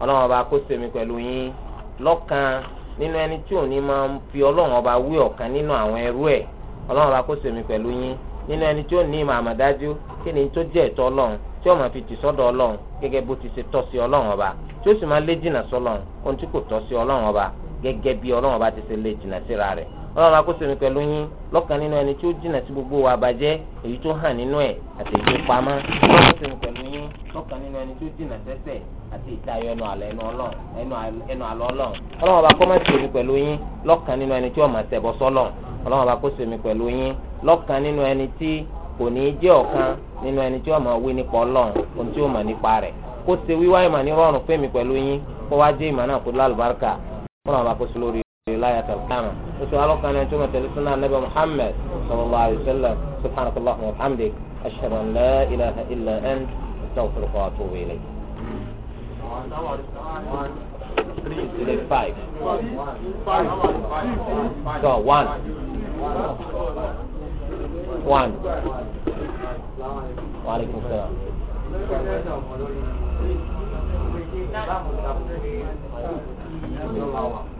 ọlọ́run ọba kó sèmi pẹ̀lú yín lọ́kàn nínú ẹni tí òní máa ń fi ọlọ́run ọba wí ọ̀kan nínú àwọn ẹrú ẹ̀ ọlọ́run ọba kó sèmi pẹ̀lú yín nínú ẹni tí ó ní ìmọ̀ àmọ̀dájú kí ni tó jẹ́ ẹ̀tọ́ ọlọ́run tí ó máa fi tì sọ́dọ̀ ọlọ́run gẹ́gẹ́ bó ti ṣe tọ́ sí ọlọ́run ọba tí ó sì máa lé jìnnà sọ́lọ́run ohun tí kò tọ́ sí ọlọ́run ọba gẹ́gẹ́ bí ọlọ́run ọba ti ṣe lé jìnnà síra rẹ̀ ọlọ́run akóso mi pẹ̀lú yín lọ́kàn nínú ẹni tí ó jìnnà sí gbogbo wa bàjẹ́ èyí tó hàn nínú ẹ̀ àti èyí tó pamọ́ ọlọ́run akóso mi pẹ̀lú yín lọ́kàn nínú ẹni tí ó jìnnà sẹ́sẹ̀ àti ìtayọ ẹnu àlọ́ ẹnu ọlọ́run ẹnu àlọ́ ọlọ́run ọlọ́run ọba kó má ṣe mi pẹ̀lú yín lọ́kàn nínú ẹni tí ó máa ṣẹbọ sọ́lọ̀ ọlọ́run ọba kóso mi pẹ̀lú yín lọ́kàn nínú ẹni tí kò ولاية القامة أسألك أن أنتم تلسلنا النبي محمد صلى الله عليه وسلم سبحانك اللهم وبحمدك أشهد أن لا إله إلا أنت التوفر وأتوب إليك Go, one. One. وعليكم السلام Thank you.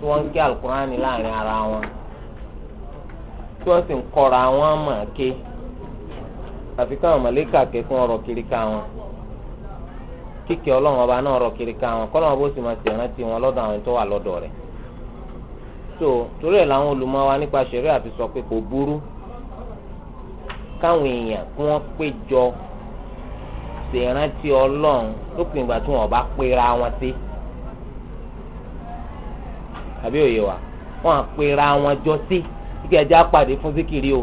tí wọ́n ń ké alukurani láàrin ara wọn tí wọ́n sì ń kọ́ra wọn mà ké àfi káwọn màlẹ́kà kẹ́kọ̀ọ́ ọ̀rọ̀ kiri ká wọn kíkẹ́ ọlọ́run ọba náà ọ̀rọ̀ kiri ká wọn kọ́lọ́run bó sì máa ṣe rántí wọn lọ́dọ̀ àwọn tó wà lọ́dọ̀ rẹ̀ so torí ẹ̀ làwọn olùmọ̀ wa nípa ṣẹ̀rí àfi sọ pé kò burú káwọn èèyàn kí wọ́n péjọ ṣèrántí ọlọ́run lópin ìgbà tí wọ́n bá pera wọn sí àbí òye wa wọn àpèrà wọn jọ sí kí ẹjẹ àpàdé fún zikiri o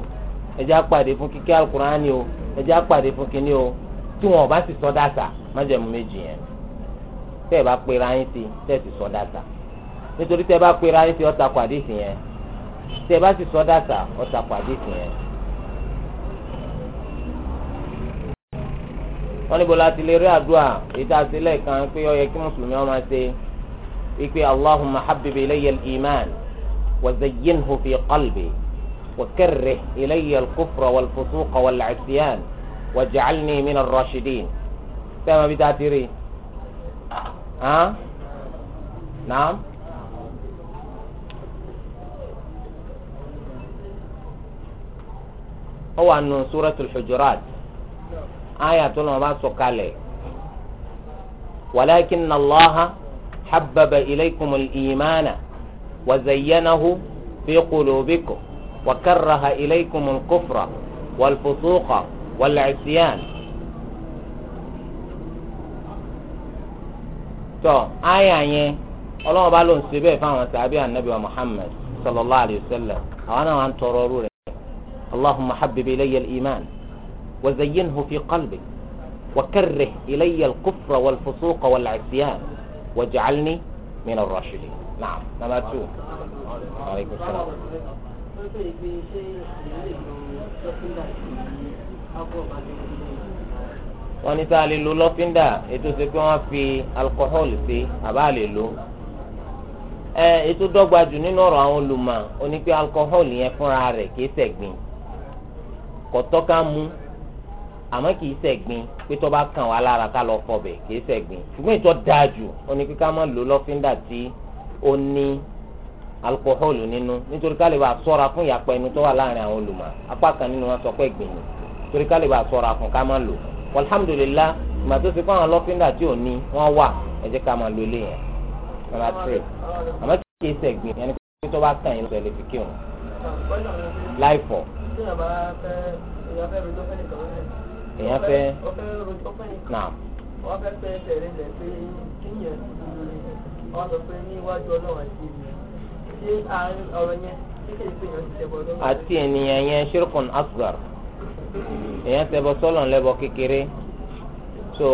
ẹjẹ àpàdé fún kíké alukurani o ẹjẹ àpàdé fún kíní o tí wọn bá sì sọ dáta májẹ̀mú méjì yẹn tẹ́ ẹ bá pèrà yín sí tẹ́ ẹ sì sọ dáta nítorí tẹ́ ẹ bá pèrà yín sí ọ̀tà pàdé sí yẹn tẹ́ ẹ bá sì sọ dáta ọ̀tà pàdé sí yẹn. wọ́n níbo la ti lè rí àdúrà èyí tá a ti pé ó yẹ kí mùsùlùmí ó máa ṣe ikpe allahumma habbib ilayya al-iman wa zayyinhu fi qalbi wa karrih ilayya al-kufra wal-fusuqa wal-'isyan wa ja'alni min ar-rashidin sẹ́wọ̀n bí tá a naam. ó wà nù suratul aya tó lọ́wọ́ bá sọ allaha. حبب إليكم الإيمان وزينه في قلوبكم وكره إليكم الكفر والفسوق والعصيان tọ aya yẹn ọlọ́wọ́n bá ló ń ṣe bẹ́ẹ̀ fáwọn sàbí anabi wa muhammed sallallahu alayhi wa sallam àwọn náà wà ń tọrọ ọrú rẹ̀ allahumma habib ilayya al-iman wa zayyinhu fi qalbi wa karrih ilayya al-kufra wal fusuqa wal 'isyan. وجعلني من ar نعم، naam number two aleykum salaam. wọ́n ní tá a lè lo lọ́fíńdà ètò ṣe pé wọ́n fi alkohol sí àbá lè lo ẹ ètò dọ́gba jù nínú ọ̀rọ̀ àwọn olùmọ̀ oní pé alkohol yẹn fúnra rẹ̀ kìí ṣẹ̀gbìn kò tọ́ ká mú àmọ́ kì í ṣẹ̀gbin pé tó bá kàn wá lára ká lọ fọbẹ̀ kì í ṣẹ̀gbin ṣùgbọ́n ìtọ́ dáa jù ó ní kíká máa lò lọ́fíńdà tí ó ní alukóhólù nínú nítorí ká lè bá ṣọ́ra fún ìyapa ẹnu tó wà láàrin àwọn olùmọ̀ apá kan nínú wọn sọ pé ẹ̀gbin ni torí ká lè bá ṣọ́ra fún ká máa lò alhamdulillah ìgbà tó ṣe fún àwọn lọ́fíńdà tí ò ní wọ́n wà ẹ jẹ́ ká máa lo ilé yẹn number three èèyàn fẹ́ nà. wọ́n fẹ́ pé bẹ̀rẹ̀ lẹ̀ pé kíyàn wọ́n sọ pé ní ọlọ́run àti ìlú ṣé àárín ọ̀rọ̀ yẹn ti lọ́wọ́. àti ènìyàn yẹn ṣírkùn asgar sọ́lọ̀ kékeré so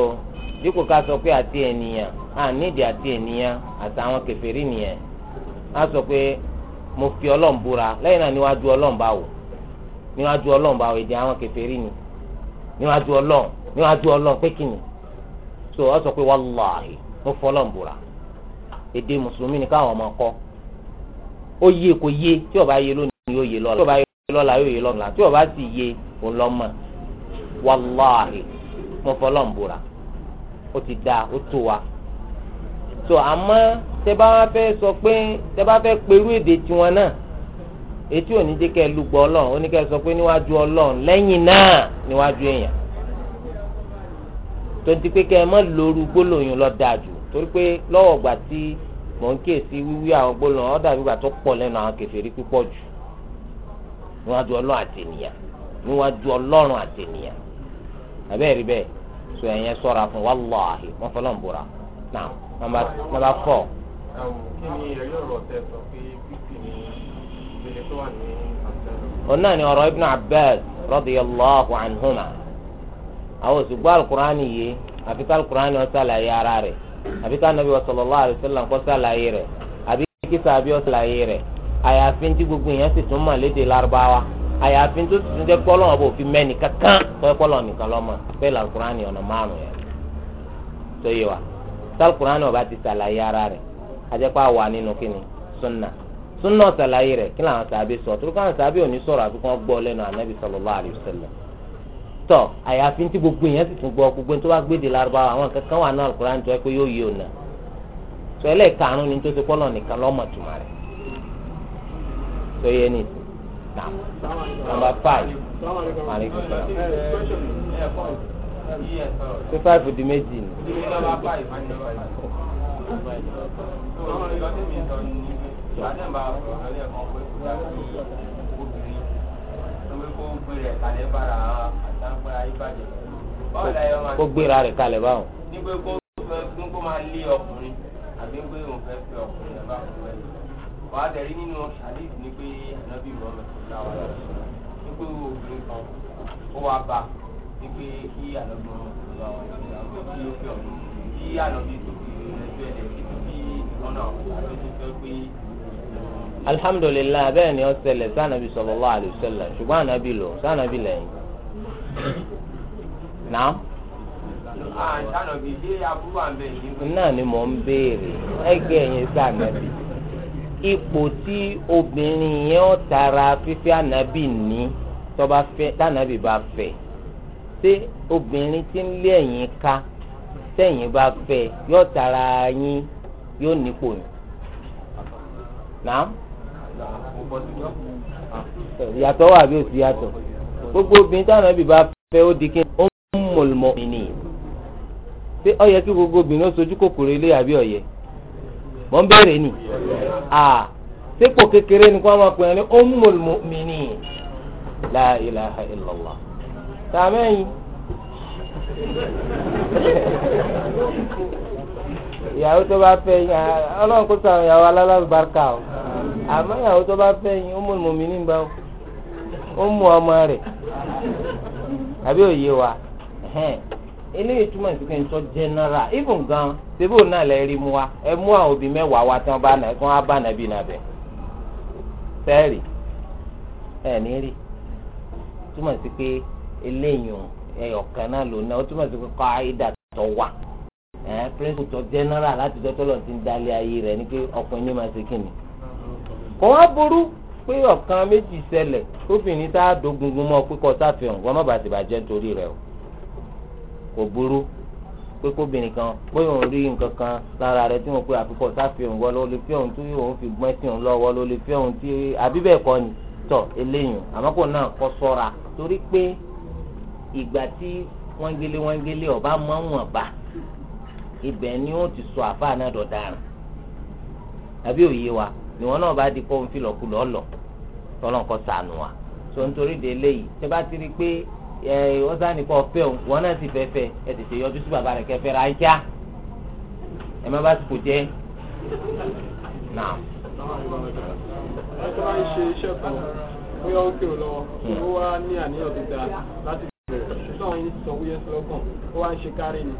dípò ká sọ pé àti ènìyàn àti ènìyàn àtàwọn nìyẹn á sọ pé mo fi lẹ́yìn náà níwájú níwájú àwọn níwájú ọlọ́run níwájú ọlọ́run pé kìnnì so ọ sọ pé wàláhì mo fọlọ́n bùrà èdè mùsùlùmí ni káwọn ọmọ kọ́ ó yé kò yé tí ó bá yé lónìí yóò yé lọ́la tí ó bá yé lọ́la yóò yé lọ́la tí ó sì yé òun wàláhì mo fọlọ́n bùrà ó ti da ó tó wa so àmọ́ tẹ bá fẹ́ sọ pé tẹ bá fẹ́ perú èdè tiwọn náà etí òní jẹ́ kẹ́ ẹ lùgbọ́ ọlọ́run oníkẹ́ ẹ sọ pé níwájú ọlọ́run lẹ́yìn náà níwájú èèyàn tó ń ti pé kẹ́ ẹ mọ́ lóru gbólóyún lọ dáa jù torí pé lọ́wọ́ gbà tí mò ń kíyèsí wíwí àwọn gbólóyún ọ̀dà gbígbà tó pọ̀ lẹ́nu àwọn kèfèrí púpọ̀ jù níwájú ọlọ́run àtẹnìyàn níwájú ọlọ́run àtẹnìyàn àbẹ́ẹ̀rí bẹ́ẹ̀ so ẹ̀yẹn sọ́ra fún wàláhì wọ́n fọlọ́n bùra náà nàbà fọ́. kí ni ẹ̀rí ọ̀rọ̀ tẹ ọ̀nà ni ọ̀rọ̀ ibn abbas radiyallahu anhuma àwọn òṣùgbọ́ alukurani yìí àfi ká alukurani ó ṣàlàyé ara rẹ̀ àfi ká anabi sallallahu alaihi wasallam kó ṣàlàyé rẹ̀ àbí kí sàbí ó ṣàlàyé rẹ̀ àyàfi tí gbogbo èèyàn sì tún mọ̀ lédè lárúbáwá àyàfi tó ti tún jẹ́ kọ́lọ́ ọ̀bọ̀ òfin mẹ́ni kankan tó yẹ kọ́lọ́ nìkan lọ́mọ bẹ́ẹ̀ alukurani ọ̀nà márùn yẹn tó yẹ wa tá alukurani ó bá ti ṣàlàyé ara rẹ̀ ajẹ́pá wà nínú kíni sunna súnà ṣàlàyé rẹ̀ kí làwọn sàbí sọ torí káwọn sàbí ò ní sọ̀rọ̀ àfi kàn gbọ́ lẹ́nu ànábì sallallahu alaihi wasallam tọ àyàfi tí gbogbo èèyàn sì tún gbọ́ gbogbo tó bá gbéde lárúbáwá àwọn kankan wà náà Al-Qur'an pé yóò yí ònà sọ ẹlẹ́ẹ̀karùn-ún ni tó ti pọ́nà nìkan lọ́mọ tùmọ̀ rẹ̀ sọ yẹ ní ìsìn náà number five maaleykum salaam ṣé five di méjì ni àdéhùn bá ọ̀rọ̀ kó gbéra rẹ̀ kalẹ̀ báwo. ní pé kó fẹ́ fún kó máa lé ọkùnrin àbí pé òun fẹ́ fẹ́ ọkùnrin ẹ̀ bá kú ẹ̀. wàá tẹ̀rí nínú hadith ni pé ànábì Muhammad sallallahu alaihi wasallam ní pé obìnrin kan ó wá bá ní pé kí ànábì Muhammad sallallahu alaihi wasallam kí ó fẹ́ ọ̀hún kí ànábì tó fi ẹgbẹ́ rẹ̀ títí bí ìrọ́nà àti tó fẹ́ pé alhamdulilayi bẹ́ẹ̀ ni ó ṣẹlẹ̀ sànàbí sallallahu alaihi wasallam ṣùgbọ́n ànábì lò sànàbí lẹ́yìn. Ah, náà. náà ni mò ń béèrè ẹgbẹ́ yẹn sànàbí ipò tí obìnrin yẹn ó tara fífẹ́ ànábì ní tọ́ba fẹ́ tànàbì bá fẹ́ ṣé obìnrin tí ń lé ẹ̀yìn ká tẹ̀yìn bá fẹ́ yóò tara yín yóò nípò yín. Naam ìyàtọ̀ wà bí o sì yàtọ̀ gbogbo obìnrin táwọn ẹbí bá fẹ́ ó di kí ó ń mọ̀lmọ́ ìní pé ó yẹ kí gbogbo obìnrin ó sojú kòkòrò ilé àbí ó yẹ mọ̀ ń bẹ̀rẹ̀ ni sípò kékeré ni kí wọ́n máa pè é ó ń mọ̀lmọ́ ìní la ilaha illallah ìyàwó tó bá fẹ́ ọlọ́run kó sọ ìyàwó alálàbàrúkà o àmọ́ ìyàwó tó bá fẹ́ yín ó mú mọ̀mí ní bá ó mú ọmọ rẹ̀ àbí òye wa eléyìí túmọ̀ sí pé n sọ general even gan ṣébí òun náà lè rí mu wa ẹ mú àwọn òbí mẹ́wàá wa tán bá nà kí wọ́n á bá nàbí nàbẹ̀ sẹ́ẹ̀rì ẹ̀ ní rí túmọ̀ sí pé eléyìí ẹ̀yọ̀kan náà ló ná ó túmọ̀ sí pé kọ́ àìdá tó wà ẹ̀ pírẹ́sìtọ̀ general láti dọ́tọ́lọ́ ti ń dalẹ̀ ayé rẹ̀ ni pé ọkùnrin ní ma ṣe kí ni kò wá burú pé ọ̀kan méjì ṣẹlẹ̀ obìnrin tá a dogungun mọ́ pé kò sáfihàn wọn má bàa ti bàjẹ́ nítorí rẹ̀ o kò burú pé kóbìnrin kan pé òun rí nǹkan kan lára rẹ̀ tí wọn pé àfikọ sáfihàn wọn ló lè fi òun tí òun fi gbọ́n sí òun lọ́wọ́ ló lè fi òun tí àbí ni tọ̀ eléyìn àmọ́ kò náà kọ́ sọ́ra torí pé ìgbà tí wọ́n gélé wọ́n gélé ọba mọ́ wọn bá ibẹ̀ ni ó ti sọ àfáà náà dọ̀ dáràn àbí òye wa ìwọ náà bá di kó ń filọ̀ kulọ̀ ọ̀lọ̀ tọ́lọ́n kọ́ sànù wa so nítorí de eléyìí tẹ bá ti rí pé ẹ wọ́n sá nìkan ọ̀fẹ́ òun wọn náà sì fẹ́fẹ́ ẹ tètè yọjú sí bàbá rẹ̀ kẹfẹ́ ra já ẹ má bá sì kò jẹ́ náà. ẹ máa ń ṣe iṣẹ́ kan bóyá ó kéré lọ́wọ́ ó wá ní àníyàn tó láti bẹ̀rẹ̀ ṣùgbọ́n àwọn yìí sọ wúyẹ́ sí ó wá ń ṣe kárí ni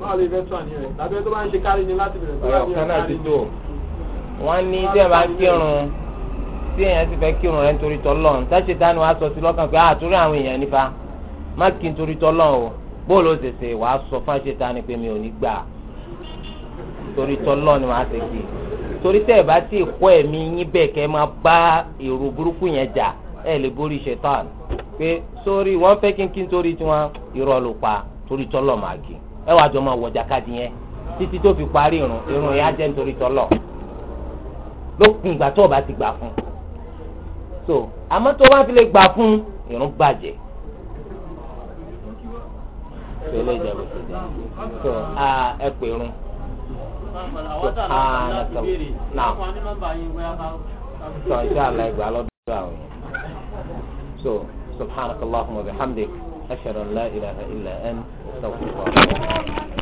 máa lè fẹ́ tó àníyàn rẹ̀ tàbí ẹ tó bá ń ṣe kárí ni láti bẹ̀rẹ̀ wọ́n ní tí ẹ̀ bá ń kírun tí èèyàn ti fẹ́ kírun rẹ̀ nítorí tọ́lọ́n táṣe dánú wa sọ sí lọ́kàn pé àtúrò ah, àwọn èèyàn nípa má kí n torí tọ́lọ́n o bóòlù òṣèṣe wàá sọ fún àṣetánì pé mi ò ní gbà torí tọ́lọ́n ni wàá ṣe kí torí tẹ́ ẹ̀ bá ti kọ́ ẹ̀mí yín bẹ́ẹ̀ kẹ́ máa bá èrò burúkú yẹn jà ẹ̀ lè borí ṣetán pé sórí wọ́n fẹ́ kínkín torí tiwọn irọ́ ló pa torí tọ́lọ́ màgì ẹ wàá jọ máa wọ̀jà káàdì yẹn títí tó fi parí irun irun yẹn á jẹ́ nítorí tọ́lọ́ lópin ìgbà tó o bá ti gbà fún un so àmọ́ tó o bá ti lè gbà fún un ìrún bàjẹ́ tó lè jẹ́ bóṣe jẹ́ so ẹ pè rún so nàkà náà so ìṣe àlà ìgbà lọ́dọ̀ àwọn so subhanakallahumma wa bihamdik ashhadu an la ilaha illa anta astaghfiruka wa atubu ilayk